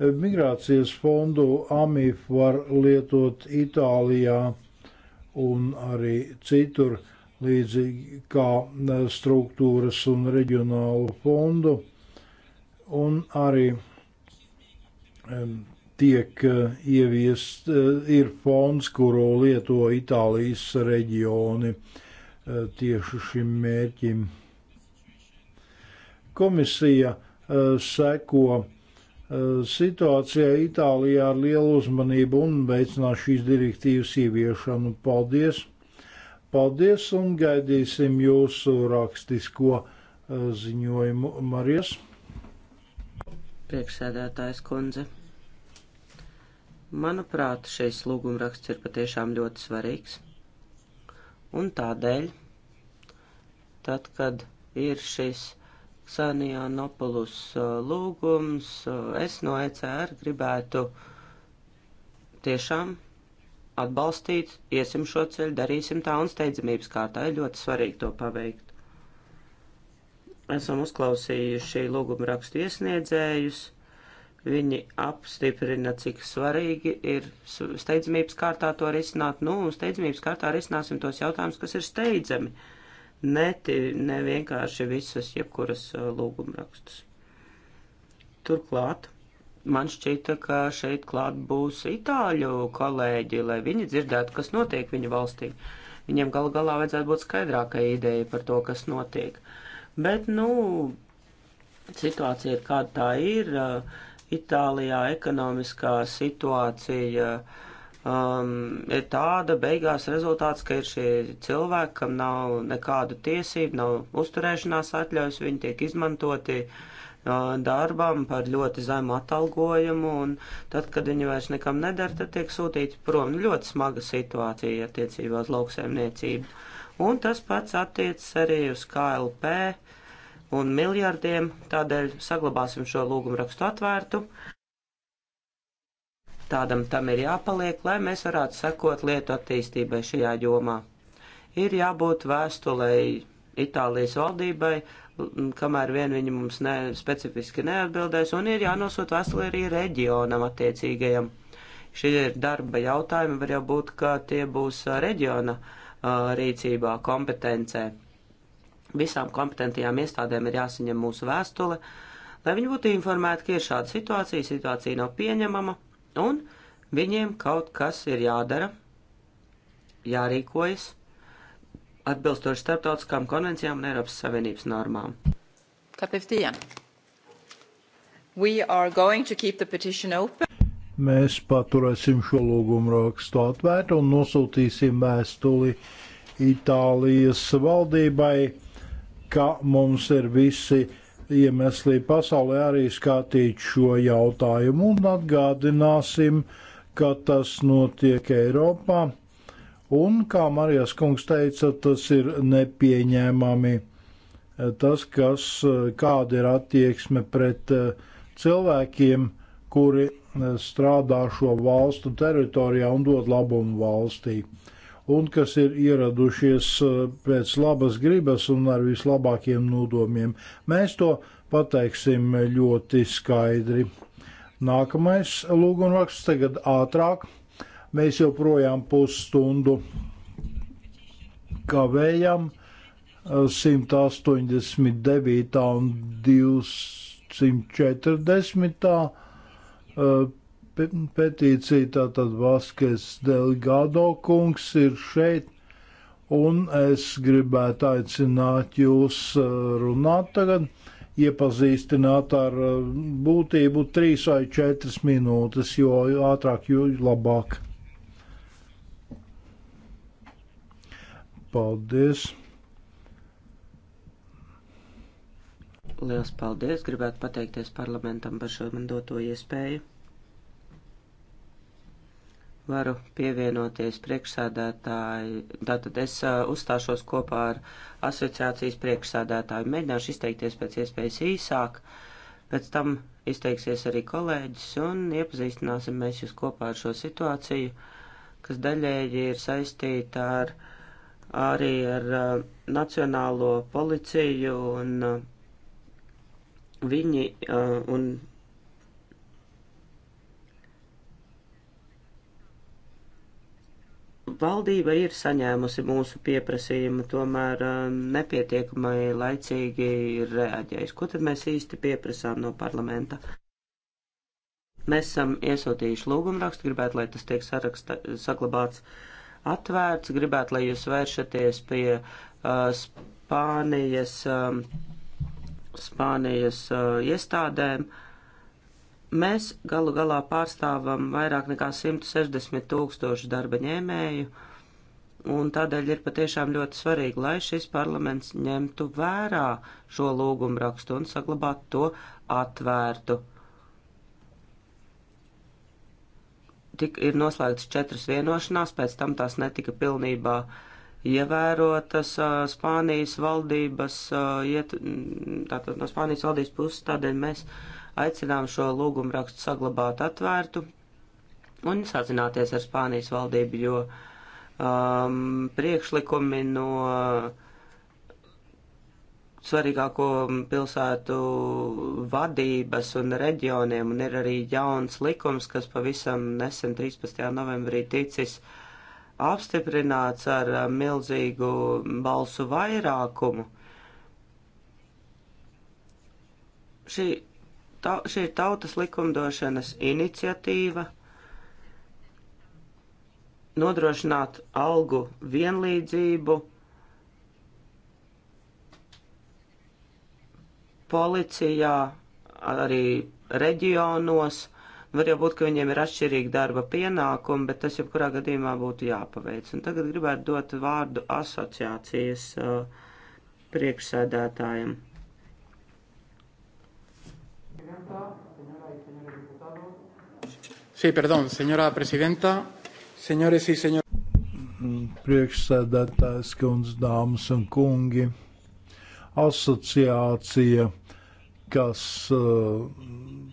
Eh, migrācijas fondu AMIF var lietot Itālijā un arī citur, līdzīgi kā struktūras un reģionālu fondu, un arī tiek eh, ieviests, eh, ir fonds, kuru lieto Itālijas reģioni eh, tieši šim mērķim. Komisija seko situācijai Itālijā ar lielu uzmanību un veicinās šīs direktīvas ieviešanu. Paldies! Paldies un gaidīsim jūsu rakstisko ziņojumu, Marijas. Priekšsēdētājs kundze. Manuprāt, šis lūgumraksts ir patiešām ļoti svarīgs. Un tādēļ, tad, kad ir šis Sanijā Nopolus uh, lūgums, uh, es no ECR gribētu tiešām atbalstīt, iesim šo ceļu, darīsim tā un steidzamības kārtā. Ir ļoti svarīgi to paveikt. Esam uzklausījuši lūguma rakstu iesniedzējus, Viņi apstiprina, cik svarīgi ir steidzamības kārtā to risināt. Nu, steidzamības kārtā risināsim tos jautājumus, kas ir steidzami. Ne, ne vienkārši visas, jebkuras lūgumrakstus. Turklāt man šķita, ka šeit klāt būs itāļu kolēģi, lai viņi dzirdētu, kas notiek viņu valstī. Viņiem gal galā vajadzētu būt skaidrākai ideja par to, kas notiek. Bet, nu, situācija ir kāda tā ir. Itālijā ekonomiskā situācija um, ir tāda beigās rezultāts, ka ir šie cilvēki, kam nav nekādu tiesību, nav uzturēšanās atļaujas, viņi tiek izmantoti uh, darbam par ļoti zemu atalgojumu, un tad, kad viņi vairs nekam nedara, tad tiek sūtīti prom. Nu, ļoti smaga situācija attiecībā uz lauksēmniecību. Un tas pats attiecas arī uz KLP un miljardiem, tādēļ saglabāsim šo lūgumu rakstu atvērtu. Tādam tam ir jāpaliek, lai mēs varētu sekot lietu attīstībai šajā jomā. Ir jābūt vēstulei Itālijas valdībai, kamēr vien viņi mums ne, specifiski neatbildēs, un ir jānosūt vēstuli arī reģionam attiecīgajam. Šie ir darba jautājumi, var jau būt, ka tie būs reģiona rīcībā, kompetencē. Visām kompetentajām iestādēm ir jāsaņem mūsu vēstule, lai viņi būtu informēti, ka ir šāda situācija, situācija nav pieņemama, un viņiem kaut kas ir jādara, jārīkojas atbilstoši starptautiskām konvencijām un Eiropas Savienības normām. Mēs paturēsim šo lūgumu rakstu atvērtu un nosūtīsim vēstuli Itālijas valdībai ka mums ir visi iemesli pasaulē arī skatīt šo jautājumu un atgādināsim, ka tas notiek Eiropā. Un, kā Marijas kungs teica, tas ir nepieņēmami. Tas, kas, kāda ir attieksme pret eh, cilvēkiem, kuri eh, strādā šo valstu teritorijā un dod labumu valstī un kas ir ieradušies uh, pēc labas gribas un ar vislabākiem nodomiem. Mēs to pateiksim ļoti skaidri. Nākamais lūgunraksts tagad ātrāk. Mēs joprojām pusstundu kavējam 189. Uh, un 240 petīcija, tātad Vaskes Delgado kungs ir šeit, un es gribētu aicināt jūs eh, runāt tagad, iepazīstināt ar eh, būtību trīs vai četras minūtes, jo ātrāk, jo labāk. Paldies! Liels paldies! Gribētu pateikties parlamentam par šo man doto iespēju varu pievienoties priekšsādātāji. Tātad es uh, uzstāšos kopā ar asociācijas priekšsādātāju. Mēģināšu izteikties pēc iespējas īsāk, pēc tam izteiksies arī kolēģis un iepazīstināsim mēs jūs kopā ar šo situāciju, kas daļēji ir saistīta ar arī ar uh, nacionālo policiju un uh, viņi uh, un Valdība ir saņēmusi mūsu pieprasījumu, tomēr um, nepietiekamai laicīgi ir reaģējusi. Ko tad mēs īsti pieprasām no parlamenta? Mēs esam iesūtījuši lūgumrakstu, gribētu, lai tas tiek saraksta, saglabāts atvērts, gribētu, lai jūs vēršaties pie uh, Spānijas, um, Spānijas uh, iestādēm. Uh, Mēs galu galā pārstāvam vairāk nekā 160 tūkstošu darba ņēmēju, un tādēļ ir patiešām ļoti svarīgi, lai šis parlaments ņemtu vērā šo lūgumu rakstu un saglabātu to atvērtu. Tik ir noslēgts četras vienošanās, pēc tam tās netika pilnībā uh, ievērotas uh, Spānijas valdības, uh, iet, tātad no Spānijas valdības puses, tādēļ mēs uh, aicinām šo lūgumu rakstu saglabāt atvērtu un sazināties ar Spānijas valdību, jo um, priekšlikumi no svarīgāko pilsētu vadības un reģioniem, un ir arī jauns likums, kas pavisam nesen 13. novembrī ticis apstiprināts ar uh, milzīgu balsu vairākumu. Šī ta, šī ir tautas likumdošanas iniciatīva nodrošināt algu vienlīdzību policijā, arī reģionos. Var jau būt, ka viņiem ir atšķirīgi darba pienākumi, bet tas jebkurā gadījumā būtu jāpaveic. Un tagad gribētu dot vārdu asociācijas uh, priekšsēdētājiem presidenta, señoras y señores diputados. Sí, perdón, señora presidenta, señores y señores. Priekšsēdētājs kundz, dāmas un kungi, asociācija, kas uh,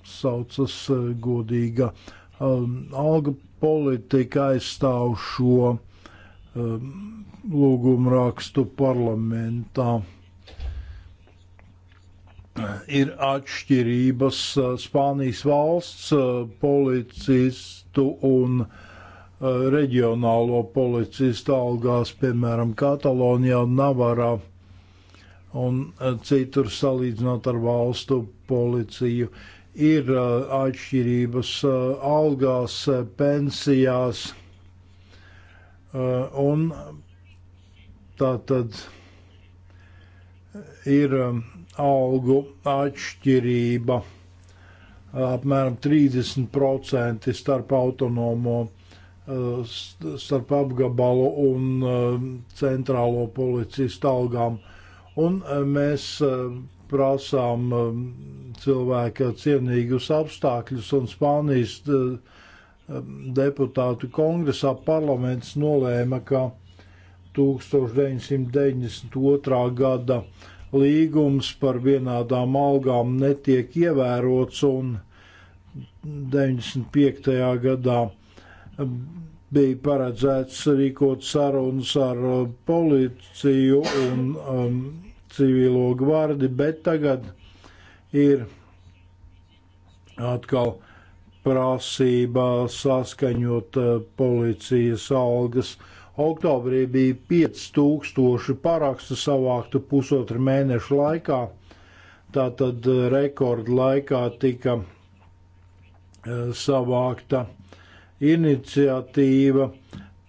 saucas uh, godīga um, alga politika aizstāv šo um, lūgumu rakstu parlamentā ir atšķirības Spānijas valsts policistu un reģionālo policistu algās, piemēram, Katalonijā un Navarā un citur salīdzinot ar valstu policiju. Ir atšķirības algās, pensijās un tā tad ir algu atšķirība apmēram 30% starp autonomo, eh, starp apgabalu un eh, centrālo policistu algām. Un eh, mēs prasām cilvēka cienīgus apstākļus, un Spānijas deputātu kongresā parlaments nolēma, ka 1992. gada līgums par vienādām algām netiek ievērots un 95. gadā bija paredzēts rīkot sarunas ar uh, policiju un um, civilo gvardi, bet tagad ir atkal prasībā saskaņot uh, policijas algas uh, Oktobrī bija 5000 parakstu savāktu pusotru mēnešu laikā. Tātad eh, rekordlaikā tika eh, savākta iniciatīva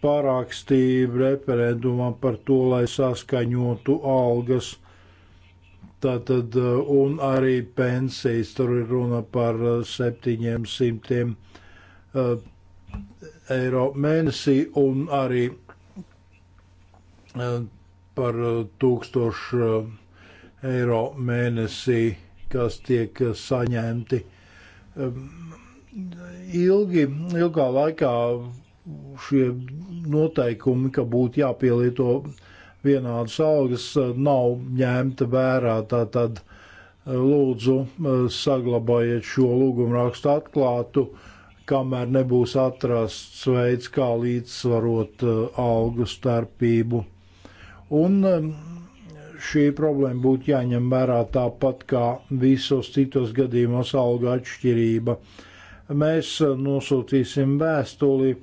parakstīja referendumam par to, lai saskaņotu algas. Tātad, eh, un arī pensijas, tur ir runa par 700 eiro mēnesī, un arī par tūkstošu eiro mēnesī, kas tiek saņemti. Ilgi, ilgā laikā šie noteikumi, ka būtu jāpielieto vienādas algas, nav ņemta vērā. Tātad lūdzu saglabājiet šo lūgumu rakstu atklātu, kamēr nebūs atrasts veids, kā līdzsvarot algu starpību. Un um, šī problēma būtu jāņem vērā tāpat kā visos citos gadījumos algu atšķirība. Mēs uh, nosūtīsim vēstuli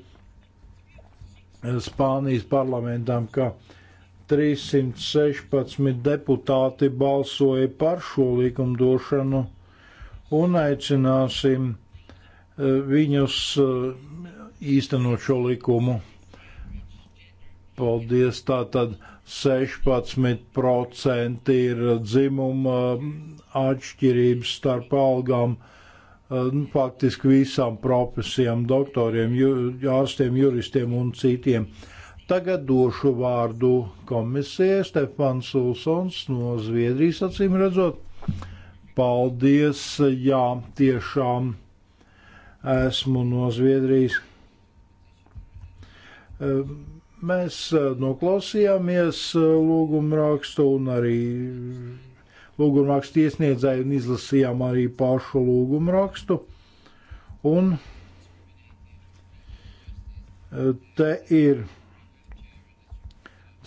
Spānijas parlamentam, ka 316 deputāti balsoja par šo likumdošanu un aicināsim uh, viņus uh, īstenot šo likumu. Paldies. Tātad 16% ir dzimuma atšķirības starp algām. Eh, nu, faktiski visām profesijām, doktoriem, ārstiem, juristiem un citiem. Tagad došu vārdu komisijai Stefans Ulsons no Zviedrijas acīm redzot. Paldies, jā, tiešām esmu no Zviedrijas. Um, Mēs eh, noklausījāmies eh, lūgumrakstu un arī lūgumrakstu iesniedzēju un izlasījām arī pašu lūgumrakstu. Un eh, te ir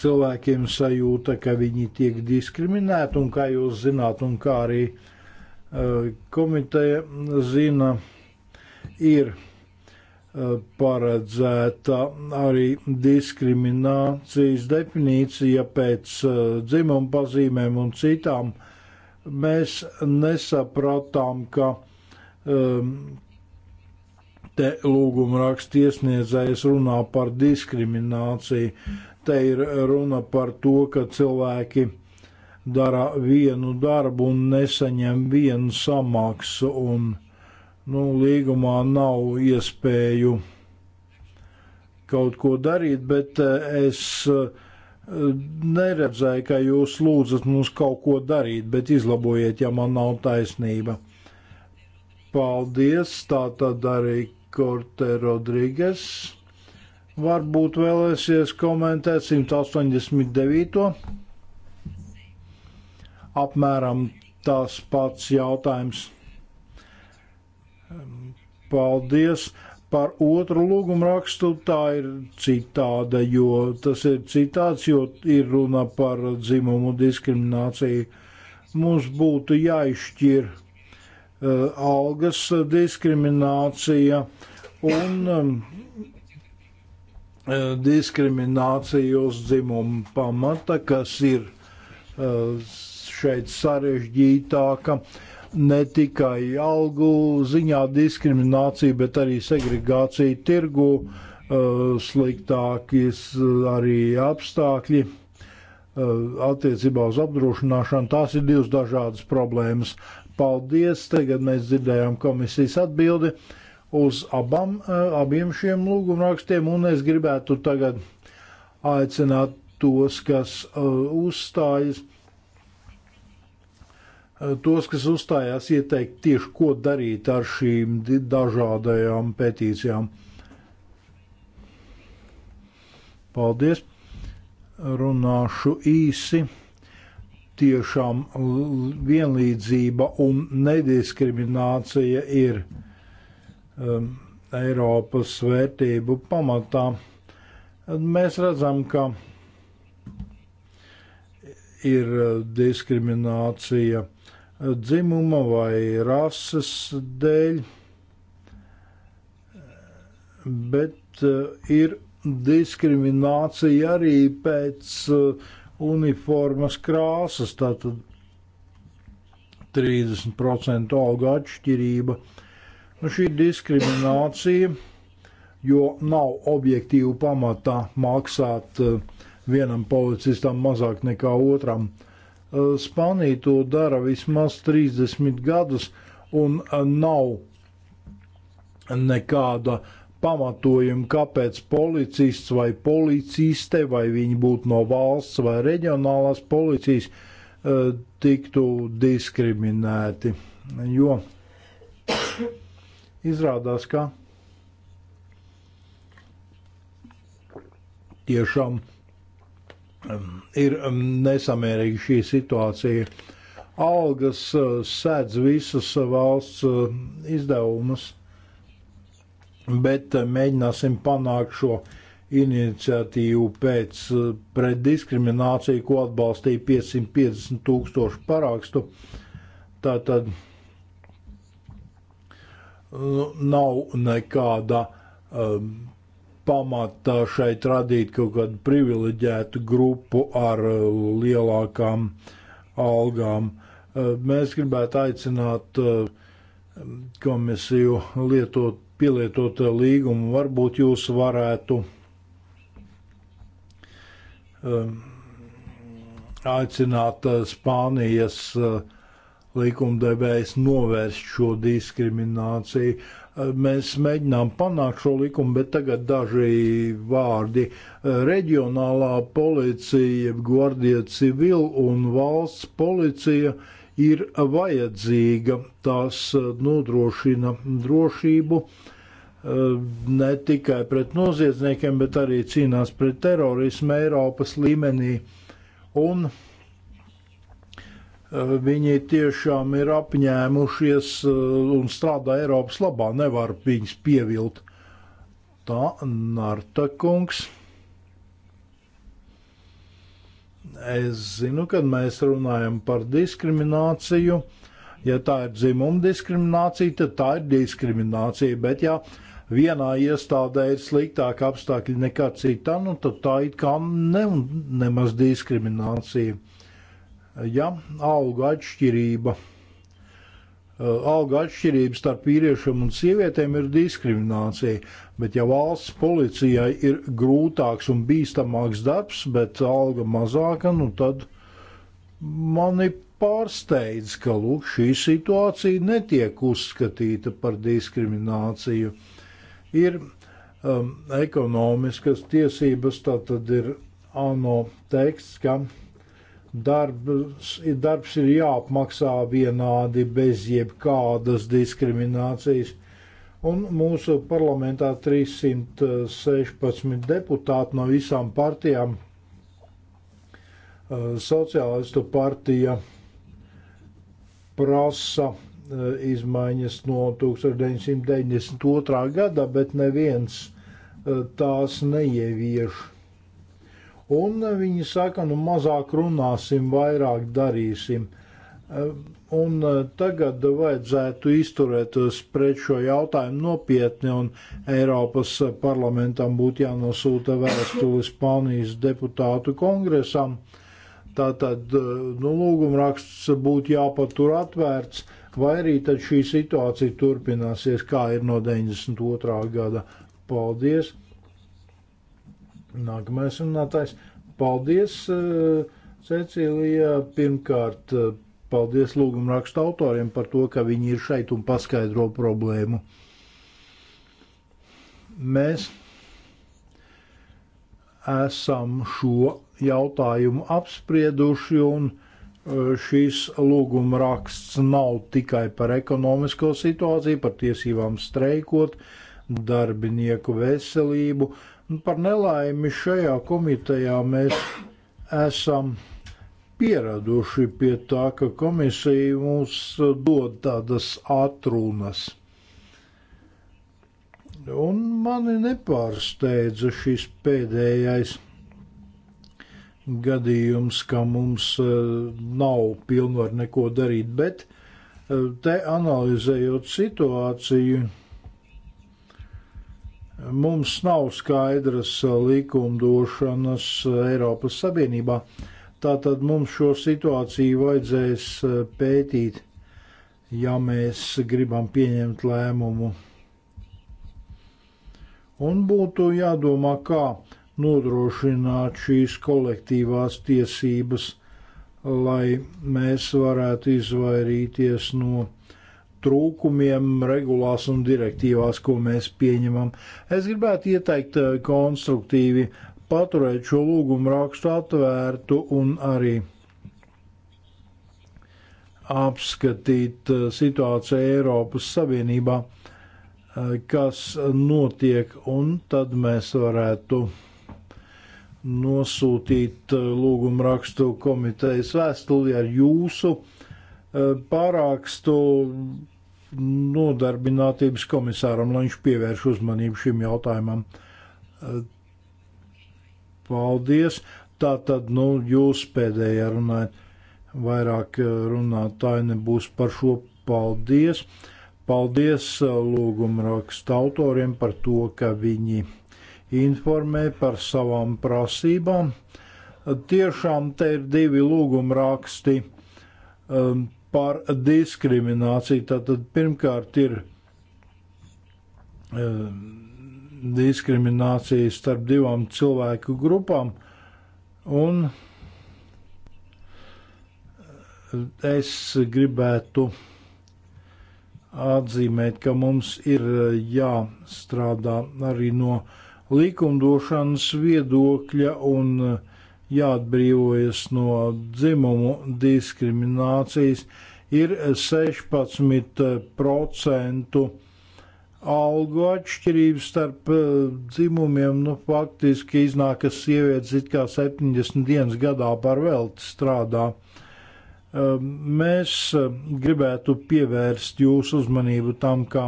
cilvēkiem sajūta, ka viņi tiek diskriminēti, un kā jūs zināt, un kā arī komiteja zina, ir paredzēta arī diskriminācijas definīcija pēc uh, dzimuma pazīmēm un citām. Mēs nesapratām, ka um, te lūguma raksts iesniedzējs runā par diskrimināciju. Te ir runa par to, ka cilvēki dara vienu darbu un nesaņem vienu samaksu. Un, nu, līgumā nav iespēju kaut ko darīt, bet eh, es eh, neredzēju, ka jūs lūdzat mums kaut ko darīt, bet izlabojiet, ja man nav taisnība. Paldies, tā tad arī Korte Rodrīgas. Varbūt vēlēsies komentēt 189. Apmēram tas pats jautājums. Paldies! Par otru lūgumu rakstu tā ir citāda, jo tas ir citāds, jo ir runa par dzimumu diskrimināciju. Mums būtu jāizšķir uh, algas diskriminācija un um, uh, diskriminācija uz dzimumu pamata, kas ir uh, šeit sarežģītāka ne tikai algu ziņā diskriminācija, bet arī segregācija tirgu, uh, sliktākies uh, arī apstākļi uh, attiecībā uz apdrošināšanu. Tās ir divas dažādas problēmas. Paldies! Tagad mēs dzirdējām komisijas atbildi uz abam, abiem šiem lūgumrakstiem, un es gribētu tagad aicināt tos, kas uzstājas Eh, tos, kas uzstājās, ieteikt tieši, ko darīt ar šīm dažādajām pētīcijām. Paldies! Runāšu īsi. Tiešām vienlīdzība un nediskriminācija ir um, Eiropas vērtību pamatā. Mēs redzam, ka ir eh, diskriminācija dzimuma vai rases dēļ, bet eh, ir diskriminācija arī pēc eh, uniformas krāsas, tātad 30% alga atšķirība. Nu, šī diskriminācija, jo nav objektīvu pamatā maksāt eh, vienam policistam mazāk nekā otram. Uh, Eh, Spānija to dara vismaz 30 gadus un eh, nav nekāda pamatojuma, kāpēc policists vai policiste, vai viņi būtu no valsts vai reģionālās policijas, eh, tiktu diskriminēti. Jo izrādās, ka tiešām ir nesamērīga šī situācija. Algas e, sēdz visus e, valsts e, izdevumus, bet mēģināsim panākt šo iniciatīvu pēc pret diskrimināciju, ko atbalstīja 550 tūkstoši parakstu. Tātad nu, nav nekāda um, pamatā šeit radīt kaut kādu privileģētu grupu ar uh, lielākām algām. Uh, mēs gribētu aicināt uh, komisiju lietot, pielietot līgumu. Varbūt jūs varētu um, aicināt Spānijas likumdevējs novērst šo diskrimināciju mēs mēģinām panākt šo likumu, bet tagad daži vārdi. Reģionālā policija, Guardija civil un valsts policija ir vajadzīga. Tās eh, nodrošina drošību eh, ne tikai pret noziedzniekiem, bet arī cīnās pret terorismu Eiropas līmenī. Un Viņi tiešām ir apņēmušies eh, un strādā Eiropas labā. Nevar viņus pievilt. Tā, Narta kungs. Es zinu, kad mēs runājam par diskrimināciju. Ja tā ir dzimuma diskriminācija, tad tā ir diskriminācija. Bet, ja vienā iestādē ir sliktāki apstākļi nekā citā, nu, tad tā it kā ne, nemaz diskriminācija ja auga atšķirība, eh, auga atšķirība starp vīriešiem un sievietēm ir diskriminācija, bet ja valsts policijai ir grūtāks un bīstamāks darbs, bet alga mazāka, nu tad mani pārsteidz, ka lūk, šī situācija netiek uzskatīta par diskrimināciju. Ir um, ekonomiskas tiesības, tā tad ir ANO teksts, ka darbs, darbs ir jāapmaksā vienādi bez jebkādas diskriminācijas. Un mūsu parlamentā 316 deputāti no visām partijām, eh, sociālistu partija prasa eh, izmaiņas no 1992. gada, bet neviens eh, tās neievieš Un viņi saka, nu mazāk runāsim, vairāk darīsim. Eh, un eh, tagad vajadzētu izturēties pret šo jautājumu nopietni, un Eiropas parlamentam būtu jānosūta vēstuli Spānijas deputātu kongresam. Tātad, eh, nu, lūgumraksts būtu jāpatur atvērts, vai arī tad šī situācija turpināsies, kā ir no 92. gada. Paldies! Nākamais runātājs. Paldies, eh, Cecīlija. Pirmkārt, eh, paldies lūguma raksta autoriem par to, ka viņi ir šeit un paskaidro problēmu. Mēs esam šo jautājumu apsprieduši un eh, šīs lūguma raksts nav tikai par ekonomisko situāciju, par tiesībām streikot, darbinieku veselību, uh, Nu, par nelaimi šajā komitejā mēs esam pieraduši pie tā, ka komisija mums dod tādas atrunas. Un mani nepārsteidza šis pēdējais gadījums, ka mums e, nav pilnvar neko darīt, bet e, te analizējot situāciju, Mums nav skaidras likumdošanas Eiropas Savienībā, tātad mums šo situāciju vajadzēs e, pētīt, ja mēs gribam pieņemt lēmumu. Un būtu jādomā, kā nodrošināt šīs kolektīvās tiesības, lai mēs varētu izvairīties no trūkumiem regulās un direktīvās, ko mēs pieņemam. Es gribētu ieteikt eh, konstruktīvi paturēt šo lūgumu rakstu atvērtu un arī apskatīt eh, situāciju Eiropas Savienībā, eh, kas notiek, un tad mēs varētu nosūtīt lūgumu rakstu komitejas vēstuli ar jūsu pārākstu nodarbinātības komisāram, lai viņš pievērš uzmanību šim jautājumam. Paldies! Tā tad, nu, jūs pēdējā runājat, vairāk eh, runātāji nebūs par šo paldies. Paldies eh, lūguma raksta autoriem par to, ka viņi informē par savām prasībām. Tiešām te ir divi lūguma raksti. Um, ehm, par diskrimināciju. Tātad pirmkārt ir eh, diskriminācija starp divām cilvēku grupām, un eh, es gribētu atzīmēt, ka mums ir eh, jāstrādā arī no likumdošanas viedokļa un uh, jāatbrīvojas no dzimumu diskriminācijas, ir 16% algu atšķirības starp eh, dzimumiem. Nu, faktiski iznāk, ka sievietes it kā 70 dienas gadā par velti strādā. Eh, mēs eh, gribētu pievērst jūsu uzmanību tam, ka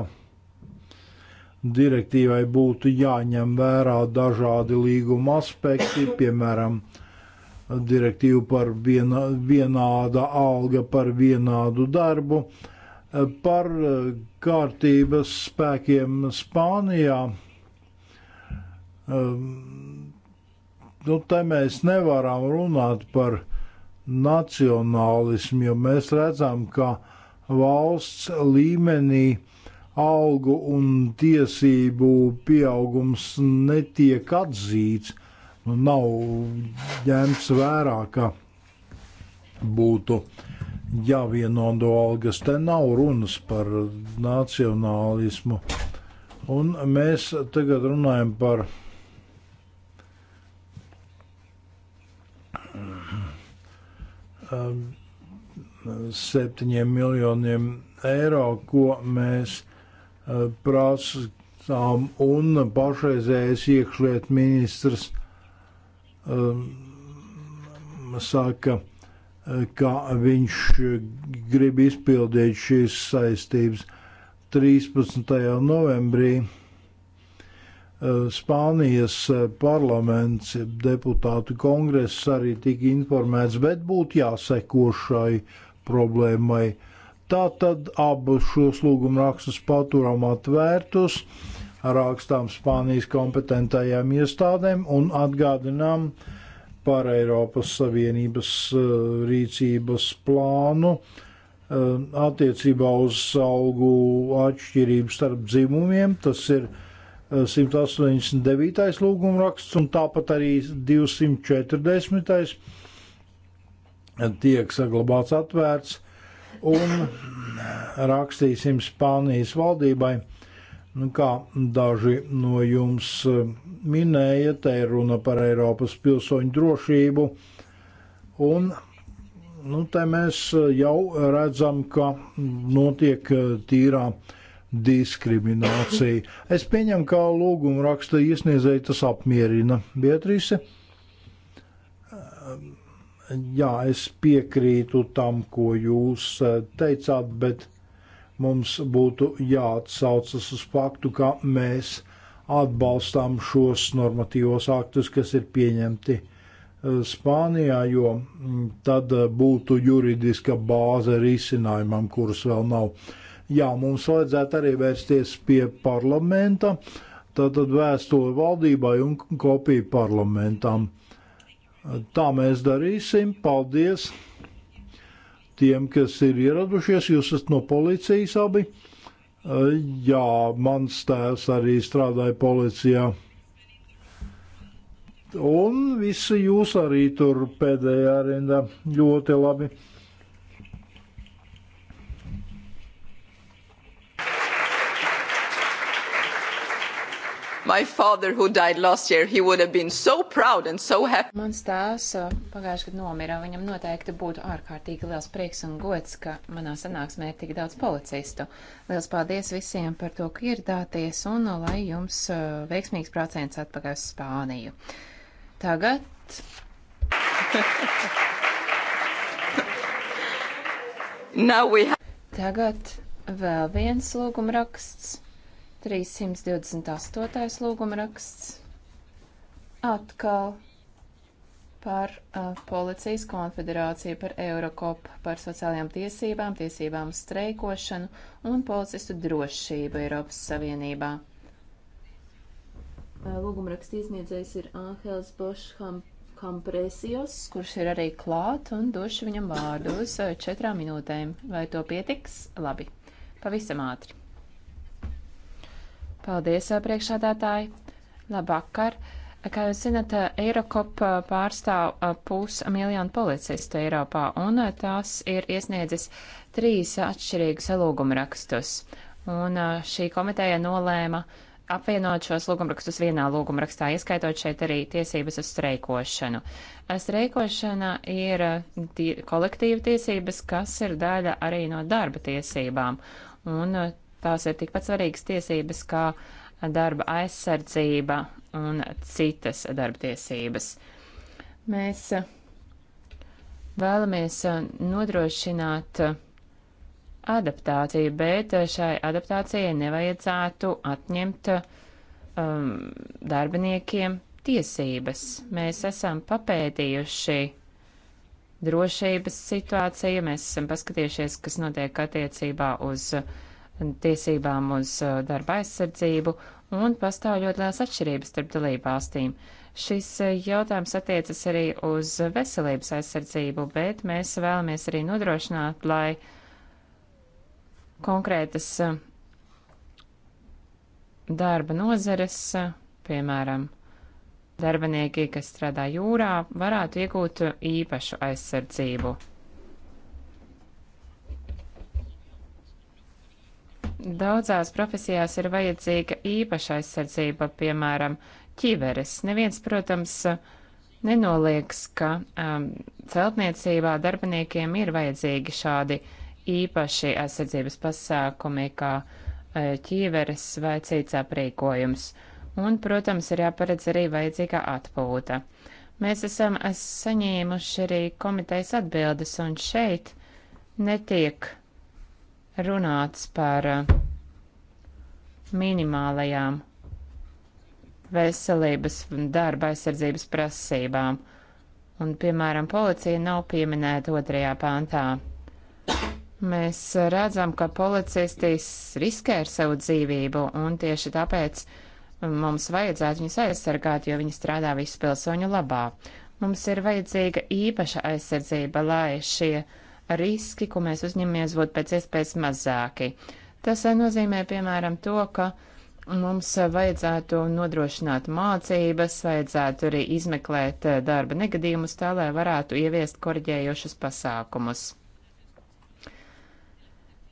direktīvai būtu jāņem vērā dažādi līguma aspekti, piemēram, direktīvu par vienā, vienāda alga par vienādu darbu, par kārtības spēkiem Spānijā. Ehm, nu, te mēs nevaram runāt par nacionālismu, jo mēs redzam, ka valsts līmenī algu un tiesību pieaugums netiek atzīts Nu, nav ņemts vērā, ka būtu jāvienodo algas. Te nav runas par nacionālismu. Un mēs tagad runājam par um, septiņiem miljoniem eiro, ko mēs uh, prasām, un pašreizējais iekšliet ministrs uh, Um, saka, uh, ka viņš grib izpildīt šīs saistības 13. novembrī. Uh, Spānijas uh, parlaments, deputātu kongress arī tika informēts, bet būtu jāseko šai problēmai. Tātad abus šos lūgumrakstus paturam atvērtus. Uh, rakstām Spānijas kompetentajām iestādēm un atgādinām par Eiropas Savienības eh, rīcības plānu eh, attiecībā uz algu atšķirību starp dzimumiem. Tas ir 189. Eh, lūgumraksts un tāpat arī 240. tiek saglabāts atvērts un rakstīsim Spānijas valdībai Nu, kā daži no jums e, minēja, te ir runa par Eiropas pilsoņu drošību. Un nu, te mēs jau redzam, ka notiek e, tīrā diskriminācija. Es pieņemu, kā lūgumu raksta iesniedzēji tas apmierina Beatrice. E, jā, es piekrītu tam, ko jūs teicāt, bet mums būtu jāatsaucas uz faktu, ka mēs atbalstām šos normatīvos aktus, kas ir pieņemti eh, Spānijā, jo mm, tad eh, būtu juridiska bāze risinājumam, kuras vēl nav. Jā, mums vajadzētu arī vērsties pie parlamenta, tātad vēstuli valdībai un kopiju parlamentam. Tā mēs darīsim. Paldies! tiem, kas ir ieradušies. Jūs esat no policijas abi. Jā, mans tēvs arī strādāja policijā. Un visi jūs arī tur pēdējā rindā ļoti labi. Uh, My father, who died last year, he would have been so proud and so happy. Mans tēvs pagājuši gadu nomira, viņam noteikti būtu ārkārtīgi liels prieks un gods, ka manā sanāksmē ir tik daudz policistu. Liels paldies visiem par to, ka ieradāties un lai jums veiksmīgs brauciens atpakaļ uz Spāniju. Tagad. Now we have. Tagad vēl viens lūgumraksts. 328. lūguma raksts atkal par uh, Policijas konfederāciju, par Eurokop, par sociālajām tiesībām, tiesībām streikošanu un policistu drošību Eiropas Savienībā. Lūguma raksts iesniedzējs ir Āhels Bošhampresios, kurš ir arī klāt un došu viņam vārdu uz četrām minūtēm. Vai to pietiks? Labi. Pavisam ātri. Paldies, priekšādātāji! Labvakar! Kā jūs zināt, Eirokop pārstāv pusmiljonu policistu Eiropā, un tās ir iesniedzis trīs atšķirīgus lūgumrakstus. Un šī komiteja nolēma apvienot šos lūgumrakstus vienā lūgumrakstā, ieskaitot šeit arī tiesības uz streikošanu. Streikošana ir kolektīva tiesības, kas ir daļa arī no darba tiesībām, un Tās ir tikpat svarīgas tiesības kā darba aizsardzība un citas darba tiesības. Mēs eh, vēlamies eh, nodrošināt eh, adaptāciju, bet šai adaptācijai nevajadzētu atņemt um, darbiniekiem tiesības. Mēs esam papētījuši drošības situāciju, mēs esam paskatījušies, kas notiek attiecībā uz uh, tiesībām uz uh, darba aizsardzību, un pastāv ļoti liels atšķirības starp dalībvalstīm. Šis uh, jautājums attiecas arī uz veselības aizsardzību, bet mēs vēlamies arī nodrošināt, lai konkrētas uh, darba nozeres, piemēram, darbinieki, kas strādā jūrā, varētu iegūt īpašu aizsardzību. Daudzās profesijās ir vajadzīga īpaša aizsardzība, piemēram, ķiveres. Neviens, protams, nenoliedz, ka um, celtniecībā darbiniekiem ir vajadzīgi šādi īpaši aizsardzības pasākumi, kā e, ķīveres vai cits aprīkojums. Un, protams, ir jāparedz arī vajadzīgā atpūta. Mēs esam saņēmuši arī komitejas atbildes, un šeit netiek runāts par uh, minimālajām veselības darba aizsardzības prasībām, un, piemēram, policija nav pieminēta otrajā pāntā. Mēs redzam, ka policistīs riskē ar savu dzīvību, un tieši tāpēc mums vajadzētu viņus aizsargāt, jo viņi strādā visu pilsoņu labā. Mums ir vajadzīga īpaša aizsardzība, lai šie uh, riski, ko mēs uzņemamies, būtu pēc iespējas mazāki. Tas eh, nozīmē, piemēram, to, ka mums eh, vajadzētu nodrošināt mācības, vajadzētu arī izmeklēt eh, darba negadījumus tā, lai varētu ieviest korģējošus pasākumus.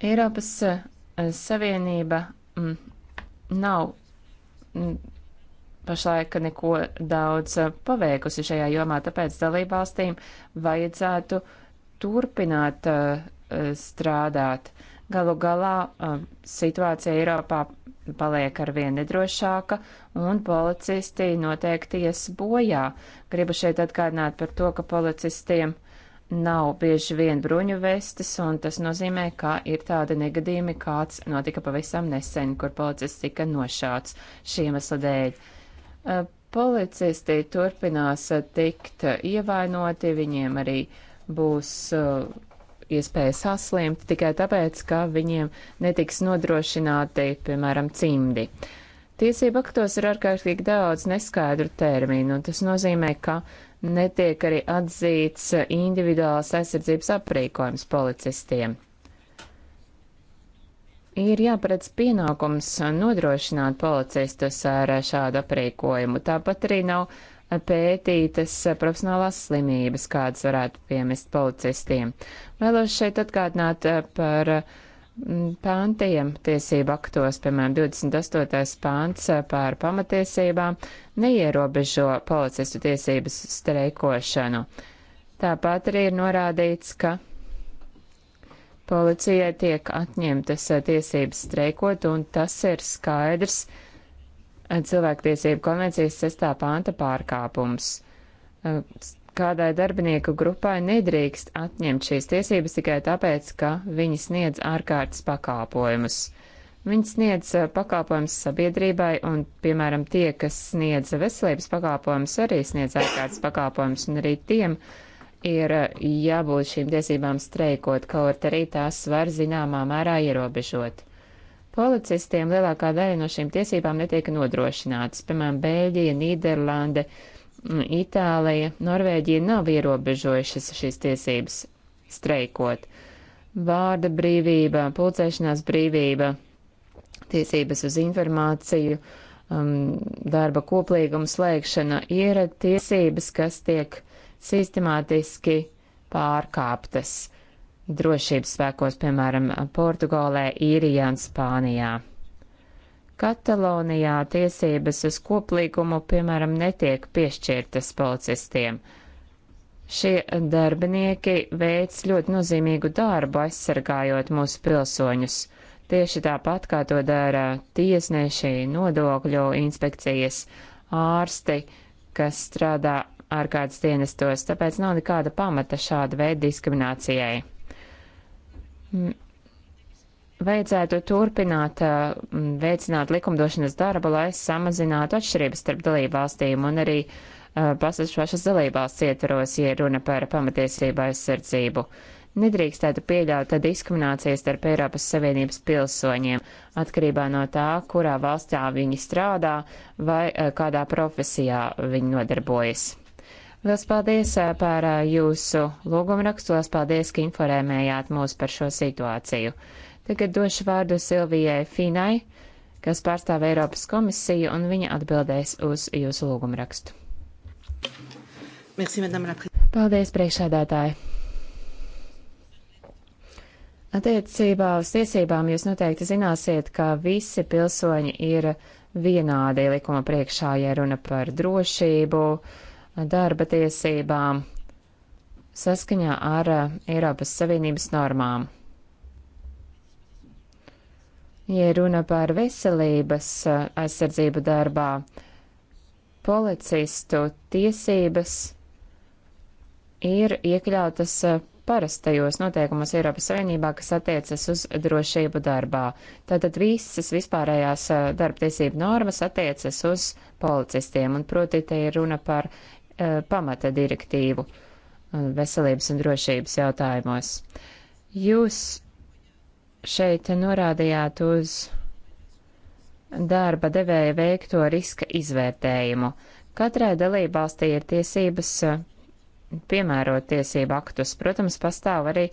Eiropas Savienība m, mm, nav m, mm, pašlaik neko daudz paveikusi šajā jomā, tāpēc dalībvalstīm vajadzētu uh, turpināt uh, uh, strādāt. Galu galā uh, situācija Eiropā paliek arvien nedrošāka, un policisti noteikti ies bojā. Gribu šeit atgādināt par to, ka policistiem nav bieži vien bruņu vestes, un tas nozīmē, ka ir tādi negadījumi, kāds notika pavisam nesen, kur policists tika nošāts šī iemesla dēļ. Uh, policisti turpinās tikt ievainoti, viņiem arī uh, būs uh, iespēja saslimt tikai tāpēc, ka viņiem netiks nodrošināti, piemēram, cimdi. Tiesība aktos ir ārkārtīgi daudz neskaidru terminu, un tas nozīmē, ka netiek arī atzīts individuāls aizsardzības aprīkojums policistiem. Ir jāparedz pienākums nodrošināt policistus ar šādu aprīkojumu. Tāpat arī nav pētītas profesionālās slimības, kādas varētu piemest policistiem. Vēlos šeit atgādināt eh, par eh, pāntiem tiesību aktos, piemēram, 28. pāns eh, par pamatiesībām, neierobežo policistu tiesības streikošanu. Tāpat arī ir norādīts, ka policijai tiek atņemtas tiesības streikot, un tas ir skaidrs cilvēktiesību konvencijas sestā panta pārkāpums. Kādai darbinieku grupai nedrīkst atņemt šīs tiesības tikai tāpēc, ka viņi sniedz ārkārtas pakāpojumus. Viņi sniedz pakāpojumus sabiedrībai, un, piemēram, tie, kas sniedz veselības pakāpojumus, arī sniedz ārkārtas pakāpojumus, un arī tiem ir jābūt šīm tiesībām streikot, kaut arī tās var zināmā mērā ierobežot. Policistiem lielākā daļa no šīm tiesībām netiek nodrošinātas, piemēram, Bēļģija, Nīderlande, mm, Itālija, Norvēģija nav ierobežojušas šīs tiesības streikot. Vārda brīvība, pulcēšanās brīvība, tiesības uz informāciju, um, darba koplīguma slēgšana ir tiesības, kas tiek sistemātiski pārkāptas drošības spēkos, piemēram, Portugālē, Īrijā un Spānijā. Katalonijā tiesības uz koplīgumu, piemēram, netiek piešķirtas policistiem. Šie darbinieki veic ļoti nozīmīgu darbu, aizsargājot mūsu pilsoņus, tieši tāpat kā to dara tiesneši, nodokļu inspekcijas, ārsti, kas strādā ārkārtas dienestos, tāpēc nav nekāda pamata šāda veida diskriminācijai. Mm. vajadzētu turpināt mm, veicināt likumdošanas darbu, lai samazinātu atšķirības starp dalībvalstīm un arī pasažpašas eh, dalībvalsts ietvaros, ja runa par pamatiesību aizsardzību. Nedrīkstētu pieļaut diskriminācijas starp Eiropas Savienības pilsoņiem, atkarībā no tā, kurā valstā viņi strādā vai eh, kādā profesijā viņi nodarbojas. Liels paldies par jūsu lūgumu rakstu, liels paldies, ka informējāt mūs par šo situāciju. Tagad došu vārdu Silvijai Finai, kas pārstāv Eiropas komisiju, un viņa atbildēs uz jūsu lūgumu rakstu. Merci, paldies, priekšādātāji! Attiecībā uz tiesībām jūs noteikti zināsiet, ka visi pilsoņi ir vienādi likuma priekšā, ja runa par drošību, uh, darba tiesībām saskaņā ar eh, Eiropas Savienības normām. Ja runa par veselības eh, aizsardzību darbā, policistu tiesības ir iekļautas eh, parastajos noteikumos Eiropas Savienībā, kas attiecas uz drošību darbā. Tātad visas vispārējās darbtiesību normas attiecas uz policistiem, un proti te ir runa par E, pamata direktīvu e, veselības un drošības jautājumos. Jūs šeit norādījāt uz darba devēja veikto riska izvērtējumu. Katrai dalībvalstī ir tiesības e, piemērot tiesību aktus. Protams, pastāv arī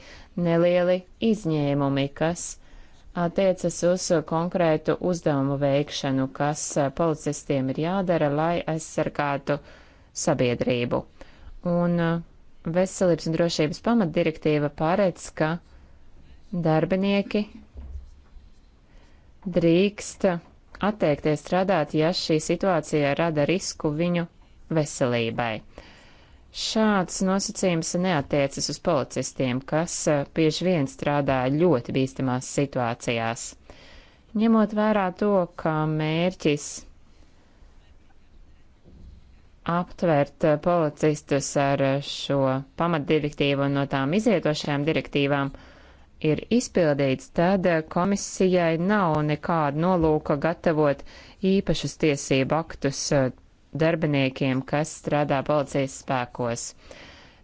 nelieli izņēmumi, kas attiecas uz konkrētu uzdevumu veikšanu, kas policistiem ir jādara, lai aizsargātu uh, sabiedrību. Un uh, veselības un drošības pamatdirektīva pārēc, ka darbinieki drīkst atteikties strādāt, ja šī situācija rada risku viņu veselībai. Šāds nosacījums neatiecas uz policistiem, kas uh, bieži vien strādā ļoti bīstamās situācijās. Ņemot vērā to, ka mērķis aptvērt eh, policistus ar eh, šo pamatdirektīvu un no tām izietošajām direktīvām ir izpildīts, tad eh, komisijai nav nekāda nolūka gatavot īpašus tiesību aktus darbiniekiem, kas strādā policijas spēkos.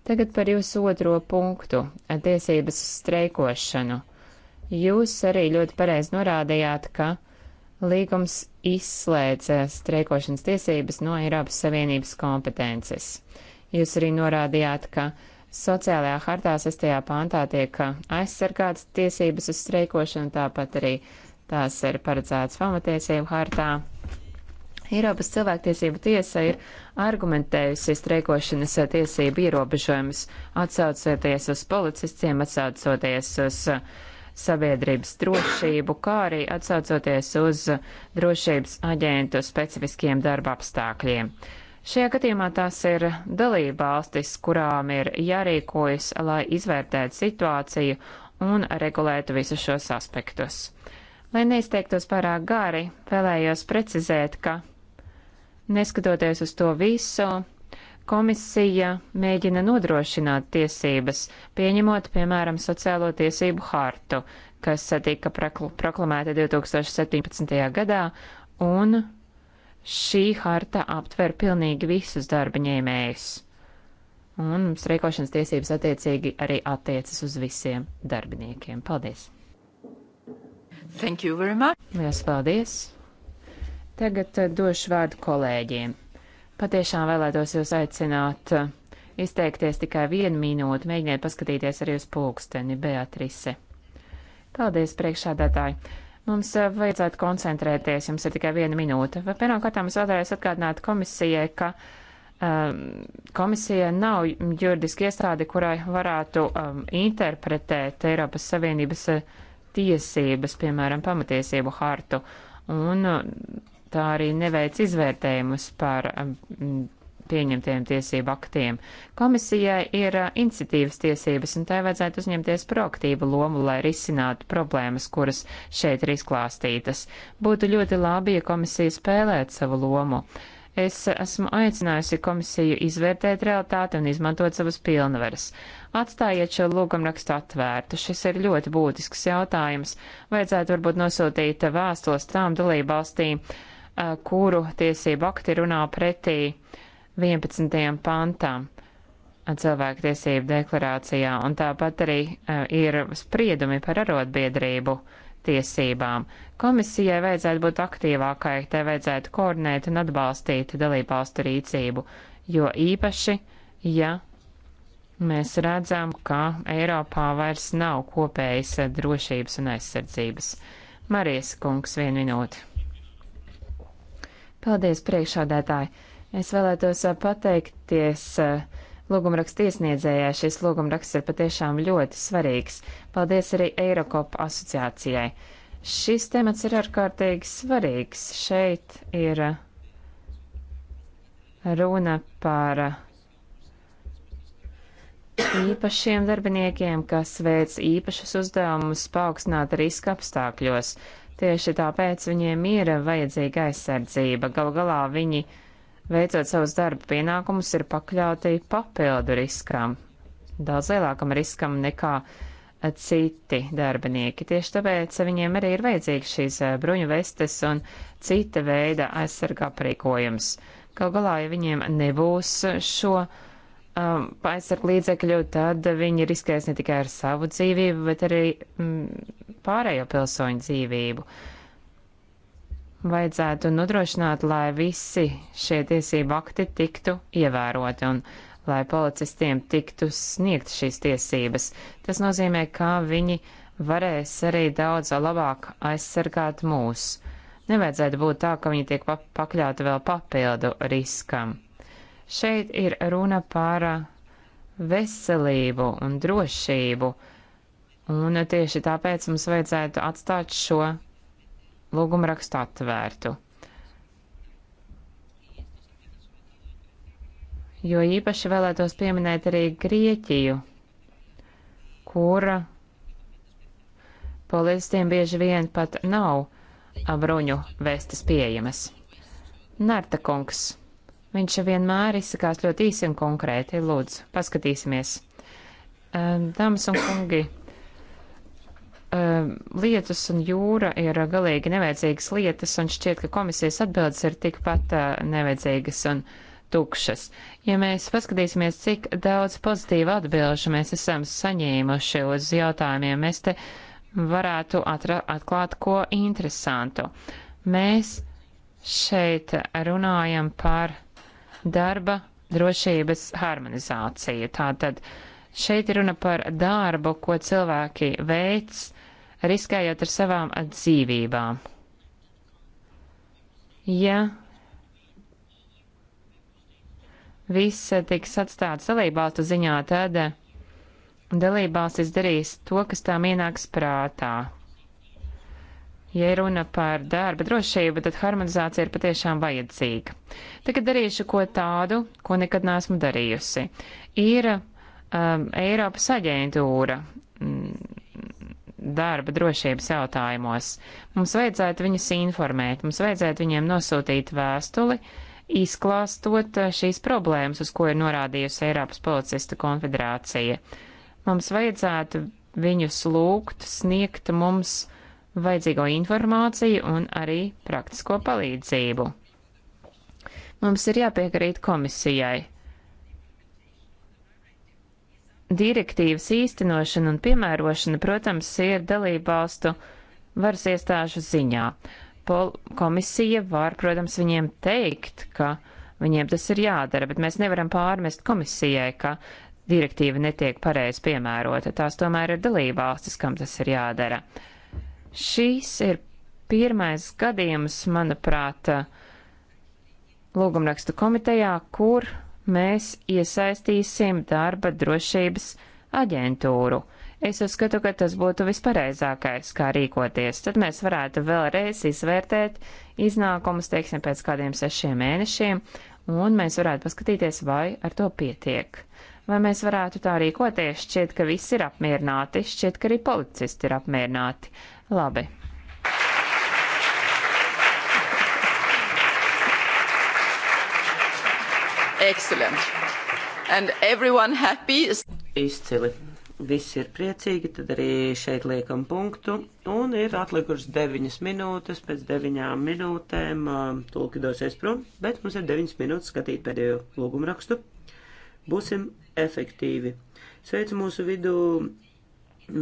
Tagad par jūsu otro punktu - tiesības uz streikošanu. Jūs arī ļoti pareizi norādījāt, ka Līgums izslēdz eh, streikošanas tiesības no Eiropas Savienības kompetences. Jūs arī norādījāt, ka sociālajā hartā 6. pāntā tiek eh, aizsargātas tiesības uz streikošanu, tāpat arī tās ir paredzētas pamatiesību hartā. Eiropas cilvēktiesību tiesa ir argumentējusi streikošanas eh, tiesību ierobežojumus, atsaucoties uz policistiem, atsaucoties uz uh, sabiedrības drošību, kā arī atsaucoties uz drošības aģentu specifiskiem darba apstākļiem. Šajā gadījumā tās ir dalība valstis, kurām ir jārīkojas, lai izvērtētu situāciju un regulētu visus šos aspektus. Lai neizteiktos pārāk gari, vēlējos precizēt, ka neskatoties uz to visu, Komisija mēģina nodrošināt tiesības, pieņemot, piemēram, sociālo tiesību hartu, kas tika proklamēta 2017. gadā, un šī harta aptver pilnīgi visus darba ņēmējus. Un streikošanas tiesības attiecīgi arī attiecas uz visiem darbiniekiem. Paldies! Thank you very much! Lielas paldies! Tagad eh, došu vārdu kolēģiem. Patiešām vēlētos jūs aicināt uh, izteikties tikai vienu minūti, mēģiniet paskatīties arī uz pulksteni, Beatrise. Paldies, priekšādātāji! Mums uh, vajadzētu koncentrēties, jums ir tikai viena minūte. Vai pirmkārt mums vēlreiz atgādināt komisijai, ka um, komisija nav juridiski iestādi, kurai varētu um, interpretēt Eiropas Savienības uh, tiesības, piemēram, pamatiesību hartu. Un tā arī neveic izvērtējumus par um, pieņemtajiem tiesību aktiem. Komisijai ir uh, iniciatīvas tiesības, un tai vajadzētu uzņemties proaktīvu lomu, lai risinātu problēmas, kuras šeit ir izklāstītas. Būtu ļoti labi, ja komisija spēlētu savu lomu. Es esmu aicinājusi komisiju izvērtēt realitāti un izmantot savas pilnveras. Atstājiet šo lūgumrakstu atvērtu. Šis ir ļoti būtisks jautājums. Vajadzētu varbūt nosūtīt vēstules tām dalībvalstīm, valstīm Eh, kuru tiesību akti runā pretī 11. pantam eh, cilvēktiesību deklarācijā, un tāpat arī eh, ir spriedumi par arotbiedrību tiesībām. Komisijai vajadzētu būt aktīvākai, tai vajadzētu koordinēt un atbalstīt dalībvalstu rīcību, jo īpaši, ja mēs redzam, ka Eiropā vairs nav kopējas drošības un aizsardzības. Marijas kungs, vienu minūti. Paldies, priekšādētāji! Es vēlētos pateikties lūgumraksta iesniedzējai. Šis lūgumraksts ir patiešām ļoti svarīgs. Paldies arī Eirokopa asociācijai. Šis temats ir ārkārtīgi svarīgs. Šeit ir runa par īpašiem darbiniekiem, kas veic īpašus uzdevumus paaugstināt riska apstākļos. Tieši tāpēc viņiem ir vajadzīga aizsardzība. Galu galā viņi, veicot savus darba pienākumus, ir pakļauti papildu riskam, daudz lielākam riskam nekā citi darbinieki. Tieši tāpēc viņiem arī ir vajadzīgs šīs eh, bruņu vestes un cita veida aizsarga aprīkojums. Galu galā, ja viņiem nebūs šo um, aizsargu līdzekļu, tad viņi riskēs ne tikai ar savu dzīvību, bet arī mm, pārējo pilsoņu dzīvību. Vajadzētu nodrošināt, lai visi šie tiesību akti tiktu ievēroti un lai policistiem tiktu sniegt šīs tiesības. Tas nozīmē, ka viņi varēs arī daudz labāk aizsargāt mūs. Nevajadzētu būt tā, ka viņi tiek pakļauti vēl papildu riskam. Šeit ir runa par uh, veselību un drošību, un tieši tāpēc mums vajadzētu atstāt šo lūgumu rakstu atvērtu. Jo īpaši vēlētos pieminēt arī Grieķiju, kura policistiem bieži vien pat nav bruņu vestas pieejamas. Nārta kungs. Viņš vienmēr izsakās ļoti īsi un konkrēti. Lūdzu, paskatīsimies. Ehm, dāmas un kungi, ehm, lietus un jūra ir galīgi nevajadzīgas lietas, un šķiet, ka komisijas atbildes ir tikpat eh, nevajadzīgas un tukšas. Ja mēs paskatīsimies, cik daudz pozitīvu atbilžu mēs esam saņēmuši uz jautājumiem, mēs te varētu atklāt ko interesantu. Mēs šeit runājam par darba drošības harmonizāciju. Tātad šeit ir runa par darbu, ko cilvēki veic, riskējot ar savām dzīvībām. Ja viss tiks atstāts dalībvalstu ziņā, tad dalībvalstis darīs to, kas tām ienāks prātā. Ja runa par darba drošību, tad harmonizācija ir patiešām vajadzīga. Tagad darīšu ko tādu, ko nekad neesmu darījusi. Ir um, Eiropas aģentūra mm, darba drošības jautājumos. Mums vajadzētu viņus informēt, mums vajadzētu viņiem nosūtīt vēstuli, izklāstot uh, šīs problēmas, uz ko ir norādījusi Eiropas policista konfederācija. Mums vajadzētu viņus lūgt sniegt mums vajadzīgo informāciju un arī praktisko palīdzību. Mums ir jāpiekrīt komisijai. Direktīvas īstenošana un piemērošana, protams, ir dalībvalstu varas iestāžu ziņā. Pol komisija var, protams, viņiem teikt, ka viņiem tas ir jādara, bet mēs nevaram pārmest komisijai, ka direktīva netiek pareizi piemērota. Tās tomēr ir dalībvalstis, kam tas ir jādara. Uh, Šis ir pirmais gadījums, manuprāt, lūgumrakstu komitejā, kur mēs iesaistīsim darba drošības aģentūru. Es uzskatu, ka tas būtu vispareizākais, kā rīkoties. Tad mēs varētu vēlreiz izvērtēt iznākumus, teiksim, pēc kādiem sešiem mēnešiem, un mēs varētu paskatīties, vai ar to pietiek. Vai mēs varētu tā rīkoties? Šķiet, ka visi ir apmierināti, šķiet, ka arī policisti ir apmierināti. Labi. Excellent. And everyone happy? Izcili. Visi ir priecīgi, tad arī šeit liekam punktu. Un ir atlikušas 9 minūtes, pēc 9 minūtēm um, tulki dosies prom, bet mums ir 9 minūtes skatīt pēdējo lūgumrakstu. Būsim efektīvi. Sveicu mūsu vidū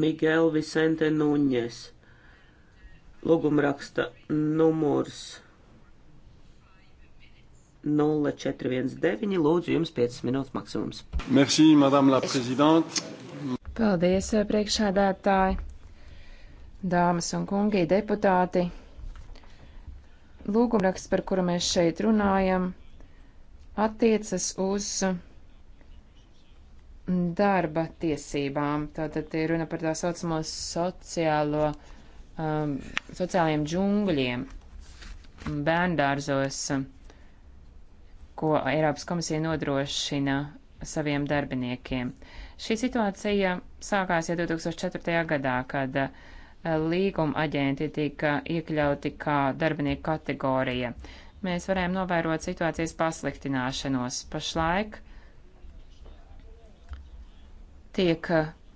Miguel Vicente Nuņes. Lūgumraksta numurs 0419. Lūdzu, jums 5 minūtes maksimums. Merci, madame la présidente. Paldies, eh, priekšādātāji, dāmas un kungi, deputāti. Lūgumraksts, par kuru mēs šeit runājam, attiecas uz darba tiesībām. Tātad ir runa par tā saucamo sociālo tiesību um, sociālajiem džungļiem, bērndārzos, um, ko Eiropas komisija nodrošina saviem darbiniekiem. Šī situācija sākās jau 2004. gadā, kad uh, līguma aģenti tika iekļauti kā darbinieku kategorija. Mēs varējām novērot situācijas pasliktināšanos. Pašlaik tiek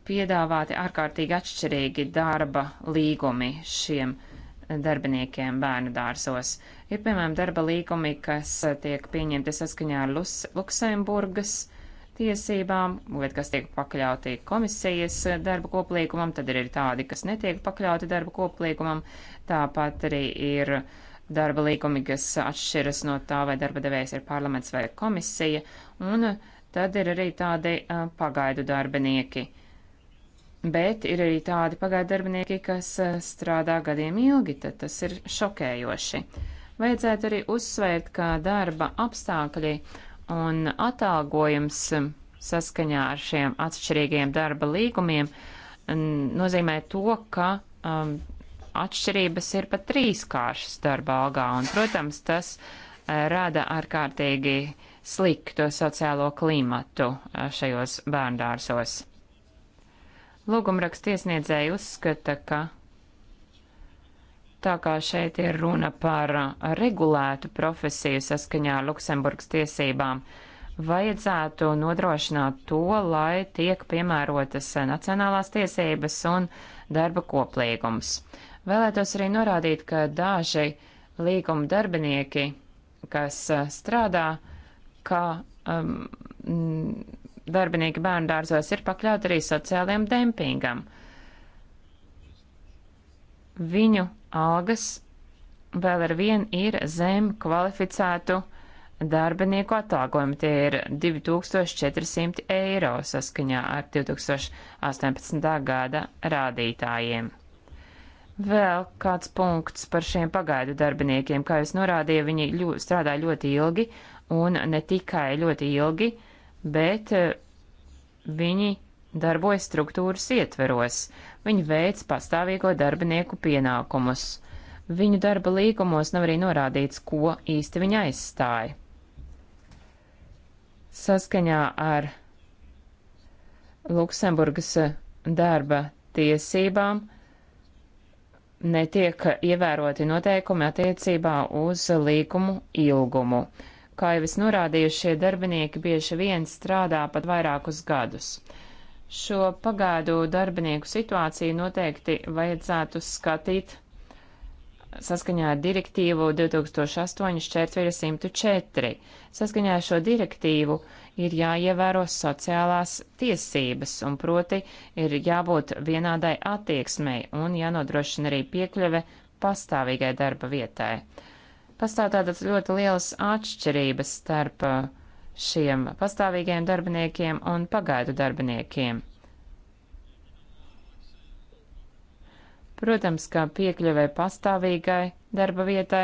piedāvāti ārkārtīgi atšķirīgi darba līgumi šiem darbiniekiem bērnu dārzos. Ir, piemēram, darba līgumi, kas tiek pieņemti saskaņā ar Lus Luksemburgas tiesībām, bet kas tiek pakļauti komisijas darba koplīgumam, tad ir tādi, kas netiek pakļauti darba koplīgumam, tāpat arī ir darba līgumi, kas atšķiras no tā, vai darba devējs ir parlaments vai komisija, un tad ir arī tādi uh, pagaidu darbinieki. Bet ir arī tādi pagaidu darbinieki, kas e, strādā gadiem ilgi, tad tas ir šokējoši. Vajadzētu arī uzsvērt, ka darba apstākļi un atalgojums saskaņā ar šiem atšķirīgiem darba līgumiem nozīmē to, ka um, atšķirības ir pat trīskāršas darba algā, un, protams, tas e, rada ārkārtīgi sliktu sociālo klimatu e, šajos bērndārsos. Lūgumraksta iesniedzēja uzskata, ka tā kā šeit ir runa par regulētu profesiju saskaņā ar Luksemburgas tiesībām, vajadzētu nodrošināt to, lai tiek piemērotas nacionālās tiesības un darba koplīgums. Vēlētos arī norādīt, ka daži līguma darbinieki, kas strādā, ka um, darbinieki bērnu dārzos ir pakļauti arī sociālajiem dempingam. Viņu algas vēl ar vien ir zem kvalificētu darbinieku atalgojumi. Tie ir 2400 eiro saskaņā ar 2018. gada rādītājiem. Vēl kāds punkts par šiem pagaidu darbiniekiem. Kā jūs norādījāt, viņi ļu, strādā ļoti ilgi un ne tikai ļoti ilgi, uh, bet eh, viņi darbojas struktūras ietveros, viņi veic pastāvīgo darbinieku pienākumus. Viņu darba līgumos nav arī norādīts, ko īsti viņi aizstāja. Saskaņā ar Luksemburgas eh, darba tiesībām netiek ievēroti noteikumi attiecībā uz līgumu ilgumu. Kā jau es norādīju, šie darbinieki bieži vien strādā pat vairākus gadus. Šo pagaidu darbinieku situāciju noteikti vajadzētu skatīt saskaņā ar direktīvu 2008.404. Saskaņā ar šo direktīvu ir jāievēro sociālās tiesības, un proti ir jābūt vienādai attieksmei un jānodrošina arī piekļuve pastāvīgai darba vietai. Pastāv tādas ļoti lielas atšķirības starp uh, šiem pastāvīgiem darbiniekiem un pagaidu darbiniekiem. Protams, kā piekļuvai pastāvīgai darba vietai,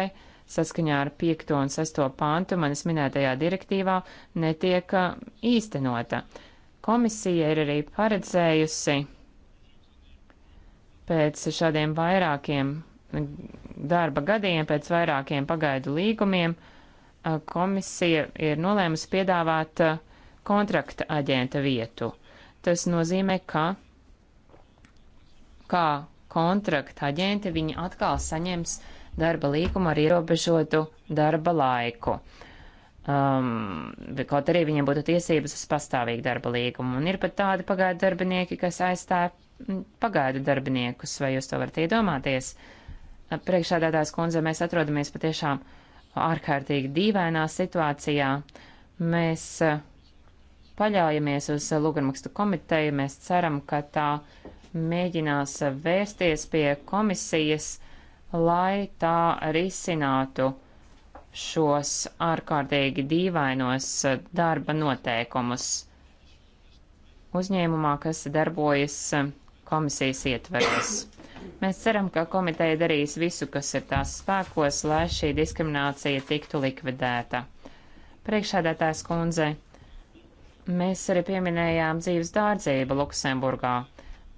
saskaņā ar 5. un 6. pantu manis minētajā direktīvā netiek uh, īstenota. Komisija ir arī paredzējusi pēc šādiem vairākiem darba gadiem, pēc vairākiem pagaidu līgumiem, komisija ir nolēmusi piedāvāt kontrakta aģenta vietu. Tas nozīmē, ka kā kontrakta aģenti viņi atkal saņems darba līgumu ar ierobežotu darba laiku. Um, kaut arī viņiem būtu tiesības uz pastāvīgu darba līgumu. Un ir pat tādi pagaidu darbinieki, kas aizstāv pagaidu darbiniekus, vai jūs to varat iedomāties? Uh, priekšādātājs kundze, mēs atrodamies patiešām ārkārtīgi dīvainā situācijā. Mēs eh, paļaujamies uz lūgumrakstu komiteju, mēs ceram, ka tā mēģinās vērsties pie komisijas, lai tā risinātu šos ārkārtīgi dīvainos eh, darba noteikumus uzņēmumā, kas darbojas eh, komisijas ietveros. Mēs ceram, ka komiteja darīs visu, kas ir tās spēkos, lai šī diskriminācija tiktu likvidēta. Priekšādātājs kundze, mēs arī pieminējām dzīves dārdzību Luksemburgā,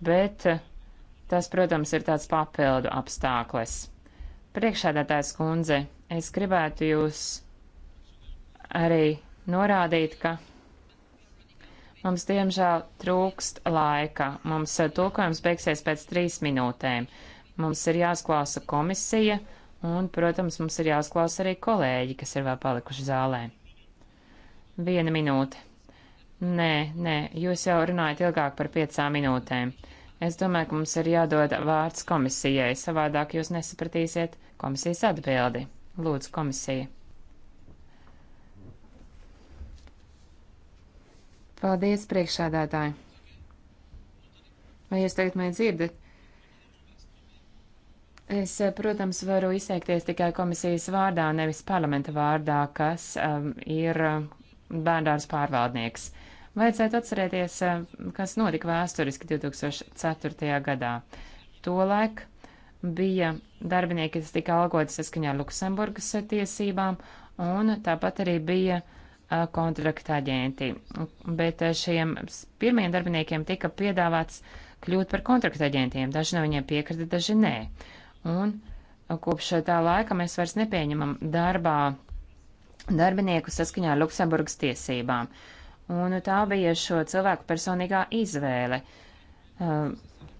bet tas, protams, ir tāds papildu apstākļs. Priekšādātājs kundze, es gribētu jūs arī norādīt, ka Mums, diemžēl, trūkst laika. Mums eh, tulkojums beigsies pēc trīs minūtēm. Mums ir jāsklāsa komisija, un, protams, mums ir jāsklāsa arī kolēģi, kas ir vēl palikuši zālē. Viena minūte. Nē, nē, jūs jau runājat ilgāk par piecām minūtēm. Es domāju, ka mums ir jādod vārds komisijai, savādāk jūs nesapratīsiet komisijas atbildi. Lūdzu, komisija. Paldies, priekšsādātāji. Vai jūs tagad mani dzirdat? Es, eh, protams, varu izteikties tikai komisijas vārdā, nevis parlamenta vārdā, kas um, ir eh, bērndārs pārvaldnieks. Vajadzētu atcerēties, kas notika vēsturiski 2004. gadā. Tolaik bija darbinieki, kas tika algoti saskaņā ar Luksemburgas tiesībām, un tāpat arī bija uh, Uh, kontrakta aģenti. Bet uh, šiem pirmiem darbiniekiem tika piedāvāts kļūt par kontrakta aģentiem. Daži no viņiem piekrita, daži nē. Un uh, kopš tā laika mēs vairs nepieņemam darbā darbinieku saskaņā ar Luksemburgas tiesībām. Un tā bija šo cilvēku personīgā izvēle.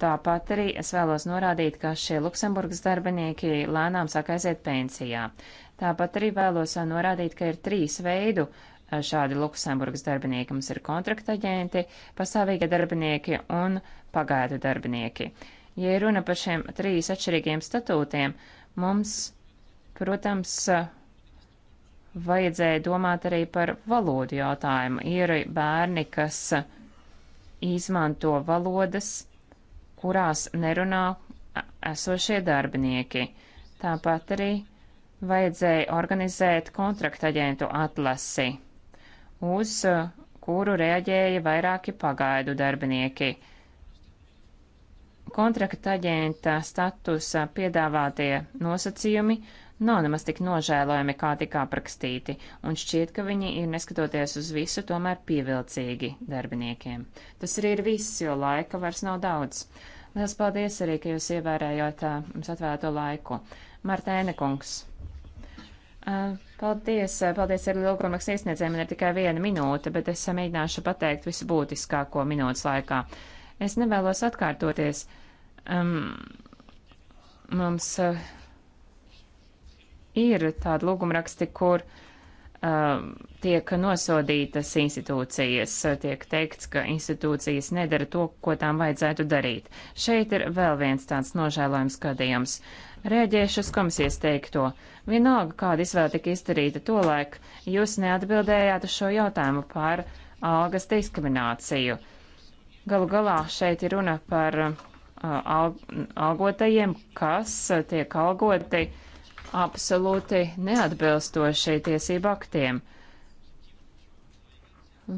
Tāpat arī es vēlos norādīt, ka šie Luksemburgas darbinieki lēnām sāk aiziet pensijā. Tāpat arī vēlos norādīt, ka ir trīs veidu Eh, šādi Luksemburgas darbinieki. Mums ir kontraktaģenti, pastāvīgie darbinieki un pagaidu darbinieki. Ja runa par šiem trīs atšķirīgiem statūtiem, mums, protams, eh, vajadzēja domāt arī par valodu jautājumu. Ir bērni, kas izmanto valodas, kurās nerunā eh, esošie darbinieki. Tāpat arī vajadzēja organizēt kontraktaģentu atlasi uz uh, kuru reaģēja vairāki pagaidu darbinieki. Kontrakta aģenta statusa uh, piedāvātie nosacījumi nav nemaz tik nožēlojami, kā tika aprakstīti, un šķiet, ka viņi ir, neskatoties uz visu, tomēr pievilcīgi darbiniekiem. Tas arī ir viss, jo laika vairs nav daudz. Lielas paldies arī, ka jūs ievērējot uh, mums atvērto laiku. Martēne kungs. Eh, paldies, eh, paldies arī Lūgumaks iesniedzējiem. Man ir tikai viena minūte, bet es eh, mēģināšu pateikt visu būtiskāko minūtes laikā. Es nevēlos atkārtoties. Um, mums uh, ir tādi lūgumraksti, kur um, tiek nosodītas institūcijas, tiek teikts, ka institūcijas nedara to, ko tām vajadzētu darīt. Šeit ir vēl viens tāds nožēlojums gadījums. Uh, Rēģēšu uz komisijas teikto. Vienalga, kāda izvēle tika izdarīta tolaik, jūs neatbildējāt uz šo jautājumu par algas diskrimināciju. Galu galā šeit ir runa par uh, alg algotajiem, kas tiek algoti absolūti neatbilstoši tiesību aktiem. Uh,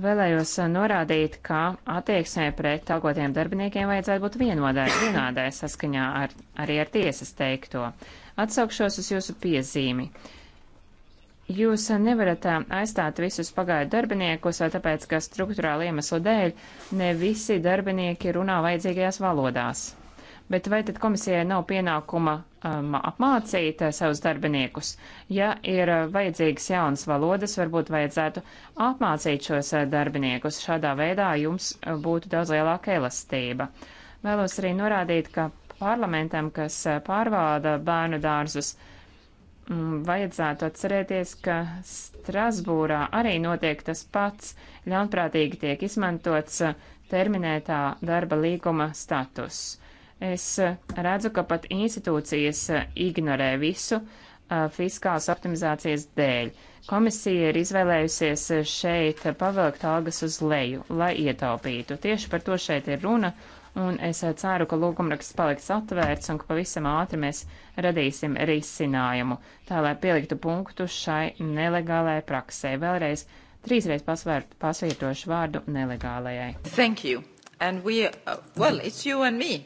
Vēlējos eh, norādīt, ka attieksmē pret algotiem darbiniekiem vajadzētu būt vienodai, vienādai saskaņā ar, arī ar tiesas teikto. Atsaukšos uz jūsu piezīmi. Jūs eh, nevarat eh, aizstāt visus pagaidu darbiniekus, vai tāpēc, ka struktūrāli iemeslu dēļ ne visi darbinieki runā vajadzīgajās valodās. Bet vai tad komisijai nav pienākuma um, apmācīt uh, savus darbiniekus? Ja ir uh, vajadzīgas jaunas valodas, varbūt vajadzētu apmācīt šos uh, darbiniekus. Šādā veidā jums uh, būtu daudz lielāka elastība. Vēlos arī norādīt, ka parlamentam, kas uh, pārvalda bērnu dārzus, um, vajadzētu atcerēties, ka Strasbūrā arī notiek tas pats, ļaunprātīgi tiek izmantots uh, terminētā darba līguma status. Es eh, redzu, ka pat institūcijas eh, ignorē visu eh, fiskālas optimizācijas dēļ. Komisija ir izvēlējusies šeit pavilkt algas uz leju, lai ietaupītu. Tieši par to šeit ir runa, un es ceru, ka lūgumraksts paliks atvērts un ka pavisam ātri mēs radīsim risinājumu, tā lai pieliktu punktu šai nelegālajai praksē. Vēlreiz trīsreiz pasvērt, pasvītošu vārdu nelegālajai. Thank you. And we, uh, well, it's you and me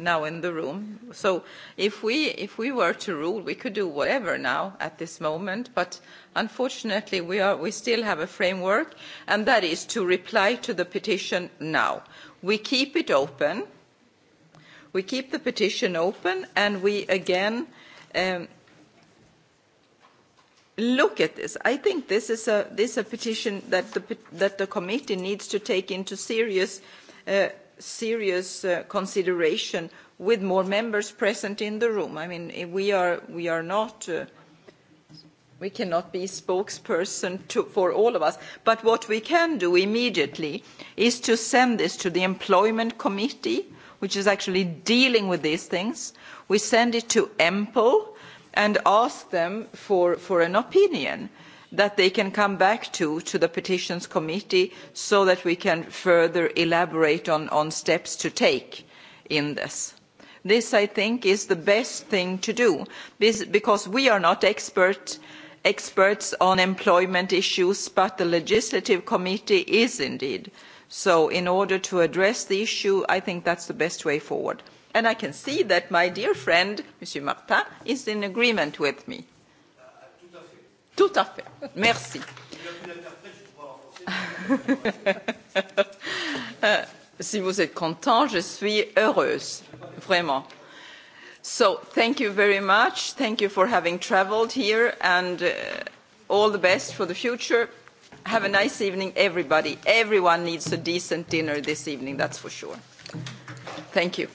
now in the room. So if we, if we were to rule, we could do whatever now at this moment, but unfortunately we, are, we still have a framework, and that is to reply to the petition now. We keep it open. We keep the petition open, and we again um, look at this. I think this is a, this is a petition that the, that the committee needs to take into serious uh, serious uh, consideration with more members present in the room. I mean, eh, we are, we are not, uh, we cannot be spokesperson to, for all of us. But what we can do immediately is to send this to the Employment Committee, which is actually dealing with these things. We send it to EMPL and ask them for, for an opinion. Uh, that they can come back to, to the Petitions Committee so that we can further elaborate on, on steps to take in this. This, I think, is the best thing to do this, because we are not expert, experts on employment issues, but the Legislative Committee is indeed. So in order to address the issue, I think that's the best way forward. And I can see that my dear friend, Monsieur Martin, is in agreement with me. Tout à fait. Merci. Euh, si vous êtes content, je suis heureuse, vraiment. So, thank you very much. Thank you for having traveled here and uh, all the best for the future. Have a nice evening, everybody. Everyone needs a decent dinner this evening, that's for sure. Thank you.